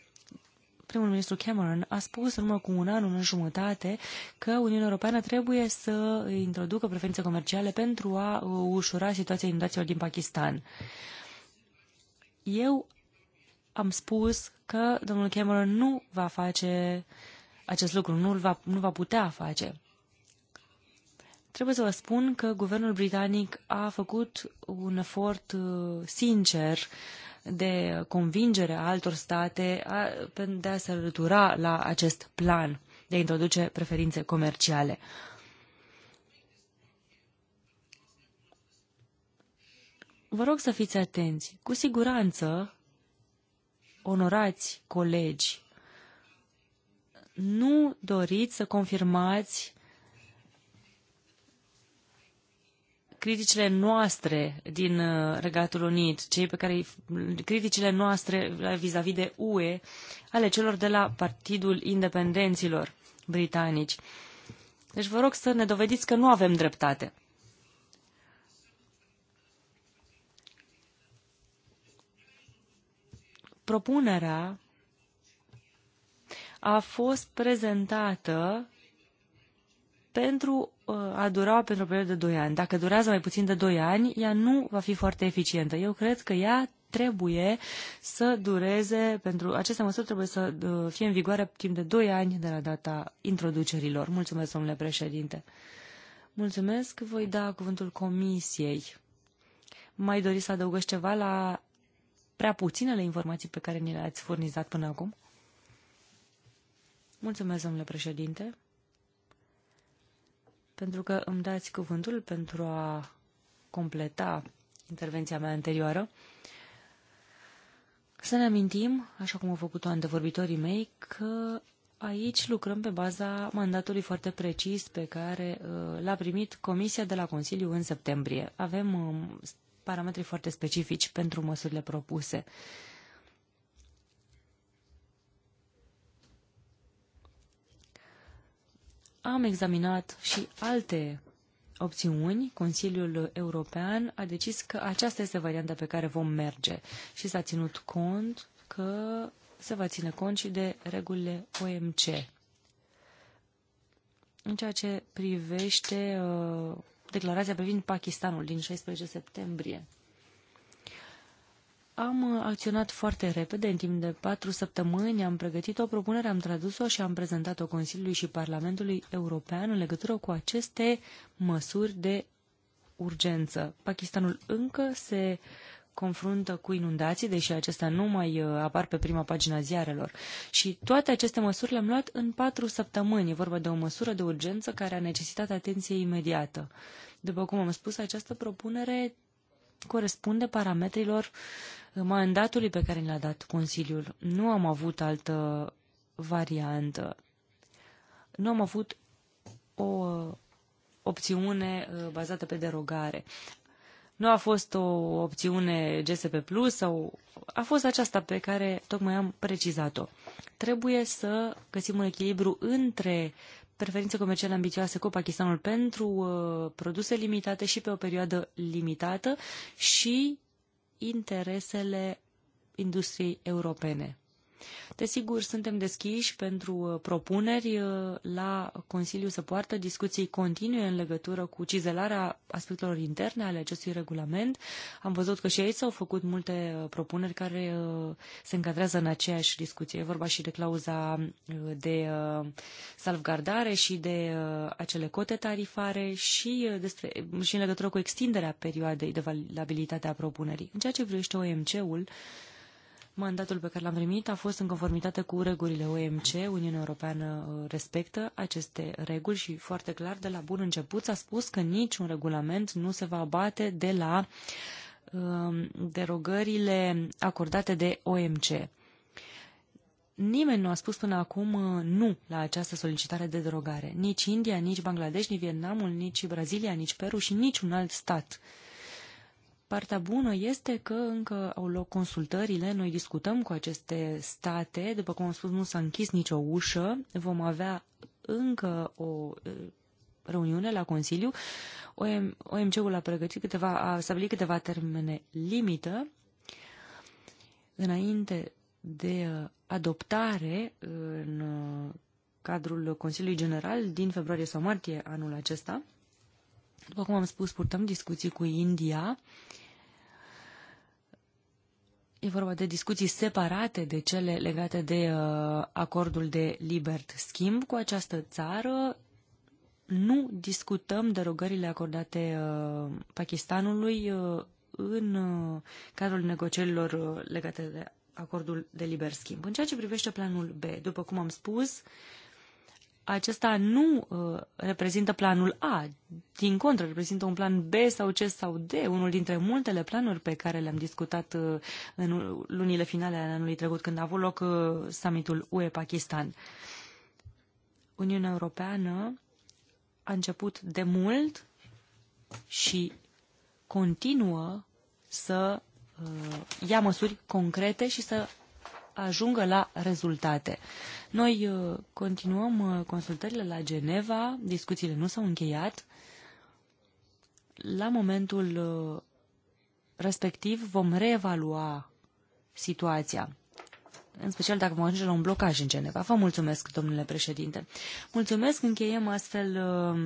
Primul ministru Cameron a spus în urmă cu un an, un an jumătate, că Uniunea Europeană trebuie să introducă preferințe comerciale pentru a uh, ușura situația inundațiilor din Pakistan. Eu am spus că domnul Cameron nu va face acest lucru, nu, va, nu va putea face. Trebuie să vă spun că guvernul britanic a făcut un efort uh, sincer de convingere a altor state de a se alătura la acest plan de a introduce preferințe comerciale. Vă rog să fiți atenți. Cu siguranță, onorați colegi, nu doriți să confirmați criticile noastre din uh, Regatul Unit, cei pe care criticile noastre vis-a-vis -vis de UE, ale celor de la Partidul Independenților Britanici. Deci vă rog să ne dovediți că nu avem dreptate. Propunerea a fost prezentată pentru uh, a dura pentru o perioadă de 2 ani. Dacă durează mai puțin de 2 ani, ea nu va fi foarte eficientă. Eu cred că ea trebuie să dureze, pentru aceste măsuri trebuie să uh, fie în vigoare timp de 2 ani de la data introducerilor. Mulțumesc, domnule președinte. Mulțumesc. Voi da cuvântul comisiei. Mai doriți să adăugăți ceva la prea puținele informații pe care ni le-ați furnizat până acum? Mulțumesc, domnule președinte pentru că îmi dați cuvântul pentru a completa intervenția mea anterioară. Să ne amintim, așa cum au făcut-o antevorbitorii mei, că aici lucrăm pe baza mandatului foarte precis pe care uh, l-a primit Comisia de la Consiliu în septembrie. Avem um, parametri foarte specifici pentru măsurile propuse. Uh, am examinat și alte opțiuni, Consiliul European a decis că aceasta este varianta pe care vom merge și s-a ținut cont că se va ține cont și de regulile OMC. În ceea ce privește uh, declarația privind Pakistanul din 16 septembrie, am uh, acționat foarte repede, în timp de patru săptămâni am pregătit o propunere, am tradus-o și am prezentat-o Consiliului și Parlamentului European în legătură cu aceste măsuri de urgență. Pakistanul încă se confruntă cu inundații, deși acestea nu mai uh, apar pe prima pagina ziarelor. Și toate aceste măsuri le-am luat în patru săptămâni. E vorba de o măsură de urgență care a necesitat atenție imediată. După cum am spus, această propunere corespunde parametrilor uh, mandatului pe care l-a dat Consiliul. Nu am avut altă variantă. Nu am avut o uh, opțiune uh, bazată pe derogare. Nu a fost o opțiune GSP Plus sau a fost aceasta pe care tocmai am precizat-o. Trebuie să găsim un echilibru între preferințe comerciale ambițioase cu Pakistanul pentru uh, produse limitate și pe o perioadă limitată și interesele industriei europene. Desigur, suntem deschiși pentru uh, propuneri. Uh, la Consiliu se poartă discuții continue în legătură cu cizelarea aspectelor interne ale acestui regulament. Am văzut că și aici s-au făcut multe uh, propuneri care se încadrează în aceeași discuție. E vorba și de clauza de salvgardare și de acele cote tarifare și, despre, și în legătură cu extinderea perioadei de valabilitate a propunerii. În ceea ce privește OMC-ul, Mandatul pe care l-am primit a fost în conformitate cu regulile OMC. Uniunea Europeană uh, respectă aceste reguli și foarte clar de la bun început s-a spus că niciun regulament nu se va abate de la um, derogările acordate de OMC. Nimeni nu a spus până acum uh, nu la această solicitare de derogare. Nici India, nici Bangladesh, nici Vietnamul, nici Brazilia, nici Peru și niciun alt stat Partea bună este că încă au loc consultările, noi discutăm cu aceste state, după cum am spus, nu s-a închis nicio ușă, vom avea încă o reuniune la Consiliu. OMC-ul a pregătit câteva, a stabilit câteva termene limită înainte de adoptare în cadrul Consiliului General din februarie sau martie anul acesta. După cum am spus, purtăm discuții cu India. Uh, E vorba de discuții separate de cele legate de uh, acordul de liber schimb cu această țară. Nu discutăm derogările acordate uh, Pakistanului uh, în uh, cadrul negocierilor uh, legate de acordul de liber schimb. În ceea ce privește planul B, după cum am spus, uh, acesta nu uh, reprezintă planul A, din contră, reprezintă un plan B sau C sau D, unul dintre multele planuri pe care le-am discutat uh, în lunile finale ale anului trecut, când a avut loc uh, summitul UE-Pakistan. Uniunea Europeană a început de mult și continuă să ia măsuri concrete și să ajungă la rezultate. Noi uh, continuăm uh, consultările la Geneva, discuțiile nu s-au încheiat. La momentul uh, respectiv vom reevalua situația în special dacă vom ajunge la un blocaj în Geneva. Vă mulțumesc, domnule președinte. Mulțumesc, încheiem astfel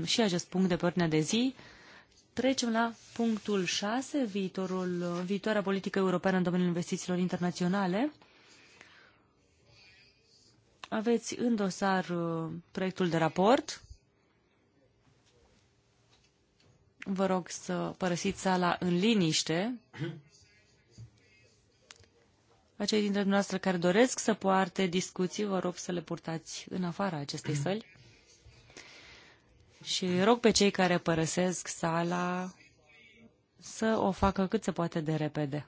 și acest punct de pe ordinea de zi. Trecem la punctul 6, viitorul, viitoarea politică europeană în domeniul investițiilor internaționale. Aveți în dosar uh, proiectul de raport. Vă rog să părăsiți sala în liniște. Acei dintre dumneavoastră care doresc să poarte discuții, vă rog să le purtați în afara acestei săli. Și rog pe cei care părăsesc sala să o facă cât se poate de repede.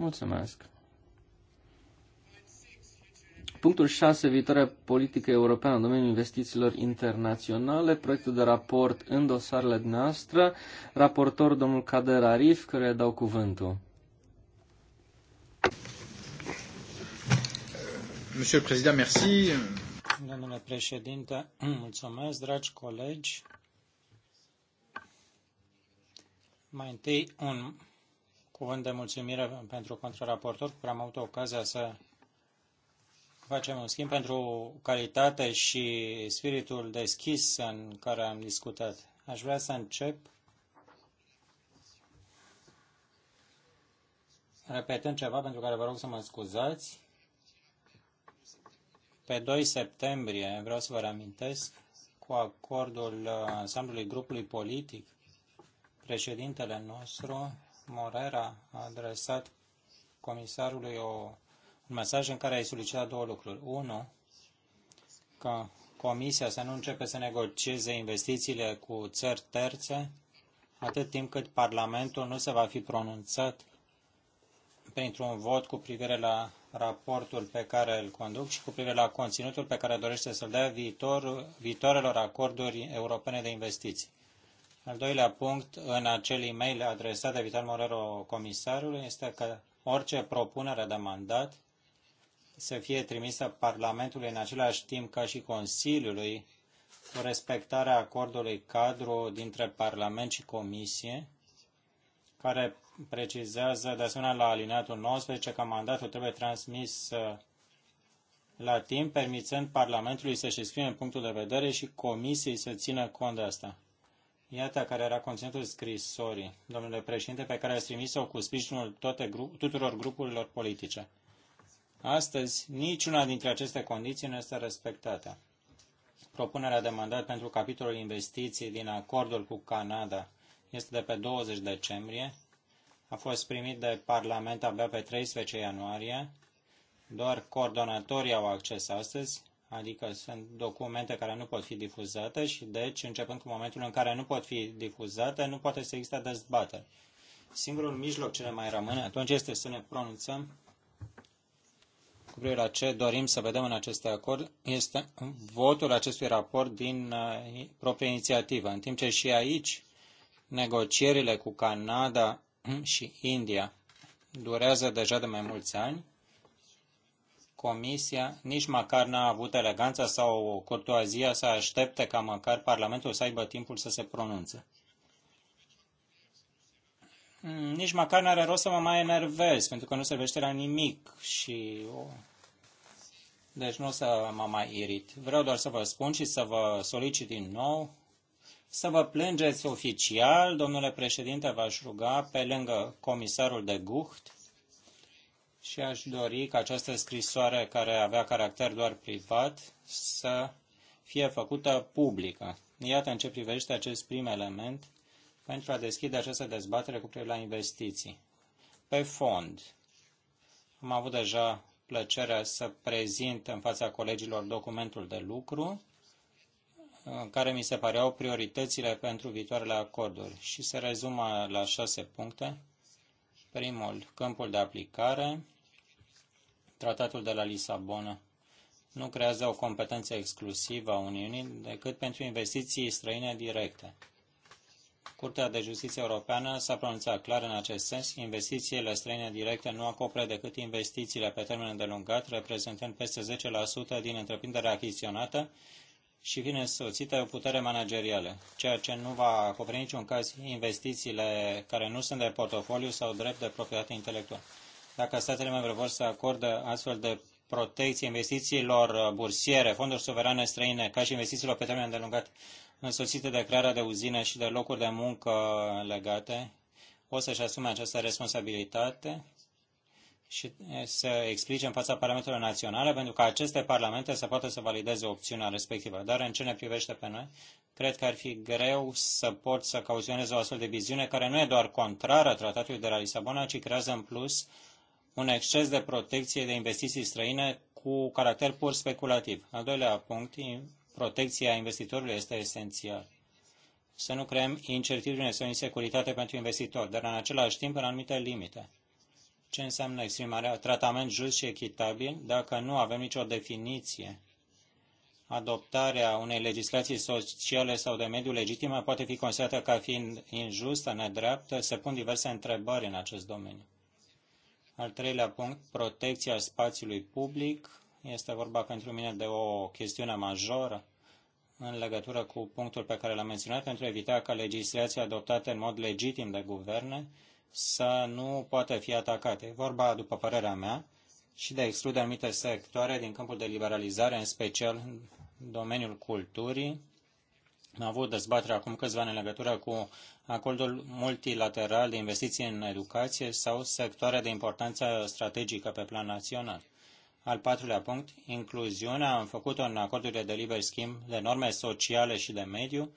Mulțumesc. Punctul 6. Viitoarea politică europeană în domeniul investițiilor internaționale. Proiectul de raport în dosarele noastre. Raportor domnul Kader Arif, care dau cuvântul. Monsieur le Président, merci. Domnule președinte, mulțumesc, dragi colegi. Mai întâi, un cuvânt de mulțumire pentru contraraportor, că am avut ocazia să facem un schimb pentru calitate și spiritul deschis în care am discutat. Aș vrea să încep repetând ceva pentru care vă rog să mă scuzați. Pe 2 septembrie, vreau să vă reamintesc, cu acordul uh, ansamblului grupului politic, președintele nostru Morera a adresat comisarului o, un mesaj în care ai solicitat două lucruri. Unu, că Comisia să nu începe să negocieze investițiile cu țări terțe atât timp cât Parlamentul nu se va fi pronunțat printr-un vot cu privire la raportul pe care îl conduc și cu privire la conținutul pe care dorește să-l dea viitor, viitoarelor acorduri europene de investiții. Al doilea punct în acel e-mail adresat de Vital Morero comisarului este că orice propunere de mandat să fie trimisă Parlamentului în același timp ca și Consiliului cu respectarea acordului cadru dintre Parlament și Comisie, care precizează de asemenea la alineatul 19 că mandatul trebuie transmis uh, la timp, permițând Parlamentului să-și exprime punctul de vedere și Comisiei să țină cont de asta. Iată care era conținutul scrisorii, domnule președinte, pe care ați trimis-o cu sprijinul tuturor grupurilor politice. Astăzi, niciuna dintre aceste condiții nu este respectată. Propunerea de mandat pentru capitolul investiții din acordul cu Canada este de pe 20 decembrie, a fost primit de Parlament abia pe 13 ianuarie, doar coordonatorii au acces astăzi, adică sunt documente care nu pot fi difuzate și deci, începând cu momentul în care nu pot fi difuzate, nu poate să existe dezbatere. Singurul mijloc ce ne mai rămâne atunci este să ne pronunțăm cu privire la ce dorim să vedem în acest acord este votul acestui raport din uh, proprie inițiativă, în timp ce și aici negocierile cu Canada și India durează deja de mai mulți ani Comisia nici măcar n-a avut eleganța sau curtoazia să aștepte ca măcar Parlamentul să aibă timpul să se pronunțe. Mm, nici măcar n-are rost să mă mai enervez, pentru că nu vește la nimic și... Deci nu o să mă mai irit. Vreau doar să vă spun și să vă solicit din nou să vă plângeți oficial, domnule președinte, v-aș ruga, pe lângă comisarul de guht, și aș dori ca această scrisoare care avea caracter doar privat să fie făcută publică. Iată în ce privește acest prim element pentru a deschide această dezbatere cu privire la investiții. Pe fond, am avut deja plăcerea să prezint în fața colegilor documentul de lucru, în care mi se păreau prioritățile pentru viitoarele acorduri și se rezumă la șase puncte. Primul, câmpul de aplicare, Tratatul de la Lisabona nu creează o competență exclusivă a Uniunii decât pentru investiții străine directe. Curtea de Justiție Europeană s-a pronunțat clar în acest sens, investițiile străine directe nu acopere decât investițiile pe termen îndelungat, reprezentând peste 10% din întreprinderea achiziționată și vine însoțită putere managerială, ceea ce nu va acoperi niciun caz investițiile care nu sunt de portofoliu sau drept de proprietate intelectuală. Dacă statele membre vor să acordă astfel de protecție investițiilor uh, bursiere, fonduri suverane străine, ca și investițiilor pe termen îndelungat, însoțite de crearea de uzine și de locuri de muncă legate, o să-și asume această responsabilitate și eh, să explice în fața Parlamentelor Naționale, pentru că aceste parlamente să poată să valideze opțiunea respectivă. Dar în ce ne privește pe noi, cred că ar fi greu să pot să cauzionez o astfel de viziune care nu e doar contrară tratatului de la Lisabona, ci creează în plus uh, un exces de protecție de investiții străine cu caracter pur speculativ. Al doilea punct, protecția investitorului este esențial. Să nu creăm incertitudine sau insecuritate pentru investitor, dar în același timp în anumite limite. Ce înseamnă exprimarea? Tratament just și echitabil dacă nu avem nicio definiție adoptarea unei legislații sociale sau de mediu legitimă poate fi considerată ca fiind injustă, nedreaptă, se pun diverse întrebări în acest domeniu. Al treilea punct, protecția spațiului public. Este vorba pentru mine de o chestiune majoră în legătură cu punctul pe care l-am menționat pentru a evita ca legislația adoptată în mod legitim de guverne să nu poată fi atacată. E vorba, după părerea mea, și de a exclude anumite sectoare din câmpul de liberalizare, în special în domeniul culturii, am avut dezbatere acum câțiva ani în legătură cu acordul multilateral de investiții în educație sau sectoare de importanță strategică pe plan național. Al patrulea punct, incluziunea am făcut-o în acordurile de liber schimb de norme sociale și de mediu.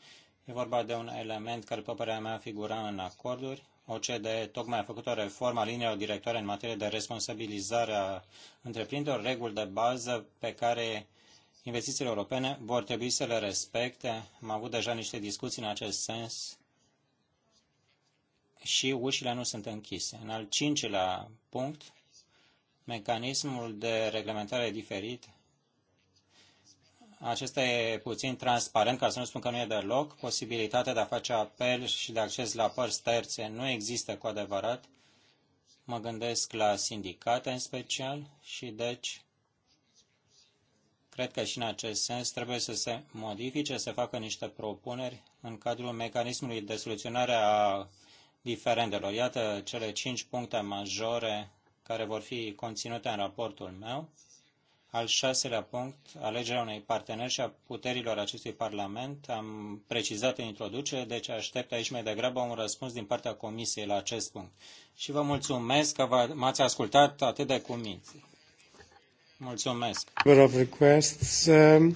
E vorba de un element care, pe părerea mea, figura în acorduri. OCDE tocmai a făcut o reformă a liniilor directoare în materie de responsabilizare a întreprinderilor, reguli de bază pe care Investițiile europene vor trebui să le respecte. Am avut deja niște discuții în acest sens și ușile nu sunt închise. În al cincilea punct, mecanismul de reglementare diferit. Acesta e puțin transparent, ca să nu spun că nu e deloc. Posibilitatea de a face apel și de acces la părți terțe nu există cu adevărat. Mă gândesc la sindicate în special și deci Cred că și în acest sens trebuie să se modifice, să facă niște propuneri în cadrul mecanismului de soluționare a diferendelor. Iată cele cinci puncte majore care vor fi conținute în raportul meu. Al șaselea punct, alegerea unei parteneri și a puterilor acestui Parlament. Am precizat în introducere, deci aștept aici mai degrabă un răspuns din partea Comisiei la acest punct. Și vă mulțumesc că m-ați ascultat atât de cu Mulțumesc. Of requests, um,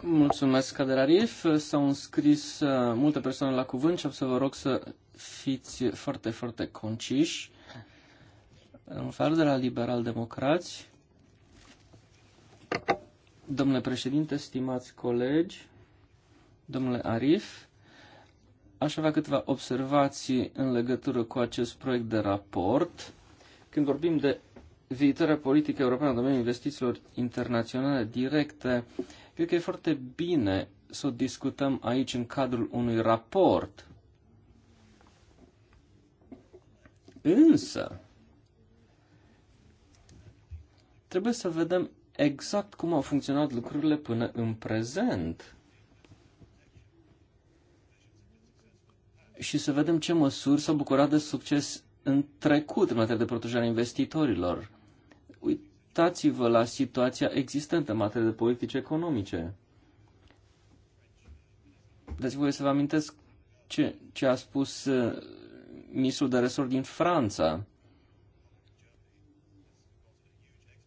Mulțumesc, Cader Arif. S-au înscris uh, multe persoane la cuvânt și am să vă rog să fiți foarte, foarte conciși. În fel de la liberal-democrați, domnule președinte, stimați colegi, domnule Arif, aș avea câteva observații în legătură cu acest proiect de raport. Când vorbim de viitoarea politică europeană în domeniul investițiilor internaționale directe, cred că e foarte bine să o discutăm aici în cadrul unui raport. Însă, trebuie să vedem exact cum au funcționat lucrurile până în prezent. Și să vedem ce măsuri s-au bucurat de succes în trecut în materie de protejare investitorilor uitați-vă la situația existentă în materie de politici economice. Dați voi să vă amintesc ce, ce a spus uh, ministrul de resort din Franța.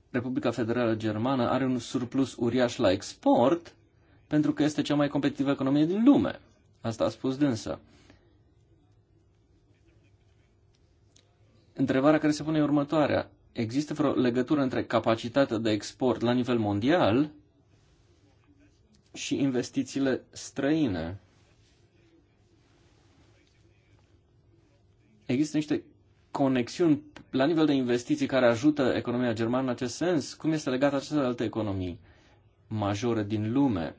Republica Federală Germană are un surplus uriaș la export pentru că este cea mai competitivă economie din lume. Asta a spus dânsă. Întrebarea care se pune e următoarea există vreo legătură între capacitatea de export la nivel mondial și investițiile străine. Există niște conexiuni la nivel de investiții care ajută economia germană în acest sens? Cum este legată această alte economii majore din lume?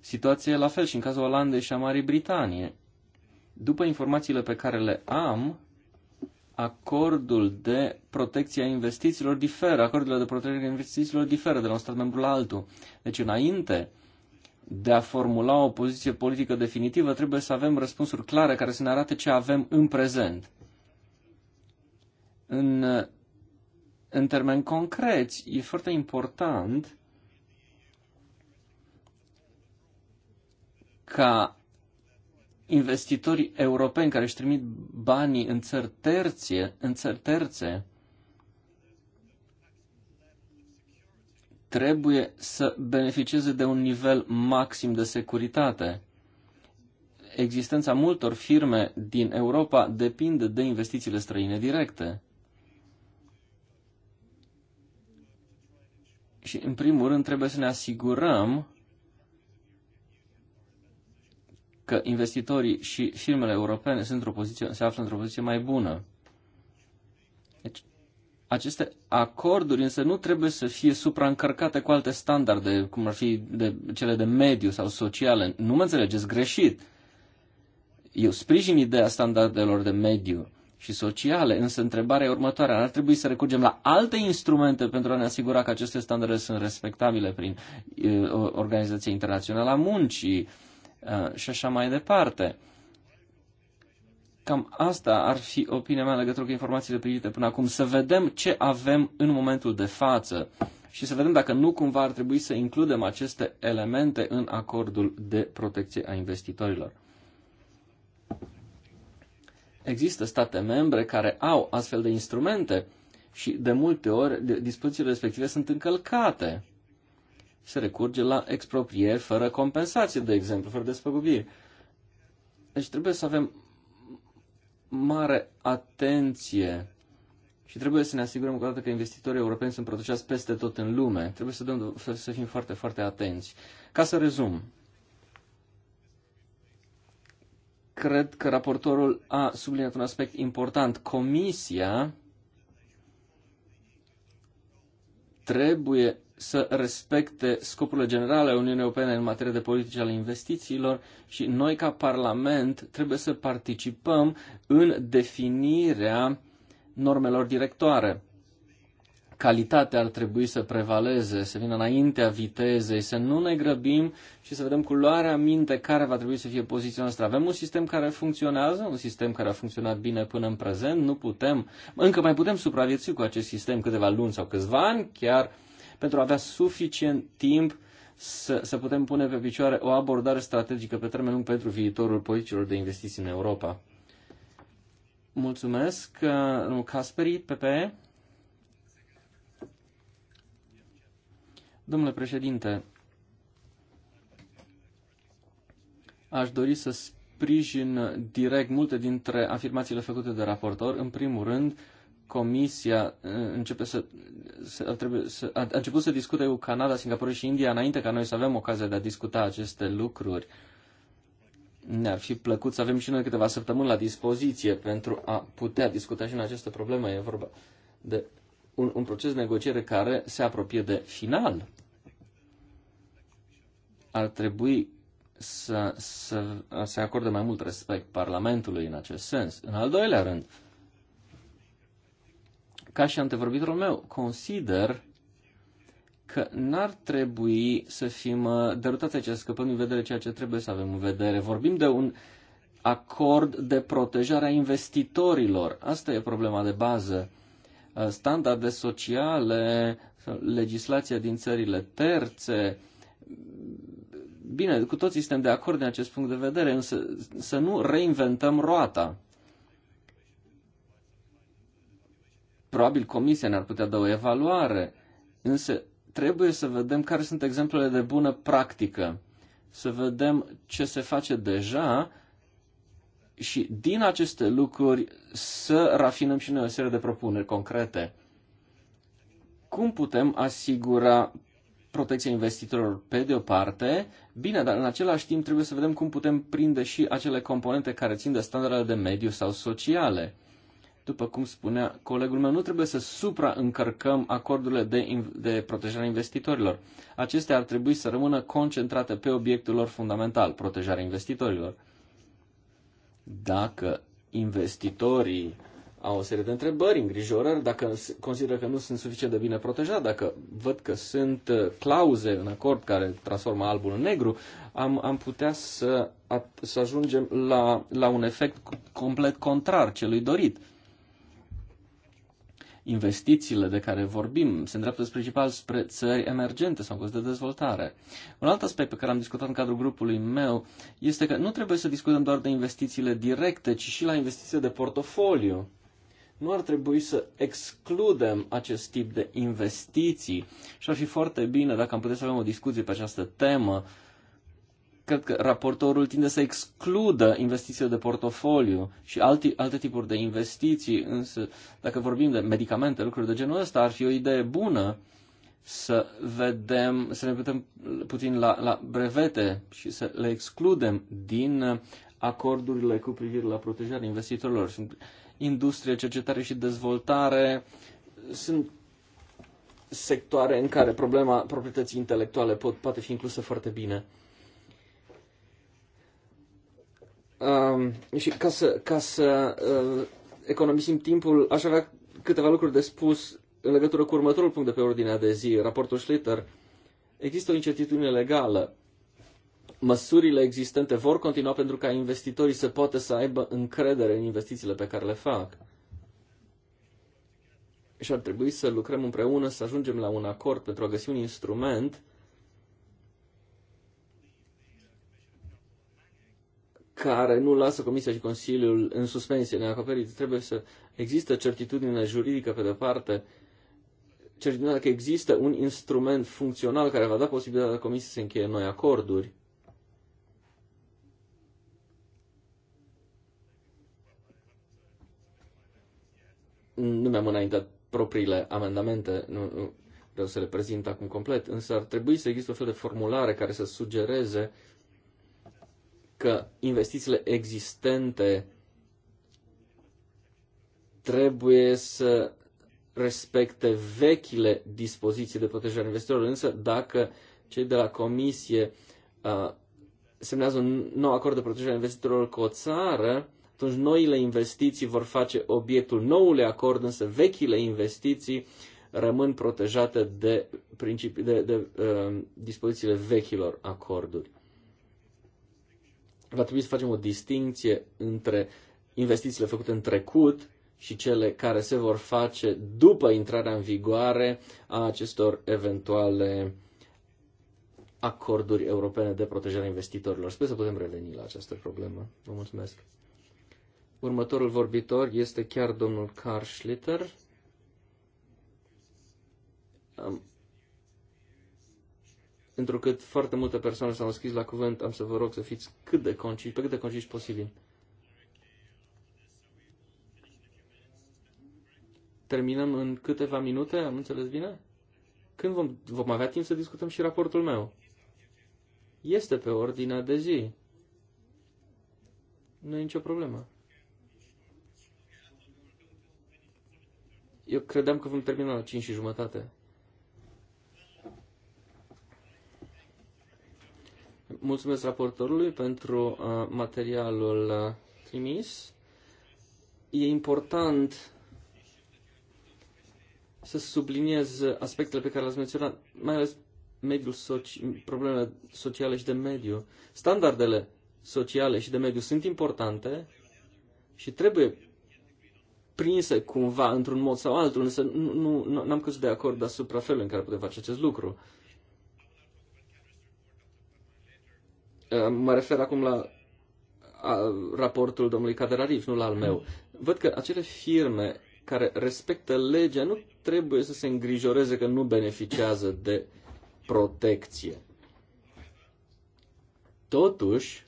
Situația e la fel și în cazul Olandei și a Marii Britanie. După informațiile pe care le am, acordul de protecție a investițiilor diferă, acordurile de protecție a investițiilor diferă de la un stat membru la altul. Deci înainte de a formula o poziție politică definitivă, trebuie să avem răspunsuri clare care să ne arate ce avem în prezent. În, în termeni concreți, e foarte important ca investitori europeni care își trimit banii în țări, terție, în țări terțe trebuie să beneficieze de un nivel maxim de securitate. Existența multor firme din Europa depinde de investițiile străine directe. Și, în primul rând, trebuie să ne asigurăm că investitorii și firmele europene sunt într-o poziție, se află într-o poziție mai bună. Deci, aceste acorduri însă nu trebuie să fie supraîncărcate cu alte standarde, cum ar fi de, cele de mediu sau sociale. Nu mă înțelegeți greșit. Eu sprijin ideea standardelor de mediu și sociale, însă întrebarea e următoarea. Ar trebui să recurgem la alte instrumente pentru a ne asigura că aceste standarde sunt respectabile prin Organizația Internațională a Muncii, uh, Eh, și așa mai departe. Cam asta ar fi opinia mea legătură cu informațiile primite până acum. Să vedem ce avem în momentul de față și să vedem dacă nu cumva ar trebui să includem aceste elemente în acordul de protecție a investitorilor. Există state membre care au astfel de instrumente și de multe ori dispozițiile respective sunt încălcate se recurge la exproprieri fără compensație, de exemplu, fără despăgubiri. Deci trebuie să avem mare atenție și trebuie să ne asigurăm că, o că investitorii europeni sunt protejați peste tot în lume. Trebuie să, dăm, să fim foarte, foarte atenți. Ca să rezum, cred că raportorul a subliniat un aspect important. Comisia trebuie să respecte scopurile generale ale Uniunii Europene în materie de politici ale investițiilor și noi ca Parlament trebuie să participăm în definirea normelor directoare. Calitatea ar trebui să prevaleze, să vină înaintea vitezei, să nu ne grăbim și să vedem culoarea minte care va trebui să fie poziția noastră. Avem un sistem care funcționează, un sistem care a funcționat bine până în prezent, nu putem, încă mai putem supraviețui cu acest sistem câteva luni sau câțiva ani, chiar uh, pentru a avea suficient timp să, să putem pune pe picioare o abordare strategică pe termen lung pentru viitorul politicilor de investiții în Europa. Mulțumesc, uh, domnul Casperi, PPE. Domnule președinte, aș dori să sprijin direct multe dintre afirmațiile făcute de raportor. În primul rând, uh, Comisia uh, începe să, să, trebuie, să, a, a început să discute cu Canada, Singapore și India înainte ca noi să avem ocazia de a discuta aceste lucruri. Ne-ar fi plăcut să avem și noi câteva săptămâni la dispoziție pentru a putea discuta și în această problemă. E vorba de un, un proces de negociere care se apropie de final. Ar trebui să, să se acorde mai mult respect Parlamentului în acest sens. În al doilea rând, uh, ca și antevorbitorul meu, consider că n-ar trebui să fim uh, derutați aici, să scăpăm în vedere ceea ce trebuie să avem în vedere. Vorbim de un acord de protejare a investitorilor. Asta e problema de bază. Uh, standarde sociale, legislația din țările terțe. Bine, cu toții suntem de acord din acest punct de vedere, însă să nu reinventăm roata. Probabil comisia ne-ar putea da o evaluare, însă trebuie să vedem care sunt exemplele de bună practică, să vedem ce se face deja și din aceste lucruri să rafinăm și noi o serie de propuneri concrete. Cum putem asigura protecția investitorilor pe de o parte, bine, dar în același timp trebuie să vedem cum putem prinde și acele componente care țin de standardele de mediu sau sociale. După cum spunea colegul meu, nu trebuie să supraîncărcăm acordurile de, de protejare a investitorilor. Acestea ar trebui să rămână concentrate pe obiectul lor fundamental, protejarea investitorilor. Dacă investitorii au o serie de întrebări, îngrijorări, dacă consideră că nu sunt suficient de bine protejați, dacă văd că sunt uh, clauze în acord care transformă albul în negru, am, am putea să, să ajungem la, la un efect complet contrar celui dorit investițiile de care vorbim se îndreaptă principal spre țări emergente sau curs de dezvoltare. Un alt aspect pe care am discutat în cadrul grupului meu este că nu trebuie să discutăm doar de investițiile directe, ci și la investiții de portofoliu. Nu ar trebui să excludem acest tip de investiții și ar fi foarte bine dacă am putea să avem o discuție pe această temă cred că raportorul tinde să excludă investițiile de portofoliu și alte, alte tipuri de investiții, însă dacă vorbim de medicamente, lucruri de genul ăsta, ar fi o idee bună să vedem, să ne putem puțin la, la brevete și să le excludem din acordurile cu privire la protejarea investitorilor. Sunt industrie, cercetare și dezvoltare, sunt sectoare în care problema proprietății intelectuale pot, poate fi inclusă foarte bine. Um, și ca să, ca să uh, economisim timpul, aș avea câteva lucruri de spus în legătură cu următorul punct de pe ordinea de zi, raportul Schlitter. Există o incertitudine legală. Măsurile existente vor continua pentru ca investitorii să poată să aibă încredere în investițiile pe care le fac. Și ar trebui să lucrăm împreună, să ajungem la un acord pentru a găsi un instrument care nu lasă Comisia și Consiliul în suspensie neacoperit. Trebuie să există certitudine juridică pe de parte, certitudinea că există un instrument funcțional care va da posibilitatea Comisiei să încheie noi acorduri. Nu mi-am înaintat propriile amendamente, nu, nu vreau să le prezint acum complet, însă ar trebui să existe o fel de formulare care să sugereze că investițiile existente trebuie să respecte vechile dispoziții de protejare a investitorilor, însă dacă cei de la comisie uh, semnează un nou acord de protejare a investitorilor cu o țară, atunci noile investiții vor face obiectul noului acord, însă vechile investiții rămân protejate de, principi, de, de uh, dispozițiile vechilor acorduri va trebui să facem o distinție între investițiile făcute în trecut și cele care se vor face după intrarea în vigoare a acestor eventuale acorduri europene de protejare a investitorilor. Sper să putem reveni la această problemă. Vă mulțumesc. Următorul vorbitor este chiar domnul Karl Schlitter pentru că foarte multe persoane s-au înscris la cuvânt, am să vă rog să fiți cât de conciși, pe cât de conciși posibil. Terminăm în câteva minute, am înțeles bine? Când vom, vom avea timp să discutăm și raportul meu? Este pe ordinea de zi. Nu e nicio problemă. Eu credeam că vom termina la 5 și jumătate. Mulțumesc raportorului pentru uh, materialul uh, trimis. E important să subliniez aspectele pe care le-ați menționat, mai ales mediul soci- problemele sociale și de mediu. Standardele sociale și de mediu sunt importante și trebuie prinse cumva într-un mod sau altul, însă nu, nu nu. am căzut de acord asupra felului în care putem face acest lucru. Mă refer acum la raportul domnului Caderariv, nu la al meu. Văd că acele firme care respectă legea nu trebuie să se îngrijoreze că nu beneficiază de protecție. Totuși,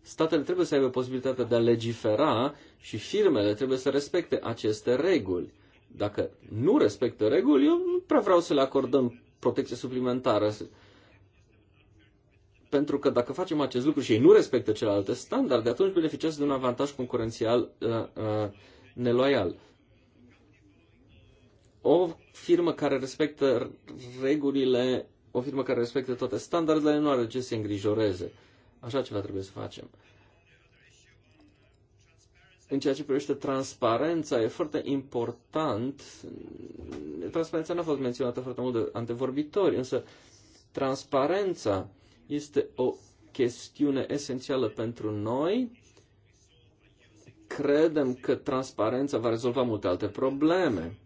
statele trebuie să aibă posibilitatea de a legifera și firmele trebuie să respecte aceste reguli. Dacă nu respectă reguli, eu nu prea vreau să le acordăm protecție suplimentară. Pentru că dacă facem acest lucru și ei nu respectă celelalte standarde, atunci beneficiază de un avantaj concurențial uh, uh, neloial. O firmă care respectă regulile, o firmă care respectă toate standardele, nu are de ce să se îngrijoreze. Așa ceva trebuie să facem. În ceea ce privește transparența, e foarte important. Transparența nu a fost menționată foarte mult de antevorbitori, însă transparența uh, este o chestiune esențială pentru noi. Credem că transparența va rezolva multe alte probleme.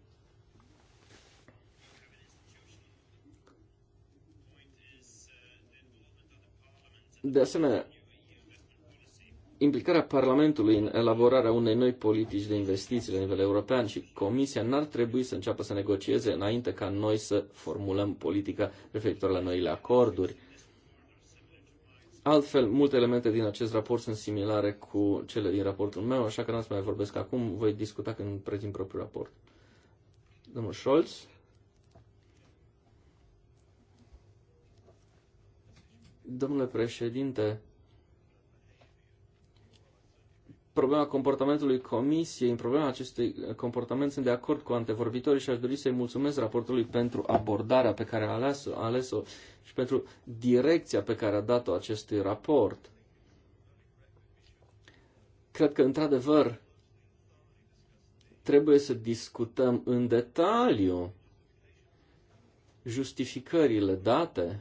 De asemenea, implicarea Parlamentului în elaborarea unei noi politici de investiții la nivel european și Comisia n-ar trebui să înceapă să negocieze înainte ca noi să formulăm politica referitor la noile acorduri. Altfel, multe elemente din acest raport sunt similare cu cele din raportul meu, așa că n-am să mai vorbesc acum, voi discuta când prezint propriul raport. Domnul Scholz. Domnule președinte, problema comportamentului comisiei, în problema acestui comportament sunt de acord cu antevorbitorii și aș dori să-i mulțumesc raportului pentru abordarea pe care a ales-o, ales-o și pentru direcția pe care a dat-o acestui raport. Cred că, într-adevăr, trebuie să discutăm în detaliu justificările date.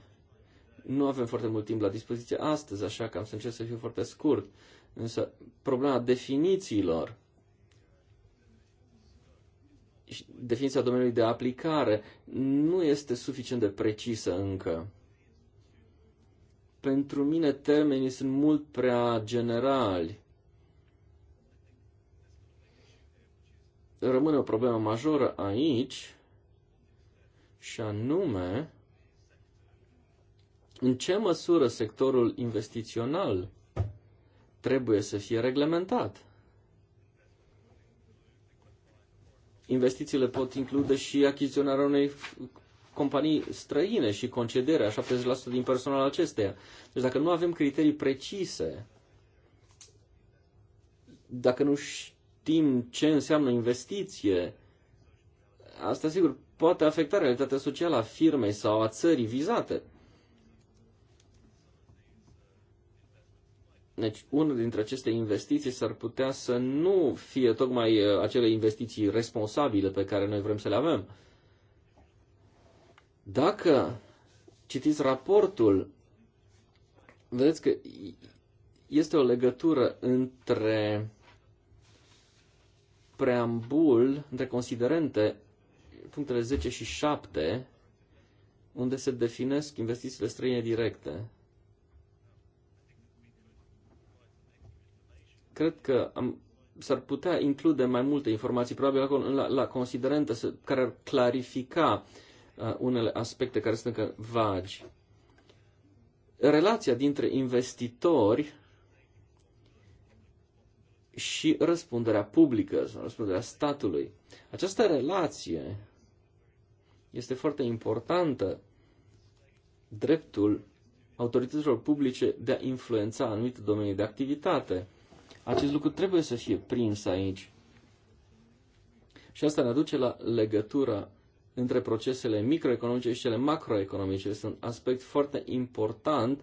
Nu avem foarte mult timp la dispoziție astăzi, așa că am să încerc să fiu foarte scurt. Uh, Însă problema definițiilor definiția domeniului de aplicare nu este suficient de precisă încă. Pentru mine termenii sunt mult prea generali. Rămâne o problemă majoră aici și anume în ce măsură sectorul investițional trebuie să fie reglementat. Investițiile pot include și achiziționarea unei companii străine și concederea 70% din personal acesteia. Deci dacă nu avem criterii precise, dacă nu știm ce înseamnă investiție, asta sigur poate afecta realitatea socială a firmei sau a țării vizate. Deci, una dintre aceste investiții s-ar putea să nu fie tocmai uh, acele investiții responsabile pe care noi vrem să le avem. Dacă citiți raportul, vedeți că este o legătură între preambul, între considerente, punctele 10 și 7, unde se definesc investițiile străine directe. cred că am, s-ar putea include mai multe informații, probabil acolo la, la considerente, să, care ar clarifica uh, unele aspecte care sunt încă vagi. Relația dintre investitori și răspunderea publică sau răspunderea statului. Această relație este foarte importantă. Dreptul autorităților publice de a influența anumite domenii de activitate – acest lucru trebuie să fie prins aici. Și asta ne aduce la legătura între procesele microeconomice și cele macroeconomice. Este un aspect foarte important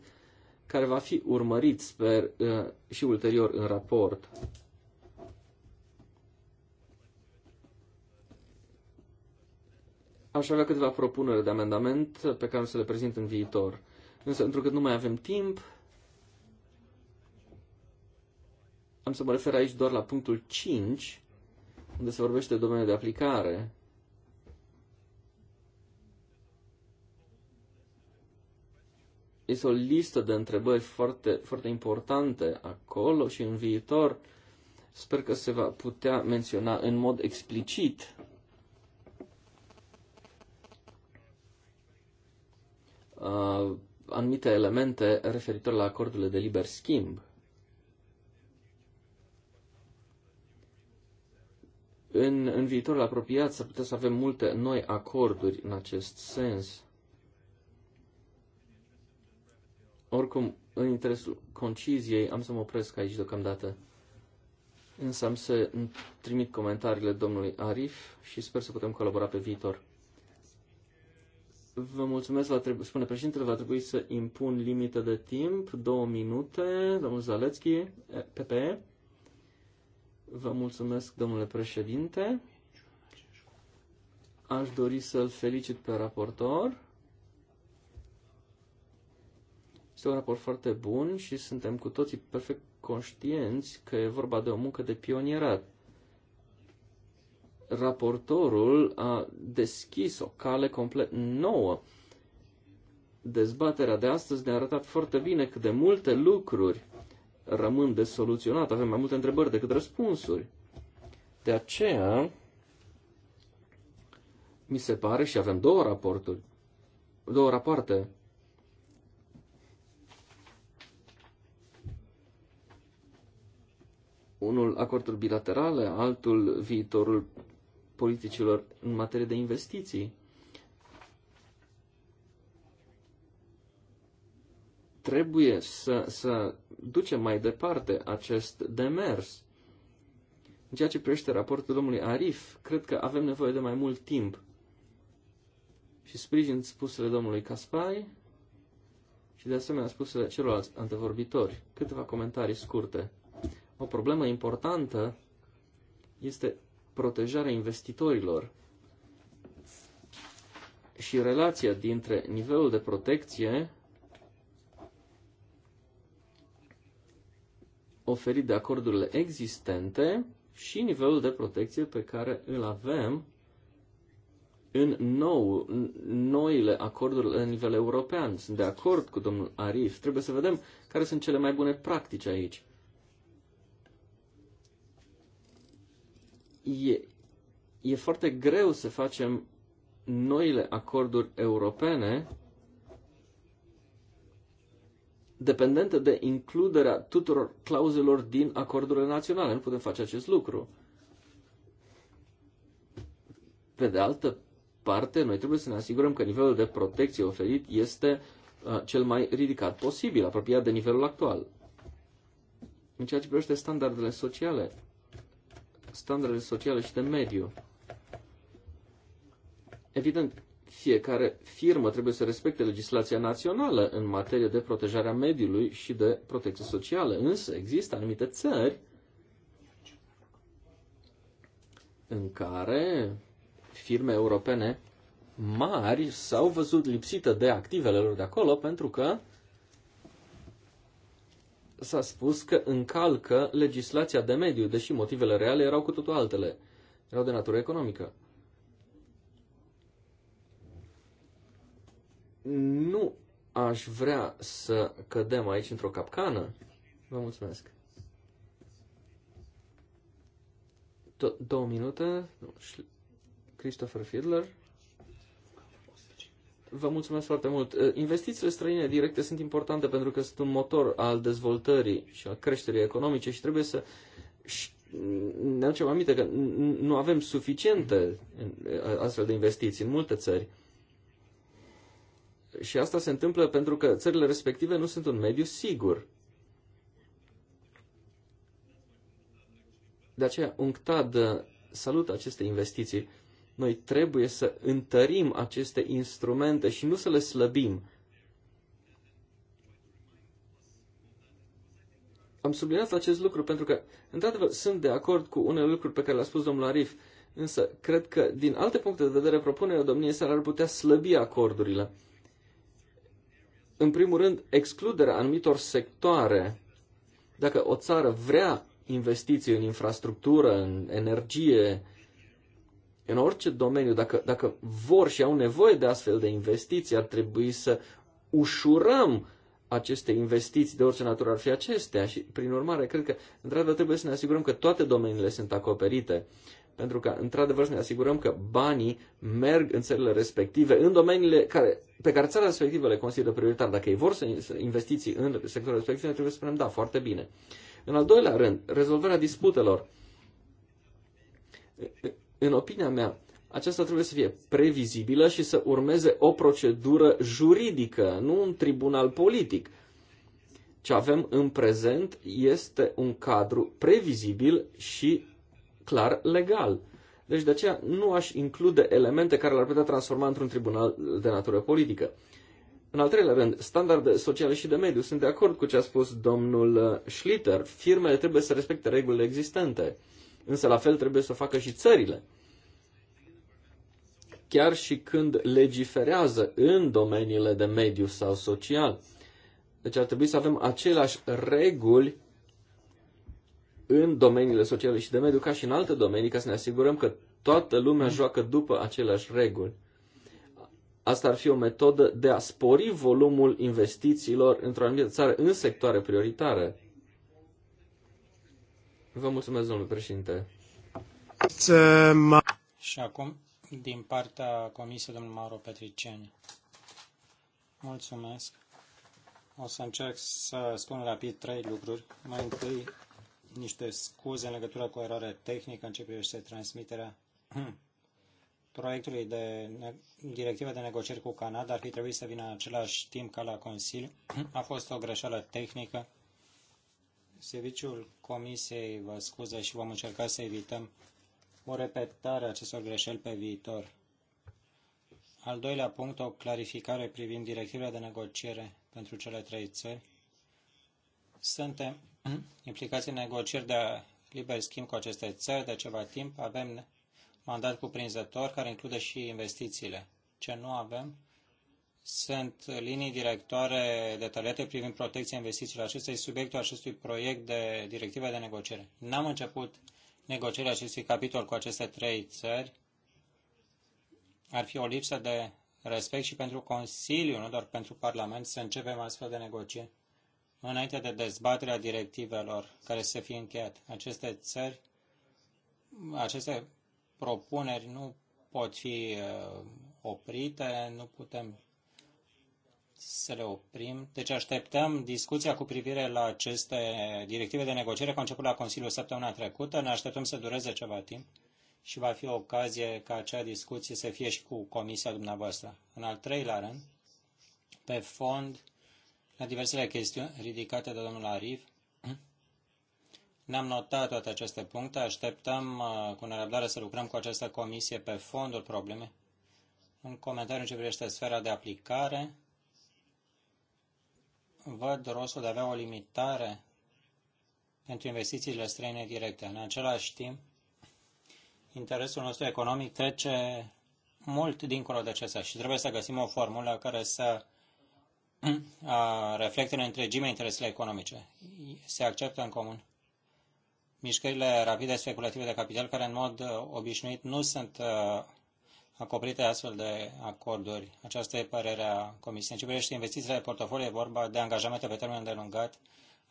care va fi urmărit, sper, uh, și ulterior în raport. Aș avea câteva propuneri de amendament pe care o să le prezint în viitor. Însă, pentru că nu mai avem timp, Am să mă refer aici doar la punctul 5, unde se vorbește de domeniul de aplicare. Este o listă de întrebări foarte, foarte importante acolo și în viitor sper că se va putea menționa în mod explicit uh, anumite elemente referitor la acordurile de liber schimb. În, în viitorul apropiat să putem să avem multe noi acorduri în acest sens. Oricum, în interesul conciziei, am să mă opresc aici deocamdată. Însă am să trimit comentariile domnului Arif și sper să putem colabora pe viitor. Vă mulțumesc, va trebui, spune președintele, va trebui să impun limită de timp, două minute, domnul Zalețchi, PPE. Vă mulțumesc, domnule președinte. Aș dori să-l felicit pe raportor. Este un raport foarte bun și suntem cu toții perfect conștienți că e vorba de o muncă de pionierat. Raportorul a deschis o cale complet nouă. Dezbaterea de astăzi ne-a arătat foarte bine cât de multe lucruri rămân de soluționat. Avem mai multe întrebări decât răspunsuri. De aceea, mi se pare, și avem două raporturi, două rapoarte, unul acorduri bilaterale, altul viitorul politicilor în materie de investiții. Trebuie să, să ducem mai departe acest demers. În ceea ce privește raportul domnului Arif, cred că avem nevoie de mai mult timp. Și sprijin spusele domnului Caspari și de asemenea spusele celorlalți antevorbitori. Câteva comentarii scurte. O problemă importantă este protejarea investitorilor și relația dintre nivelul de protecție oferit de acordurile existente și nivelul de protecție pe care îl avem în nou, noile acorduri la nivel european. Sunt de acord cu domnul Arif. Trebuie să vedem care sunt cele mai bune practici aici. E, e foarte greu să facem noile acorduri europene dependentă de includerea tuturor clauzelor din acordurile naționale. Nu putem face acest lucru. Pe de altă parte, noi trebuie să ne asigurăm că nivelul de protecție oferit este uh, cel mai ridicat posibil, apropiat de nivelul actual. În ceea ce privește standardele sociale, standardele sociale și de mediu, evident, fiecare firmă trebuie să respecte legislația națională în materie de protejarea mediului și de protecție socială. Însă există anumite țări în care firme europene mari s-au văzut lipsite de activele lor de acolo pentru că s-a spus că încalcă legislația de mediu, deși motivele reale erau cu totul altele. Erau de natură economică. nu aș vrea să cădem aici într-o capcană. Vă mulțumesc. Do- două minute. Christopher Fiedler. Vă mulțumesc foarte mult. Investițiile străine directe sunt importante pentru că sunt un motor al dezvoltării și al creșterii economice și trebuie să ne aducem aminte că nu avem suficiente astfel de investiții în multe țări. Și asta se întâmplă pentru că țările respective nu sunt un mediu sigur. De aceea, UNCTAD uh, salută aceste investiții. Noi trebuie să întărim aceste instrumente și nu să le slăbim. Am subliniat acest lucru pentru că, într-adevăr, sunt de acord cu unele lucruri pe care le-a spus domnul Arif, însă cred că, din alte puncte de vedere, propunerea domniei sale ar putea slăbi acordurile în primul rând, excluderea anumitor sectoare. Dacă o țară vrea investiții în infrastructură, în energie, în orice domeniu, dacă, dacă vor și au nevoie de astfel de investiții, ar trebui să ușurăm aceste investiții de orice natură ar fi acestea și, prin urmare, cred că, într-adevăr, trebuie să ne asigurăm că toate domeniile sunt acoperite pentru că, într-adevăr, să ne asigurăm că banii merg în țările respective, în domeniile care, pe care țara respective le consideră prioritar. Dacă ei vor să investiții în sectorul respectiv, trebuie să spunem da, foarte bine. În al doilea rând, rezolvarea disputelor. În opinia mea, aceasta trebuie să fie previzibilă și să urmeze o procedură juridică, nu un tribunal politic. Ce avem în prezent este un cadru previzibil și clar legal. Deci de aceea nu aș include elemente care l-ar putea transforma într-un tribunal de natură politică. În al treilea rând, standarde sociale și de mediu. Sunt de acord cu ce a spus domnul uh, Schlitter. Firmele trebuie să respecte regulile existente, însă la fel trebuie să o facă și țările. Chiar și când legiferează în domeniile de mediu sau social. Deci ar trebui să avem aceleași reguli în domeniile sociale și de mediu ca și în alte domenii ca să ne asigurăm că toată lumea joacă după aceleași reguli. Asta ar fi o metodă de a spori volumul investițiilor într-o anumită țară în sectoare prioritare. Vă mulțumesc, domnule președinte. Și acum, din partea Comisiei, domnul Mauro Petriceni. Mulțumesc. O să încerc să spun rapid trei lucruri. Mai întâi, niște scuze în legătură cu o eroare tehnică în ce privește transmiterea proiectului de directivă de negocieri cu Canada ar fi trebuit să vină în același timp ca la Consiliu. A fost o greșeală tehnică. Serviciul Comisiei vă scuze și vom încerca să evităm o repetare a acestor greșeli pe viitor. Al doilea punct, o clarificare privind directiva de negociere pentru cele trei țări. Suntem Hmm? implicați în negocieri de liber schimb cu aceste țări de ceva timp. Avem mandat cuprinzător care include și investițiile. Ce nu avem sunt linii directoare detaliate privind protecția investițiilor. Acesta este subiectul acestui proiect de directivă de negociere. N-am început negocierea acestui capitol cu aceste trei țări. Ar fi o lipsă de respect și pentru Consiliu, nu doar pentru Parlament, să începem astfel de negocieri înainte de dezbaterea directivelor care să fie încheiat. Aceste țări, aceste propuneri nu pot fi uh, oprite, nu putem să le oprim. Deci așteptăm discuția cu privire la aceste directive de negociere cu început la Consiliul săptămâna trecută. Ne așteptăm să dureze ceva timp și va fi o ocazie ca acea discuție să fie și cu comisia dumneavoastră. În al treilea rând, pe fond, la diversele chestiuni ridicate de domnul Arif, ne-am notat toate aceste puncte, așteptăm uh, cu nerăbdare să lucrăm cu această comisie pe fondul problemei. Un comentariu în ce privește sfera de aplicare. Văd rostul de a avea o limitare pentru investițiile străine directe. În același timp, interesul nostru economic trece mult dincolo de acesta. și trebuie să găsim o formulă care să Hmm? reflectă în întregime interesele economice. Se acceptă în comun mișcările rapide speculative de capital, care în mod uh, obișnuit nu sunt uh, acoperite astfel de acorduri. Aceasta e părerea Comisiei. În ce privește investițiile de portofoliu, e vorba de angajamente pe termen îndelungat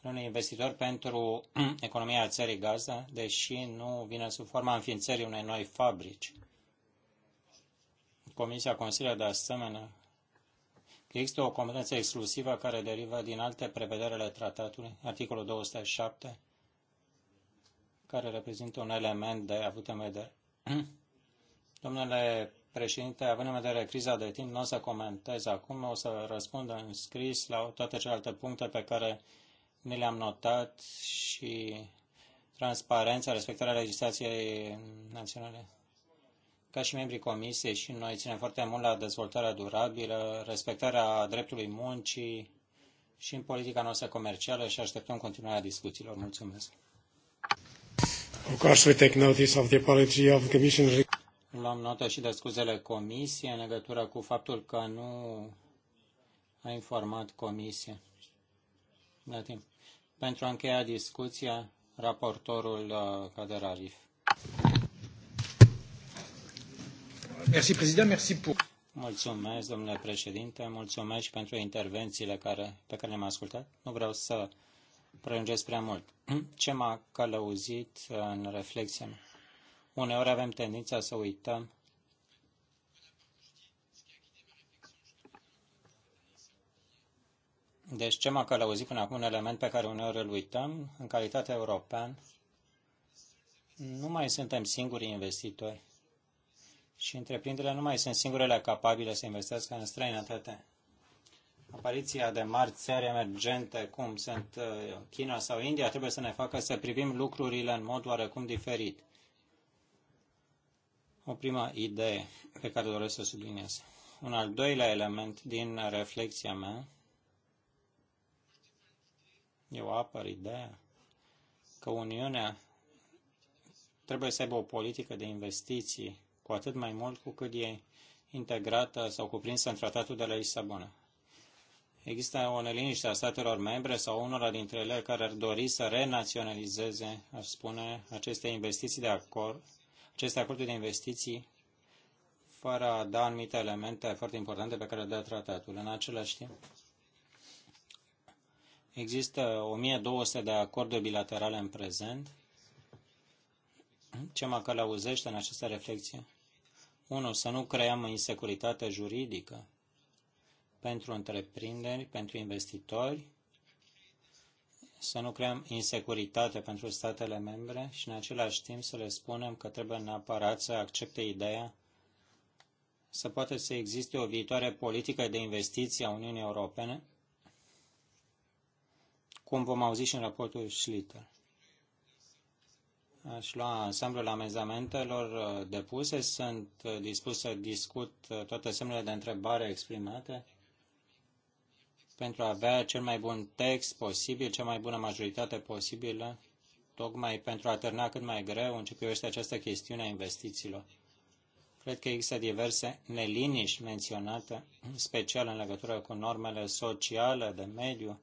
în unui investitor pentru uh, economia țării gazdă, deși nu vine sub forma înființării unei noi fabrici. Comisia consideră de asemenea Există o competență exclusivă care derivă din alte prevederi ale tratatului, articolul 207, care reprezintă un element de avut în vedere. Domnule președinte, având în vedere criza de timp, nu o să comentez acum, o să răspund în scris la toate celelalte puncte pe care ni le-am notat și transparența, respectarea legislației naționale. Ca și membrii comisiei și noi ținem foarte mult la dezvoltarea durabilă, respectarea dreptului muncii și în politica noastră comercială și așteptăm continuarea discuțiilor. Mulțumesc. Of course, we take notice of the apology of the Commission. Luăm notă și de scuzele comisiei în legătură cu faptul că nu a informat comisia. Da timp. Pentru a încheia discuția, raportorul uh, Cader Arif. Mulțumesc, domnule președinte, mulțumesc și pentru intervențiile care, pe care le-am ascultat. Nu vreau să prelungesc prea mult. Ce m-a călăuzit în reflexie? Uneori avem tendința să uităm Deci ce m-a călăuzit până acum, un element pe care uneori îl uităm, în calitate european, nu mai suntem singuri investitori și întreprinderile nu mai sunt singurele capabile să investească în străinătate. Apariția de mari țări emergente, cum sunt uh, China sau India, trebuie să ne facă să privim lucrurile în mod oarecum diferit. O prima idee pe care doresc să subliniez. Un al doilea element din reflexia mea, eu apăr ideea că Uniunea trebuie să aibă o politică de investiții cu atât mai mult cu cât e integrată sau cuprinsă în tratatul de la Lisabona. Există o neliniște a statelor membre sau unora dintre ele care ar dori să renaționalizeze, ar spune, aceste investiții de acord, aceste acorduri de investiții fără a da anumite elemente foarte importante pe care le dă tratatul. În același timp, există 1200 de acorduri bilaterale în prezent. Ce mă călăuzește în această reflexie? 1. Să nu creăm insecuritate juridică pentru întreprinderi, pentru investitori, să nu creăm insecuritate pentru statele membre și în același timp să le spunem că trebuie neapărat să accepte ideea să poate să existe o viitoare politică de investiții a Uniunii Europene, cum vom auzi și în raportul Schlitter. Aș lua ansamblul amenzamentelor uh, depuse. Sunt uh, dispus să discut uh, toate semnele de întrebare exprimate pentru a avea cel mai bun text posibil, cea mai bună majoritate posibilă, tocmai pentru a terna cât mai greu în ce privește această chestiune a investițiilor. Cred că există diverse neliniști menționate, special în legătură cu normele sociale de mediu,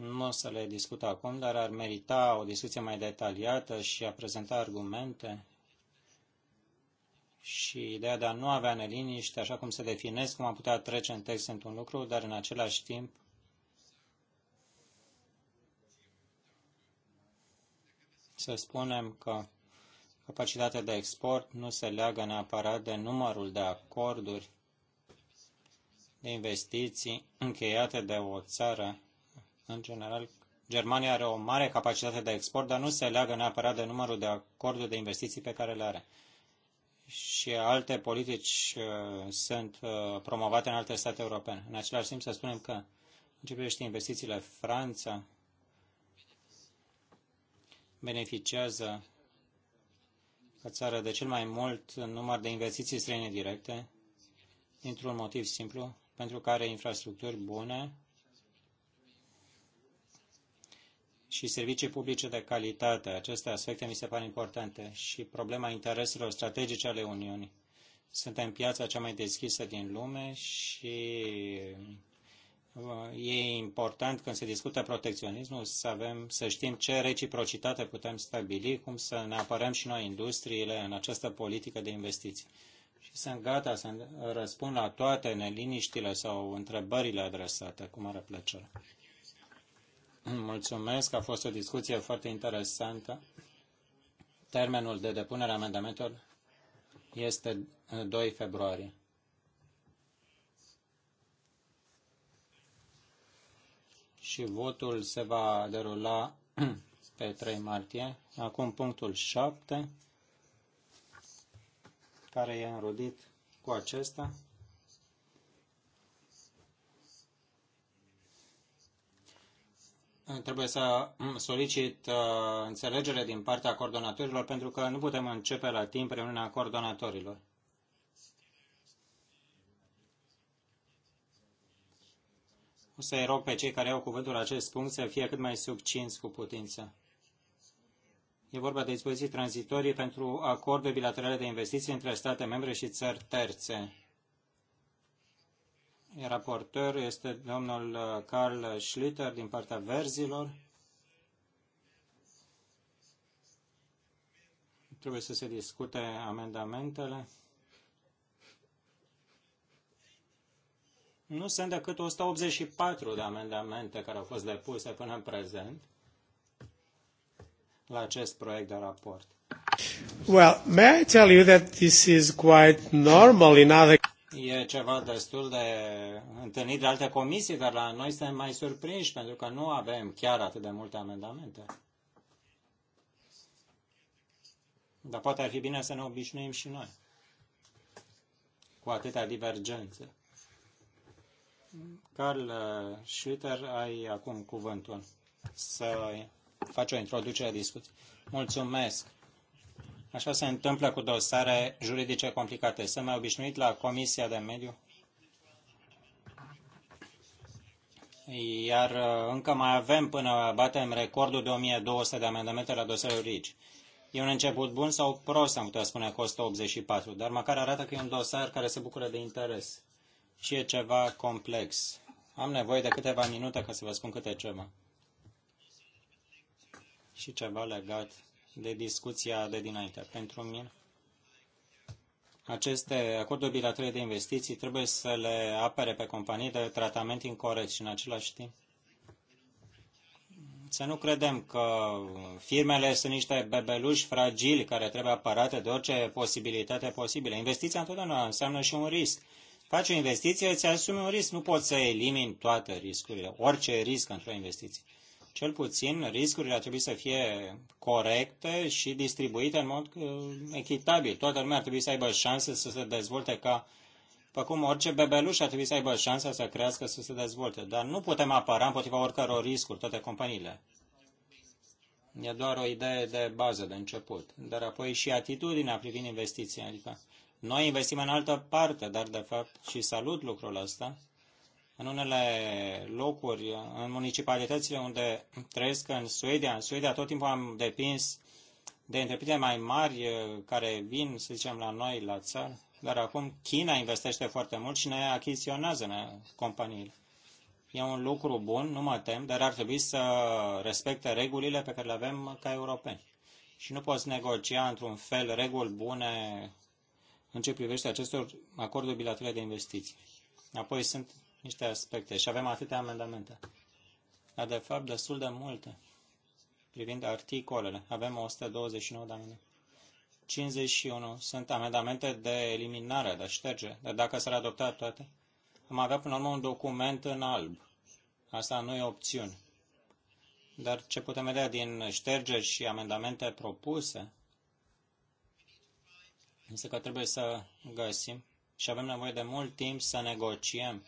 nu o să le discut acum, dar ar merita o discuție mai detaliată și a prezenta argumente și ideea de a nu avea neliniște, așa cum se definesc, cum a putea trece în text într-un lucru, dar în același timp să spunem că capacitatea de export nu se leagă neapărat de numărul de acorduri de investiții încheiate de o țară în general, Germania are o mare capacitate de export, dar nu se leagă neapărat de numărul de acorduri de investiții pe care le are. Și alte politici uh, sunt uh, promovate în alte state europene. În același timp, să spunem că în ce privește investițiile, Franța beneficiază ca țară de cel mai mult număr de investiții străine directe, dintr-un motiv simplu, pentru că are infrastructuri bune, și servicii publice de calitate. Aceste aspecte mi se par importante și problema intereselor strategice ale Uniunii. Suntem piața cea mai deschisă din lume și uh, e important când se discută protecționismul să, avem, să știm ce reciprocitate putem stabili, cum să ne apărăm și noi industriile în această politică de investiții. Și sunt gata să răspund la toate neliniștile sau întrebările adresate, cu mare plăcere. Mulțumesc, a fost o discuție foarte interesantă. Termenul de depunere a amendamentelor este 2 uh, februarie. Și votul se va derula pe 3 martie. Acum punctul 7, care e înrodit cu acesta. trebuie să mm, solicit uh, înțelegere din partea coordonatorilor pentru că nu putem începe la timp reuniunea coordonatorilor. O să-i rog pe cei care au cuvântul acest punct să fie cât mai subcinți cu putință. E vorba de dispoziții tranzitorii pentru acorduri bilaterale de investiții între state membre și țări terțe. Raportor este domnul uh, Carl Schlitter din partea verzilor. Trebuie să se discute amendamentele. Nu sunt decât 184 de amendamente care au fost depuse până în prezent la acest proiect de raport. Well, may I tell you that this is quite normal in other e ceva destul de întâlnit de alte comisii, dar la noi suntem mai surprinși pentru că nu avem chiar atât de multe amendamente. Dar poate ar fi bine să ne obișnuim și noi cu atâtea divergențe. Carl uh, Schlitter, ai acum cuvântul să faci o introducere a discuției. Mulțumesc! Așa se întâmplă cu dosare juridice complicate. Sunt mai obișnuit la Comisia de Mediu, iar uh, încă mai avem până batem recordul de 1200 de amendamente la dosare juridice. E un început bun sau prost, am putea spune că 184, dar măcar arată că e un dosar care se bucură de interes și e ceva complex. Am nevoie de câteva minute ca să vă spun câte ceva. Și ceva legat de discuția de dinainte. Pentru mine, aceste acorduri bilaterale de investiții trebuie să le apere pe companii de tratament incorrect și în același timp să nu credem că firmele sunt niște bebeluși fragili care trebuie apărate de orice posibilitate posibilă. Investiția întotdeauna înseamnă și un risc. Faci o investiție, îți asumi un risc. Nu poți să elimini toate riscurile, orice risc într-o investiție. Cel puțin riscurile ar trebui să fie corecte și distribuite în mod uh, echitabil. Toată lumea ar trebui să aibă șanse să se dezvolte ca După cum orice bebeluș ar trebui să aibă șanse să crească, să se dezvolte. Dar nu putem apăra împotriva oricăror riscuri, toate companiile. E doar o idee de bază, de început. Dar apoi și atitudinea privind investiții. Adică noi investim în altă parte, dar de fapt și salut lucrul ăsta. În unele locuri, în municipalitățile unde trăiesc în Suedia, în Suedia tot timpul am depins de întreprinderi mai mari eh, care vin, să zicem, la noi, la țară, dar acum China investește foarte mult și ne achiziționează ne, companiile. E un lucru bun, nu mă tem, dar ar trebui să respecte regulile pe care le avem ca europeni. Și nu poți negocia într-un fel reguli bune în ce privește acestor acorduri bilaterale de investiții. Apoi sunt niște aspecte și avem atâtea amendamente. Dar, de fapt, destul de multe privind articolele. Avem 129 de amendamente. 51 sunt amendamente de eliminare, de ștergere. Dar dacă s-ar adopta toate, am avea până la urmă un document în alb. Asta nu e opțiune. Dar ce putem vedea din ștergeri și amendamente propuse însă că trebuie să găsim și avem nevoie de mult timp să negociem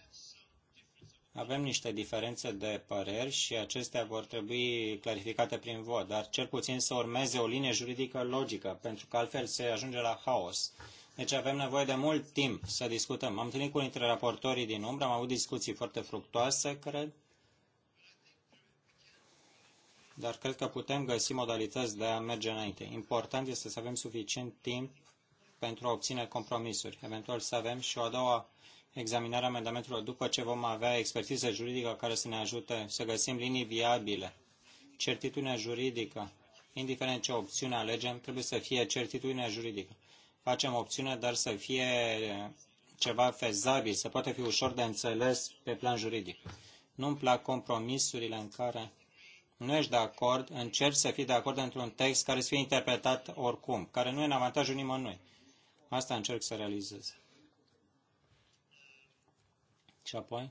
avem niște diferențe de păreri și acestea vor trebui clarificate prin vot, dar cel puțin să urmeze o linie juridică logică, pentru că altfel se ajunge la haos. Deci avem nevoie de mult timp să discutăm. Am întâlnit cu unii dintre raportorii din umbră, am avut discuții foarte fructoase, cred. Dar cred că putem găsi modalități de a merge înainte. Important este să avem suficient timp pentru a obține compromisuri. Eventual să avem și o a doua examinarea amendamentelor după ce vom avea expertiză juridică care să ne ajute să găsim linii viabile. Certitudinea juridică, indiferent ce opțiune alegem, trebuie să fie certitudinea juridică. Facem opțiune, dar să fie ceva fezabil, să poate fi ușor de înțeles pe plan juridic. Nu-mi plac compromisurile în care nu ești de acord, încerci să fii de acord într-un text care să fie interpretat oricum, care nu e în avantajul nimănui. Asta încerc să realizez. Și apoi?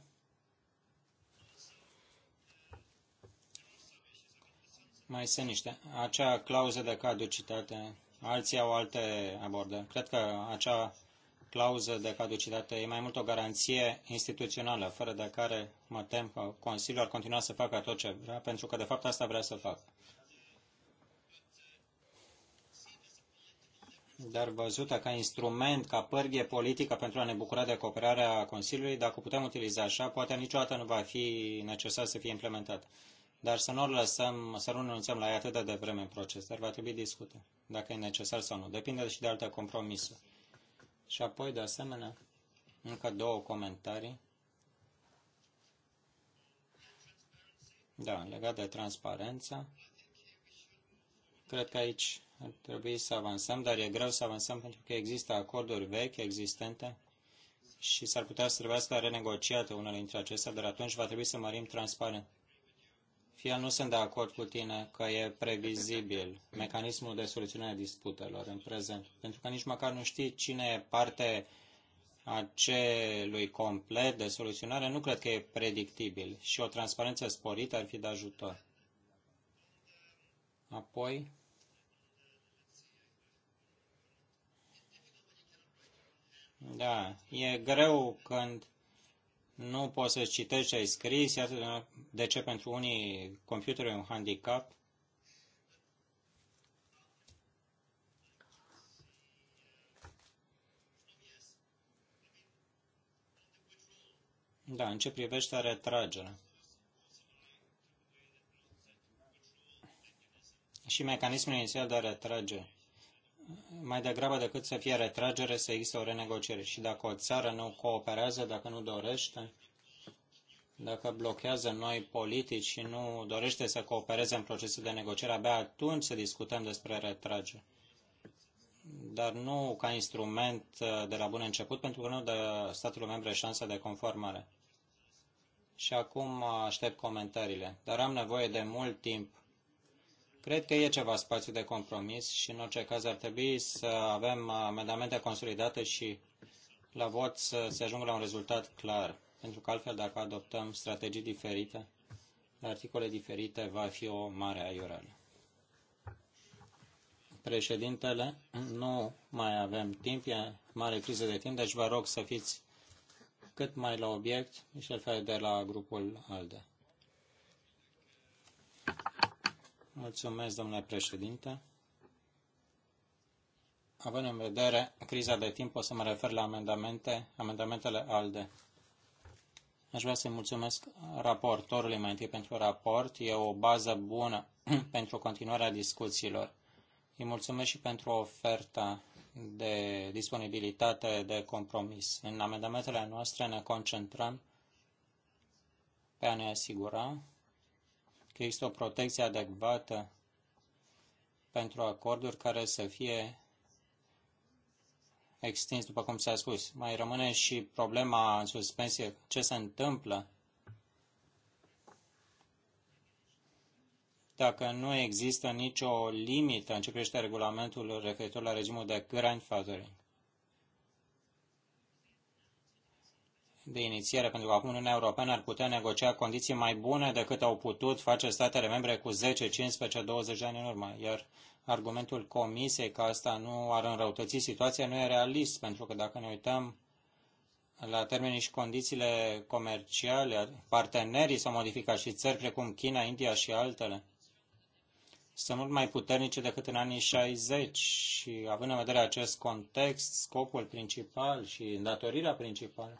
Mai sunt niște. Acea clauză de caducitate, alții au alte abordări. Cred că acea clauză de caducitate e mai mult o garanție instituțională, fără de care mă tem că Consiliul ar continua să facă tot ce vrea, pentru că de fapt asta vrea să facă. dar văzută ca instrument, ca pârghie politică pentru a ne bucura de cooperarea Consiliului, dacă o putem utiliza așa, poate niciodată nu va fi necesar să fie implementată. Dar să nu lăsăm, să nu renunțăm la ea atât de vreme în proces, dar va trebui discutat dacă e necesar sau nu. Depinde și de alte compromisuri. Și apoi, de asemenea, încă două comentarii. Da, legat de transparență. Cred că aici ar trebui să avansăm, dar e greu să avansăm pentru că există acorduri vechi, existente, și s-ar putea să trebuiască renegociate unele dintre acestea, dar atunci va trebui să mărim transparent. Fie nu sunt de acord cu tine că e previzibil mecanismul de soluționare a disputelor în prezent, pentru că nici măcar nu știi cine e parte acelui complet de soluționare, nu cred că e predictibil și o transparență sporită ar fi de ajutor. Apoi, Da, e greu când nu poți să citești ce ai scris, iată de ce pentru unii computerul e un handicap. Da, în ce privește retragerea. Și mecanismul inițial de retragere mai degrabă decât să fie retragere, să există o renegociere. Și dacă o țară nu cooperează, dacă nu dorește, dacă blochează noi politici și nu dorește să coopereze în procesul de negociere, abia atunci să discutăm despre retragere. Dar nu ca instrument uh, de la bun început, pentru că nu dă statul membre șansa de conformare. Și acum uh, aștept comentariile. Dar am nevoie de mult timp Cred că e ceva spațiu de compromis și în orice caz ar trebui să avem amendamente consolidate și la vot să se ajungă la un rezultat clar. Pentru că altfel, dacă adoptăm strategii diferite, articole diferite, va fi o mare aiurare. Președintele, nu mai avem timp, e mare criză de timp, deci vă rog să fiți cât mai la obiect, Michel Fai de la grupul ALDE. Mulțumesc, domnule președinte. Având în vedere criza de timp, o să mă refer la amendamente, amendamentele ALDE. Aș vrea să-i mulțumesc raportorului mai întâi pentru raport. E o bază bună pentru continuarea discuțiilor. Îi mulțumesc și pentru oferta de disponibilitate de compromis. În amendamentele noastre ne concentrăm pe a ne asigura că există o protecție adecvată pentru acorduri care să fie extins, după cum s-a spus. Mai rămâne și problema în suspensie, ce se întâmplă dacă nu există nicio limită în ce privește regulamentul referitor la regimul de grandfathering. de inițiere, pentru că acum Uniunea Europeană ar putea negocia condiții mai bune decât au putut face statele membre cu 10, 15, 20 de ani în urmă. Iar argumentul Comisiei că asta nu ar înrăutăți situația nu e realist, pentru că dacă ne uităm la termenii și condițiile comerciale, partenerii s-au modificat și țări precum China, India și altele sunt mult mai puternice decât în anii 60 și având în vedere acest context, scopul principal și îndatorirea principală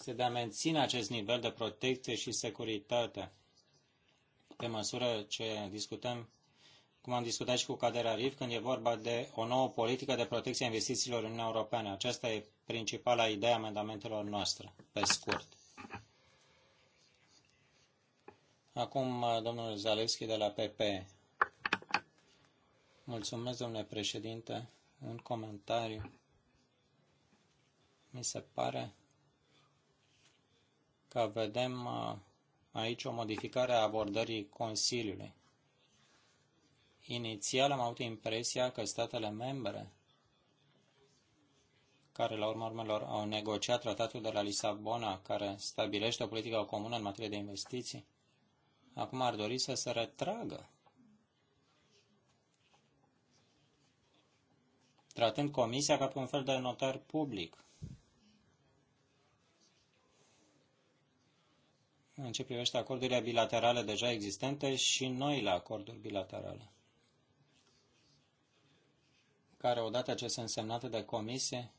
este de a menține acest nivel de protecție și securitate pe măsură ce discutăm, cum am discutat și cu Cadera RIF, când e vorba de o nouă politică de protecție a investițiilor în Uniunea Europeană. Aceasta e principala idee a amendamentelor noastre, pe scurt. Acum, domnul Zalewski de la PP. Mulțumesc, domnule președinte. Un comentariu. Mi se pare că vedem uh, aici o modificare a abordării Consiliului. Inițial am avut impresia că statele membre care la urma urmelor au negociat tratatul de la Lisabona, care stabilește o politică comună în materie de investiții, acum ar dori să se retragă. Tratând comisia ca pe un fel de notar public. în ce privește acordurile bilaterale deja existente și noile acorduri bilaterale, care odată ce sunt semnate de comisie,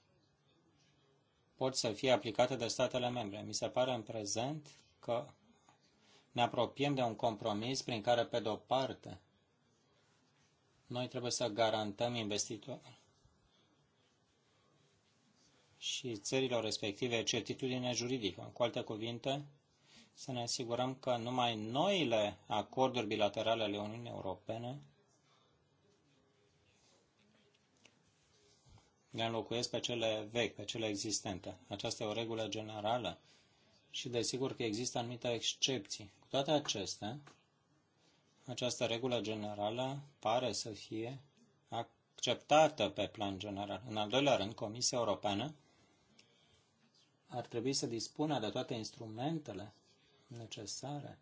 pot să fie aplicate de statele membre. Mi se pare în prezent că ne apropiem de un compromis prin care, pe de-o parte, noi trebuie să garantăm investitorilor și țărilor respective certitudine juridică. Cu alte cuvinte, să ne asigurăm că numai noile acorduri bilaterale ale Uniunii Europene ne înlocuiesc pe cele vechi, pe cele existente. Aceasta e o regulă generală și desigur că există anumite excepții. Cu toate acestea, această regulă generală pare să fie acceptată pe plan general. În al doilea rând, Comisia Europeană ar trebui să dispună de toate instrumentele necesare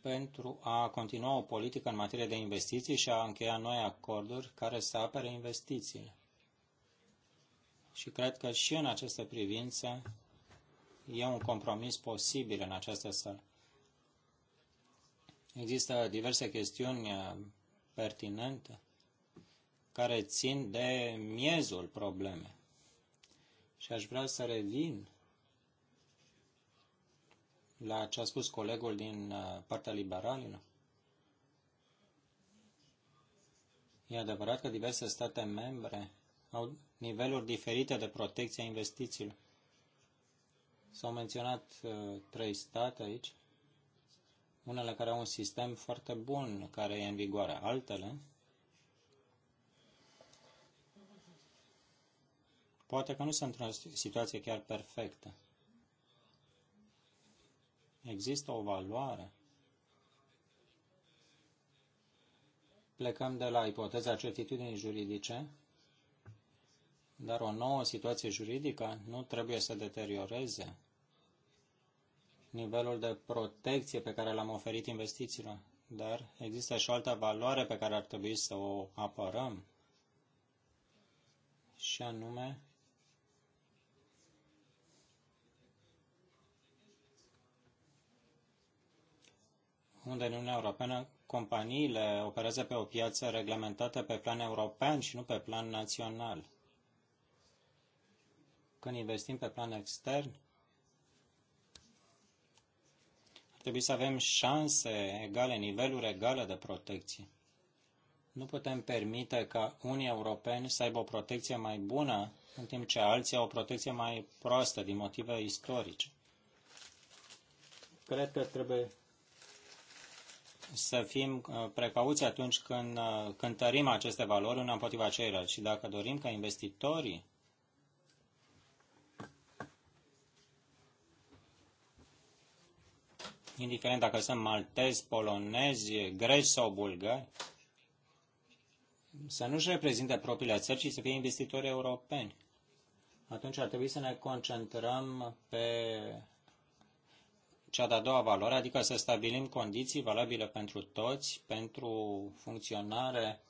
pentru a continua o politică în materie de investiții și a încheia noi acorduri care să apere investițiile. Și cred că și în aceste privințe e un compromis posibil în această sală. Există diverse chestiuni uh, pertinente care țin de miezul problemei. Și aș vrea să revin la ce a spus colegul din uh, partea liberalilor? E adevărat că diverse state membre au niveluri diferite de protecție a investițiilor. S-au menționat uh, trei state aici, unele care au un sistem foarte bun care e în vigoare, altele poate că nu sunt într-o situație chiar perfectă. Există o valoare. Plecăm de la ipoteza certitudinii juridice, dar o nouă situație juridică nu trebuie să deterioreze nivelul de protecție pe care l-am oferit investițiilor, dar există și o altă valoare pe care ar trebui să o apărăm, și anume unde în Uniunea Europeană companiile operează pe o piață reglementată pe plan european și nu pe plan național. Când investim pe plan extern, ar trebui să avem șanse egale, niveluri egale de protecție. Nu putem permite ca unii europeni să aibă o protecție mai bună, în timp ce alții au o protecție mai proastă din motive istorice. Cred că trebuie să fim uh, precauți atunci când uh, cântărim aceste valori una împotriva ceilalți. Și dacă dorim ca investitorii indiferent dacă sunt maltezi, polonezi, greci sau bulgari, să nu-și reprezinte propriile țări, ci să fie investitori europeni. Atunci ar trebui să ne concentrăm pe cea de-a doua valoare, adică să stabilim condiții valabile pentru toți, pentru funcționare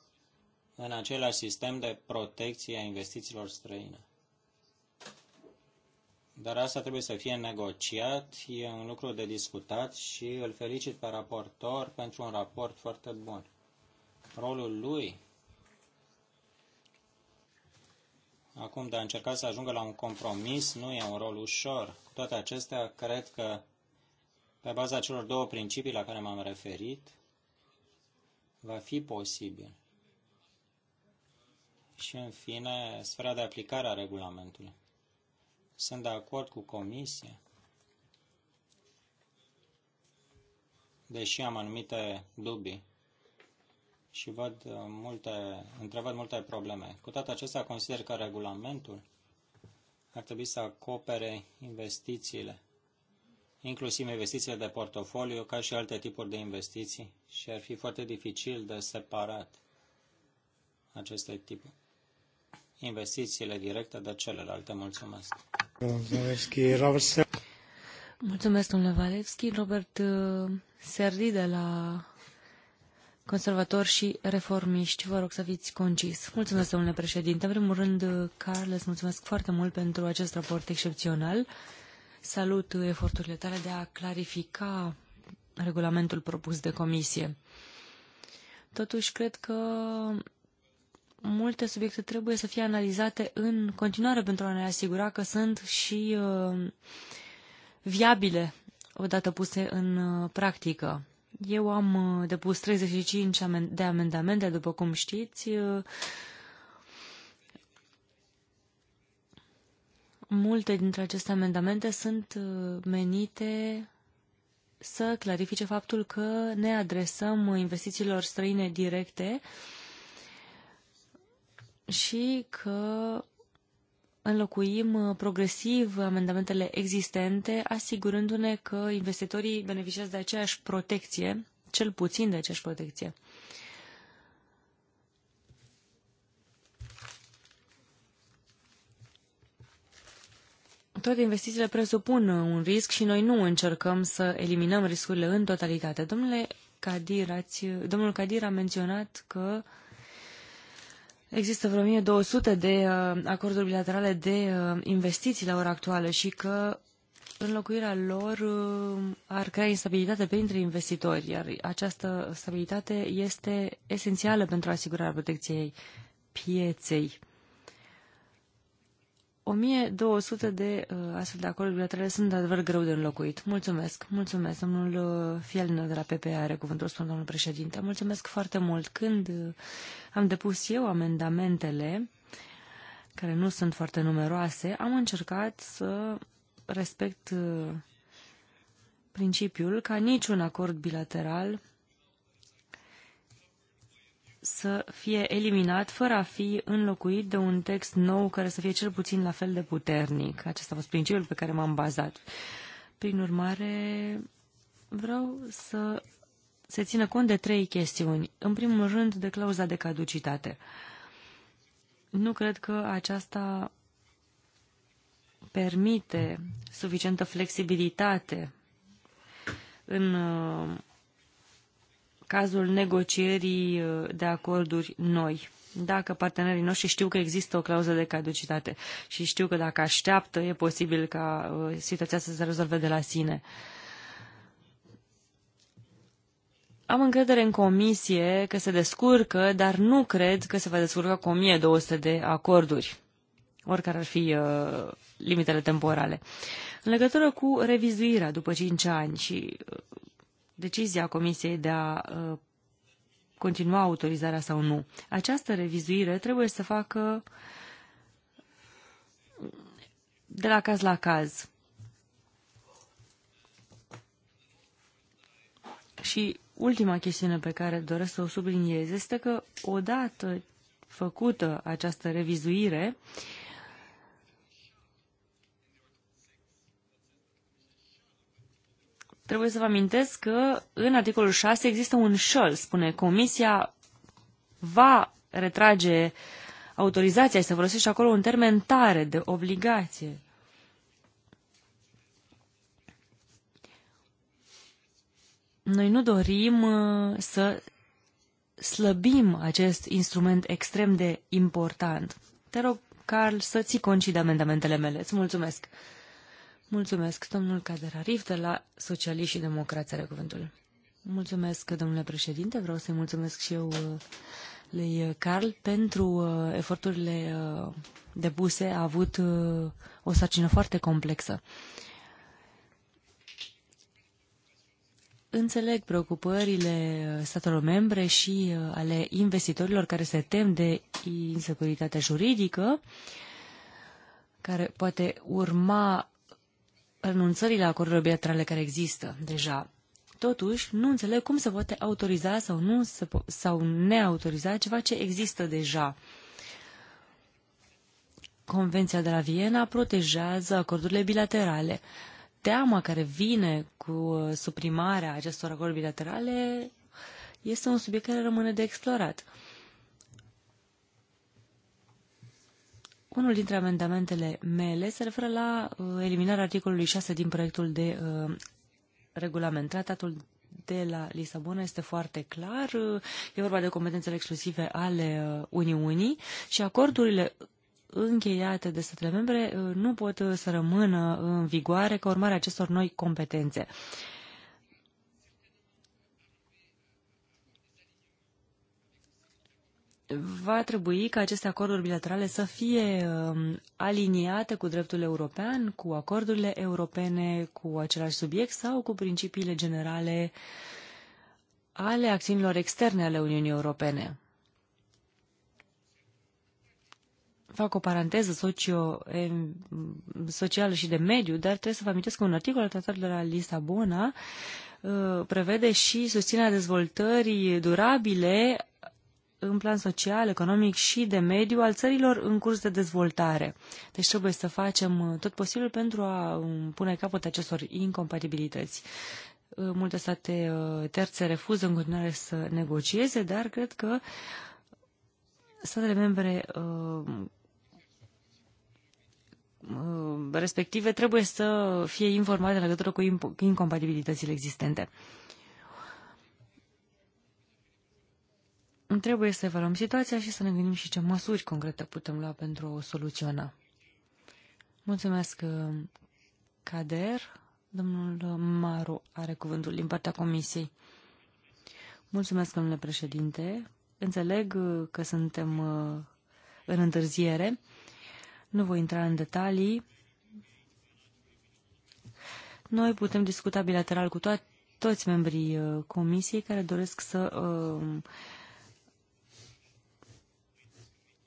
în același sistem de protecție a investițiilor străine. Dar asta trebuie să fie negociat, e un lucru de discutat și îl felicit pe raportor pentru un raport foarte bun. Rolul lui acum de a încerca să ajungă la un compromis nu e un rol ușor. Toate acestea cred că pe baza celor două principii la care m-am referit, va fi posibil. Și, în fine, sfera de aplicare a regulamentului. Sunt de acord cu Comisia, deși am anumite dubii și văd uh, multe, întrebat multe probleme. Cu toate acestea, consider că regulamentul ar trebui să acopere investițiile inclusiv investițiile de portofoliu, ca și alte tipuri de investiții și ar fi foarte dificil de separat aceste tipuri investițiile directe de celelalte. Mulțumesc. Mulțumesc, domnule Valevski. Robert uh, Serdi de la conservatori și reformiști. Vă rog să fiți concis. Mulțumesc, domnule președinte. În primul rând, uh, Carles, mulțumesc foarte mult pentru acest raport excepțional. Salut eforturile tale de a clarifica regulamentul propus de comisie. Totuși, cred că multe subiecte trebuie să fie analizate în continuare pentru a ne asigura că sunt și uh, viabile odată puse în uh, practică. Eu am uh, depus 35 de amendamente, după cum știți, Multe dintre aceste amendamente sunt uh, menite să clarifice faptul că ne adresăm investițiilor străine directe și că înlocuim uh, progresiv amendamentele existente, asigurându-ne că investitorii beneficiază de aceeași protecție, cel puțin de aceeași protecție. Toate investițiile presupun uh, un risc și noi nu încercăm să eliminăm riscurile în totalitate. Domnule Cadir, ați, uh, domnul Cadir a menționat că există vreo 1200 de uh, acorduri bilaterale de investiții la ora actuală și că înlocuirea lor ar crea instabilitate printre investitori, iar această stabilitate este esențială pentru asigurarea protecției pieței. 1200 de uh, astfel de acorduri bilaterale sunt de adevăr greu de înlocuit. Mulțumesc, mulțumesc. Domnul uh, Fielnă de la PPA are cuvântul, spun domnul președinte. Mulțumesc foarte mult. Când uh, am depus eu amendamentele, care nu sunt foarte numeroase, am încercat să respect uh, principiul ca niciun acord bilateral să fie eliminat fără a fi înlocuit de un text nou care să fie cel puțin la fel de puternic. Acesta a fost principiul pe care m-am bazat. Prin urmare, vreau să se țină cont de trei chestiuni. În primul rând, de clauza de caducitate. Nu cred că aceasta permite suficientă flexibilitate în uh, cazul negocierii uh, de acorduri noi. Dacă partenerii noștri știu că există o clauză de caducitate și știu că dacă așteaptă, e posibil ca uh, situația să se rezolve de la sine. Am încredere în comisie că se descurcă, dar nu cred că se va descurca cu 1200 de acorduri, oricare ar fi uh, limitele temporale. În legătură cu revizuirea după 5 ani și uh, decizia Comisiei de a uh, continua autorizarea sau nu. Această revizuire trebuie să facă de la caz la caz. Și ultima chestiune pe care doresc să o subliniez este că odată făcută această revizuire, uh, Trebuie să vă amintesc că în articolul 6 există un șol, spune Comisia va retrage autorizația și să folosești acolo un termen tare de obligație. Noi nu dorim uh, să slăbim acest instrument extrem de important. Te rog, Carl, să ții conci de amendamentele mele. Îți mulțumesc! Mulțumesc, domnul Cader Arif, de la Socialiști și Democrați are cuvântul. Mulțumesc, domnule președinte. Vreau să-i mulțumesc și eu uh, lui uh, Carl pentru uh, eforturile depuse. A avut o sarcină foarte complexă. Înțeleg preocupările statelor membre și ale investitorilor care se tem de insecuritatea juridică care poate urma renunțării la acordurile bilaterale care există deja. Totuși, nu înțeleg cum se poate autoriza sau, nu se po- sau neautoriza ceva ce există deja. Convenția de la Viena protejează acordurile bilaterale. Teama care vine cu uh, suprimarea acestor acorduri bilaterale este un subiect care rămâne de explorat. Unul dintre amendamentele mele se referă la uh, eliminarea articolului 6 din proiectul de uh, regulament. Tratatul de la Lisabona este foarte clar. Uh, e vorba de competențele exclusive ale uh, Uniunii și acordurile încheiate de statele membre nu pot să rămână în vigoare ca urmare acestor noi competențe. va trebui ca aceste acorduri bilaterale să fie um, aliniate cu dreptul european, cu acordurile europene, cu același subiect sau cu principiile generale ale acțiunilor externe ale Uniunii Europene. fac o paranteză socio, socială și de mediu, dar trebuie să vă amintesc că un articol al tratatului de la Lisabona uh, prevede și susținerea dezvoltării durabile în plan social, economic și de mediu al țărilor în curs de dezvoltare. Deci trebuie să facem uh, tot posibil pentru a um, pune capăt acestor incompatibilități. Uh, multe state uh, terțe refuză în continuare să negocieze, dar cred că statele membre respective trebuie să fie informate în legătură cu incompatibilitățile existente. Trebuie să evaluăm situația și să ne gândim și ce măsuri concrete putem lua pentru a o soluționa. Mulțumesc, Cader. Uh, Domnul uh, Maru are cuvântul din partea comisiei. Mulțumesc, domnule președinte. Înțeleg uh, că suntem în întârziere. Nu voi intra în detalii. Noi putem discuta bilateral cu to- toți membrii comisiei care doresc să uh,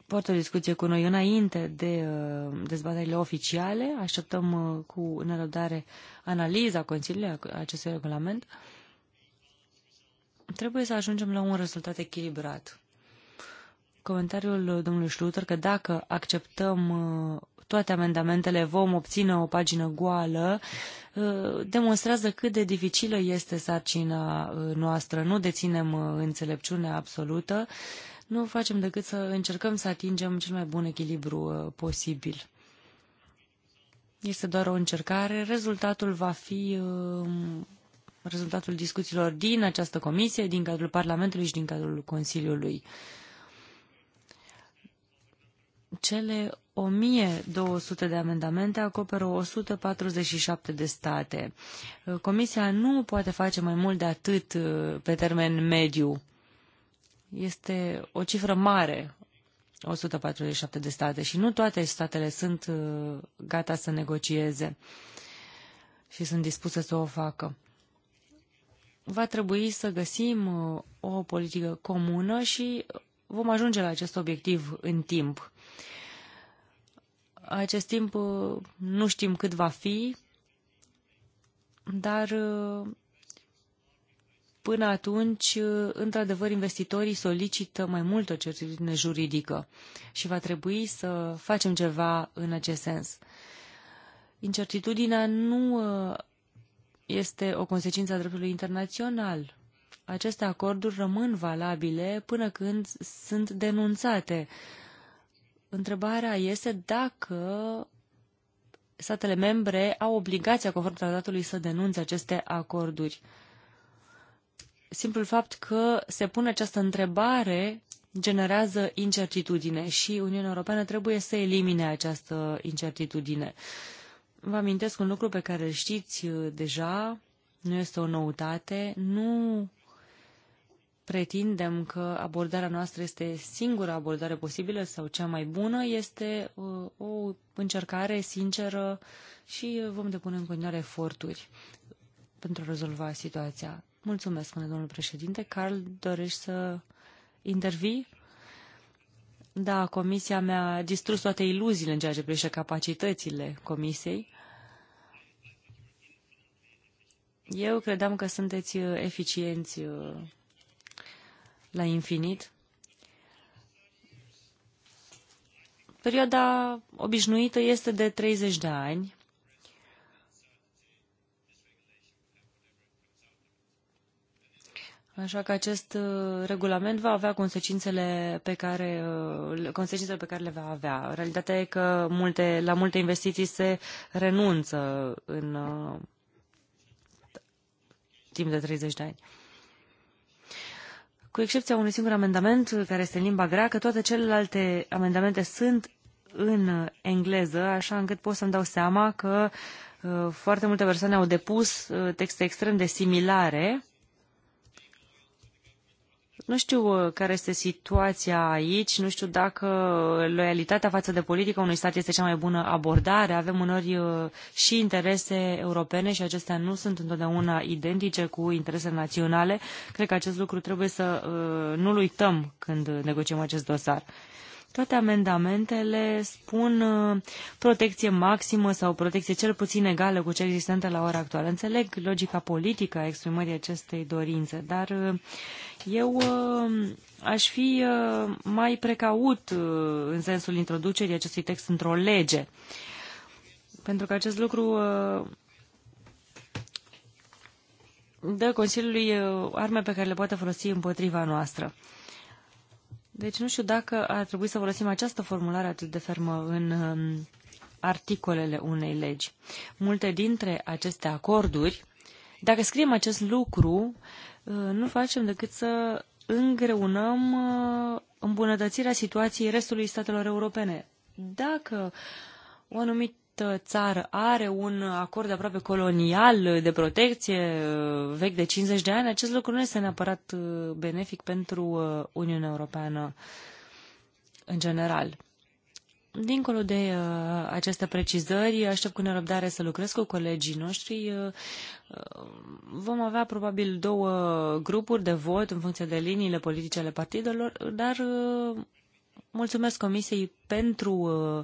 poartă o discuție cu noi înainte de uh, dezbaterile oficiale. Așteptăm uh, cu nerăbdare analiza Consiliului acestui regulament. Trebuie să ajungem la un rezultat echilibrat comentariul domnului Schluter că dacă acceptăm uh, toate amendamentele, vom obține o pagină goală, uh, demonstrează cât de dificilă este sarcina uh, noastră. Nu deținem înțelepciunea absolută, nu facem decât să încercăm să atingem cel mai bun echilibru posibil. Este doar o încercare, rezultatul va fi um, rezultatul discuțiilor din această comisie, din cadrul Parlamentului și din cadrul Consiliului. Cele 1200 de amendamente acoperă 147 de state. Comisia nu poate face mai mult de atât uh, pe termen mediu. Este o cifră mare, 147 de state, și nu toate statele sunt uh, gata să negocieze și sunt dispuse să o facă va trebui să găsim uh, o politică comună și vom ajunge la acest obiectiv în timp. Acest timp uh, nu știm cât va fi, dar uh, până atunci, uh, într-adevăr, investitorii solicită mai mult o certitudine juridică și va trebui să facem ceva în acest sens. Incertitudinea nu este o consecință a dreptului internațional aceste acorduri rămân valabile până când sunt denunțate. Întrebarea este dacă statele membre au obligația conform tratatului să denunțe aceste acorduri. Simplul fapt că se pune această întrebare generează incertitudine și Uniunea Europeană trebuie să elimine această incertitudine. Vă amintesc un lucru pe care îl știți uh, deja, nu este o noutate, nu pretindem că abordarea noastră este singura abordare posibilă sau cea mai bună, este uh, o încercare sinceră și vom depune în continuare eforturi pentru a rezolva situația. Mulțumesc, spune domnul președinte. Carl, dorești să intervii? Da, comisia mi-a distrus toate iluziile în ceea ce privește capacitățile comisiei. Eu credeam că sunteți uh, eficienți uh, la infinit. Perioada obișnuită este de 30 de ani. Așa că acest uh, regulament va avea consecințele pe care, consecințele pe care le va avea. Realitatea e că multe, la multe investiții se renunță în timp de 30 de ani. Cu excepția unui singur amendament, care este în limba greacă, toate celelalte amendamente sunt în engleză, așa încât pot să-mi dau seama că uh, foarte multe persoane au depus uh, texte extrem de similare nu știu uh, care este situația aici, nu știu dacă loialitatea față de politica unui stat este cea mai bună abordare. Avem unor uh, și interese europene și acestea nu sunt întotdeauna identice cu interesele naționale. Cred că acest lucru trebuie să uh, nu-l uităm când negociem acest dosar. Toate amendamentele spun protecție maximă sau protecție cel puțin egală cu cea existentă la ora actuală. Înțeleg logica politică a exprimării acestei dorințe, dar eu uh, aș fi uh, mai precaut uh, în sensul introducerii acestui text într-o lege, pentru că acest lucru dă Consiliului arme pe care le poate folosi împotriva noastră. Deci nu știu dacă ar trebui să folosim această formulare atât de fermă în um, articolele unei legi. Multe dintre aceste acorduri, dacă scriem acest lucru, Uh, nu facem decât să îngreunăm uh, îmbunătățirea situației restului statelor europene. Dacă o anumită țară are un acord aproape colonial de protecție uh, vechi de 50 de ani, acest lucru nu este neapărat benefic pentru Uniunea Europeană în general. Dincolo de uh, aceste precizări, aștept cu nerăbdare să lucrez cu colegii noștri. Uh, uh, vom avea probabil două grupuri de vot în funcție de liniile politice ale partidelor, dar uh, mulțumesc Comisiei pentru uh,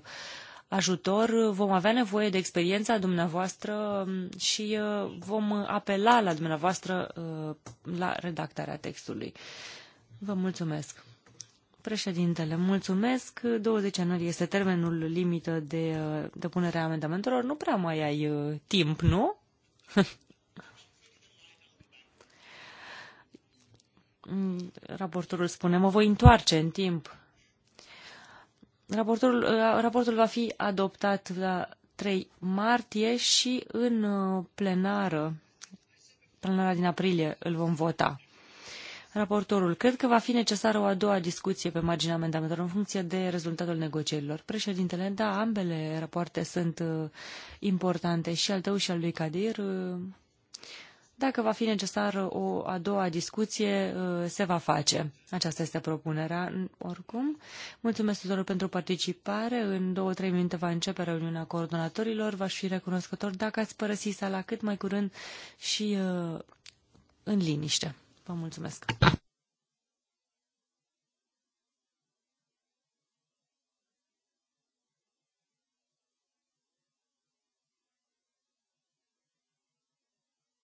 ajutor. Vom avea nevoie de experiența dumneavoastră um, și uh, vom apela la dumneavoastră uh, la redactarea textului. Vă mulțumesc! Președintele, mulțumesc. 20 ianuarie este termenul limită de uh, depunere a amendamentelor. Nu prea mai ai uh, timp, nu? Raportorul spune, mă voi întoarce în timp. Raportorul, uh, raportul va fi adoptat la 3 martie și în uh, plenară, plenara din aprilie, îl vom vota. Raportorul, cred că va fi necesară o a doua discuție pe marginea amendamentelor în funcție de rezultatul negocierilor. Președintele, da, ambele rapoarte sunt uh, importante, și al tău și al lui Cadir. Uh, dacă va fi necesară o a doua discuție, uh, se va face. Aceasta este propunerea, oricum. Mulțumesc tuturor pentru participare. În două-trei minute va începe reuniunea coordonatorilor. V-aș fi recunoscător dacă ați părăsi sala cât mai curând și în liniște. Vă mulțumesc!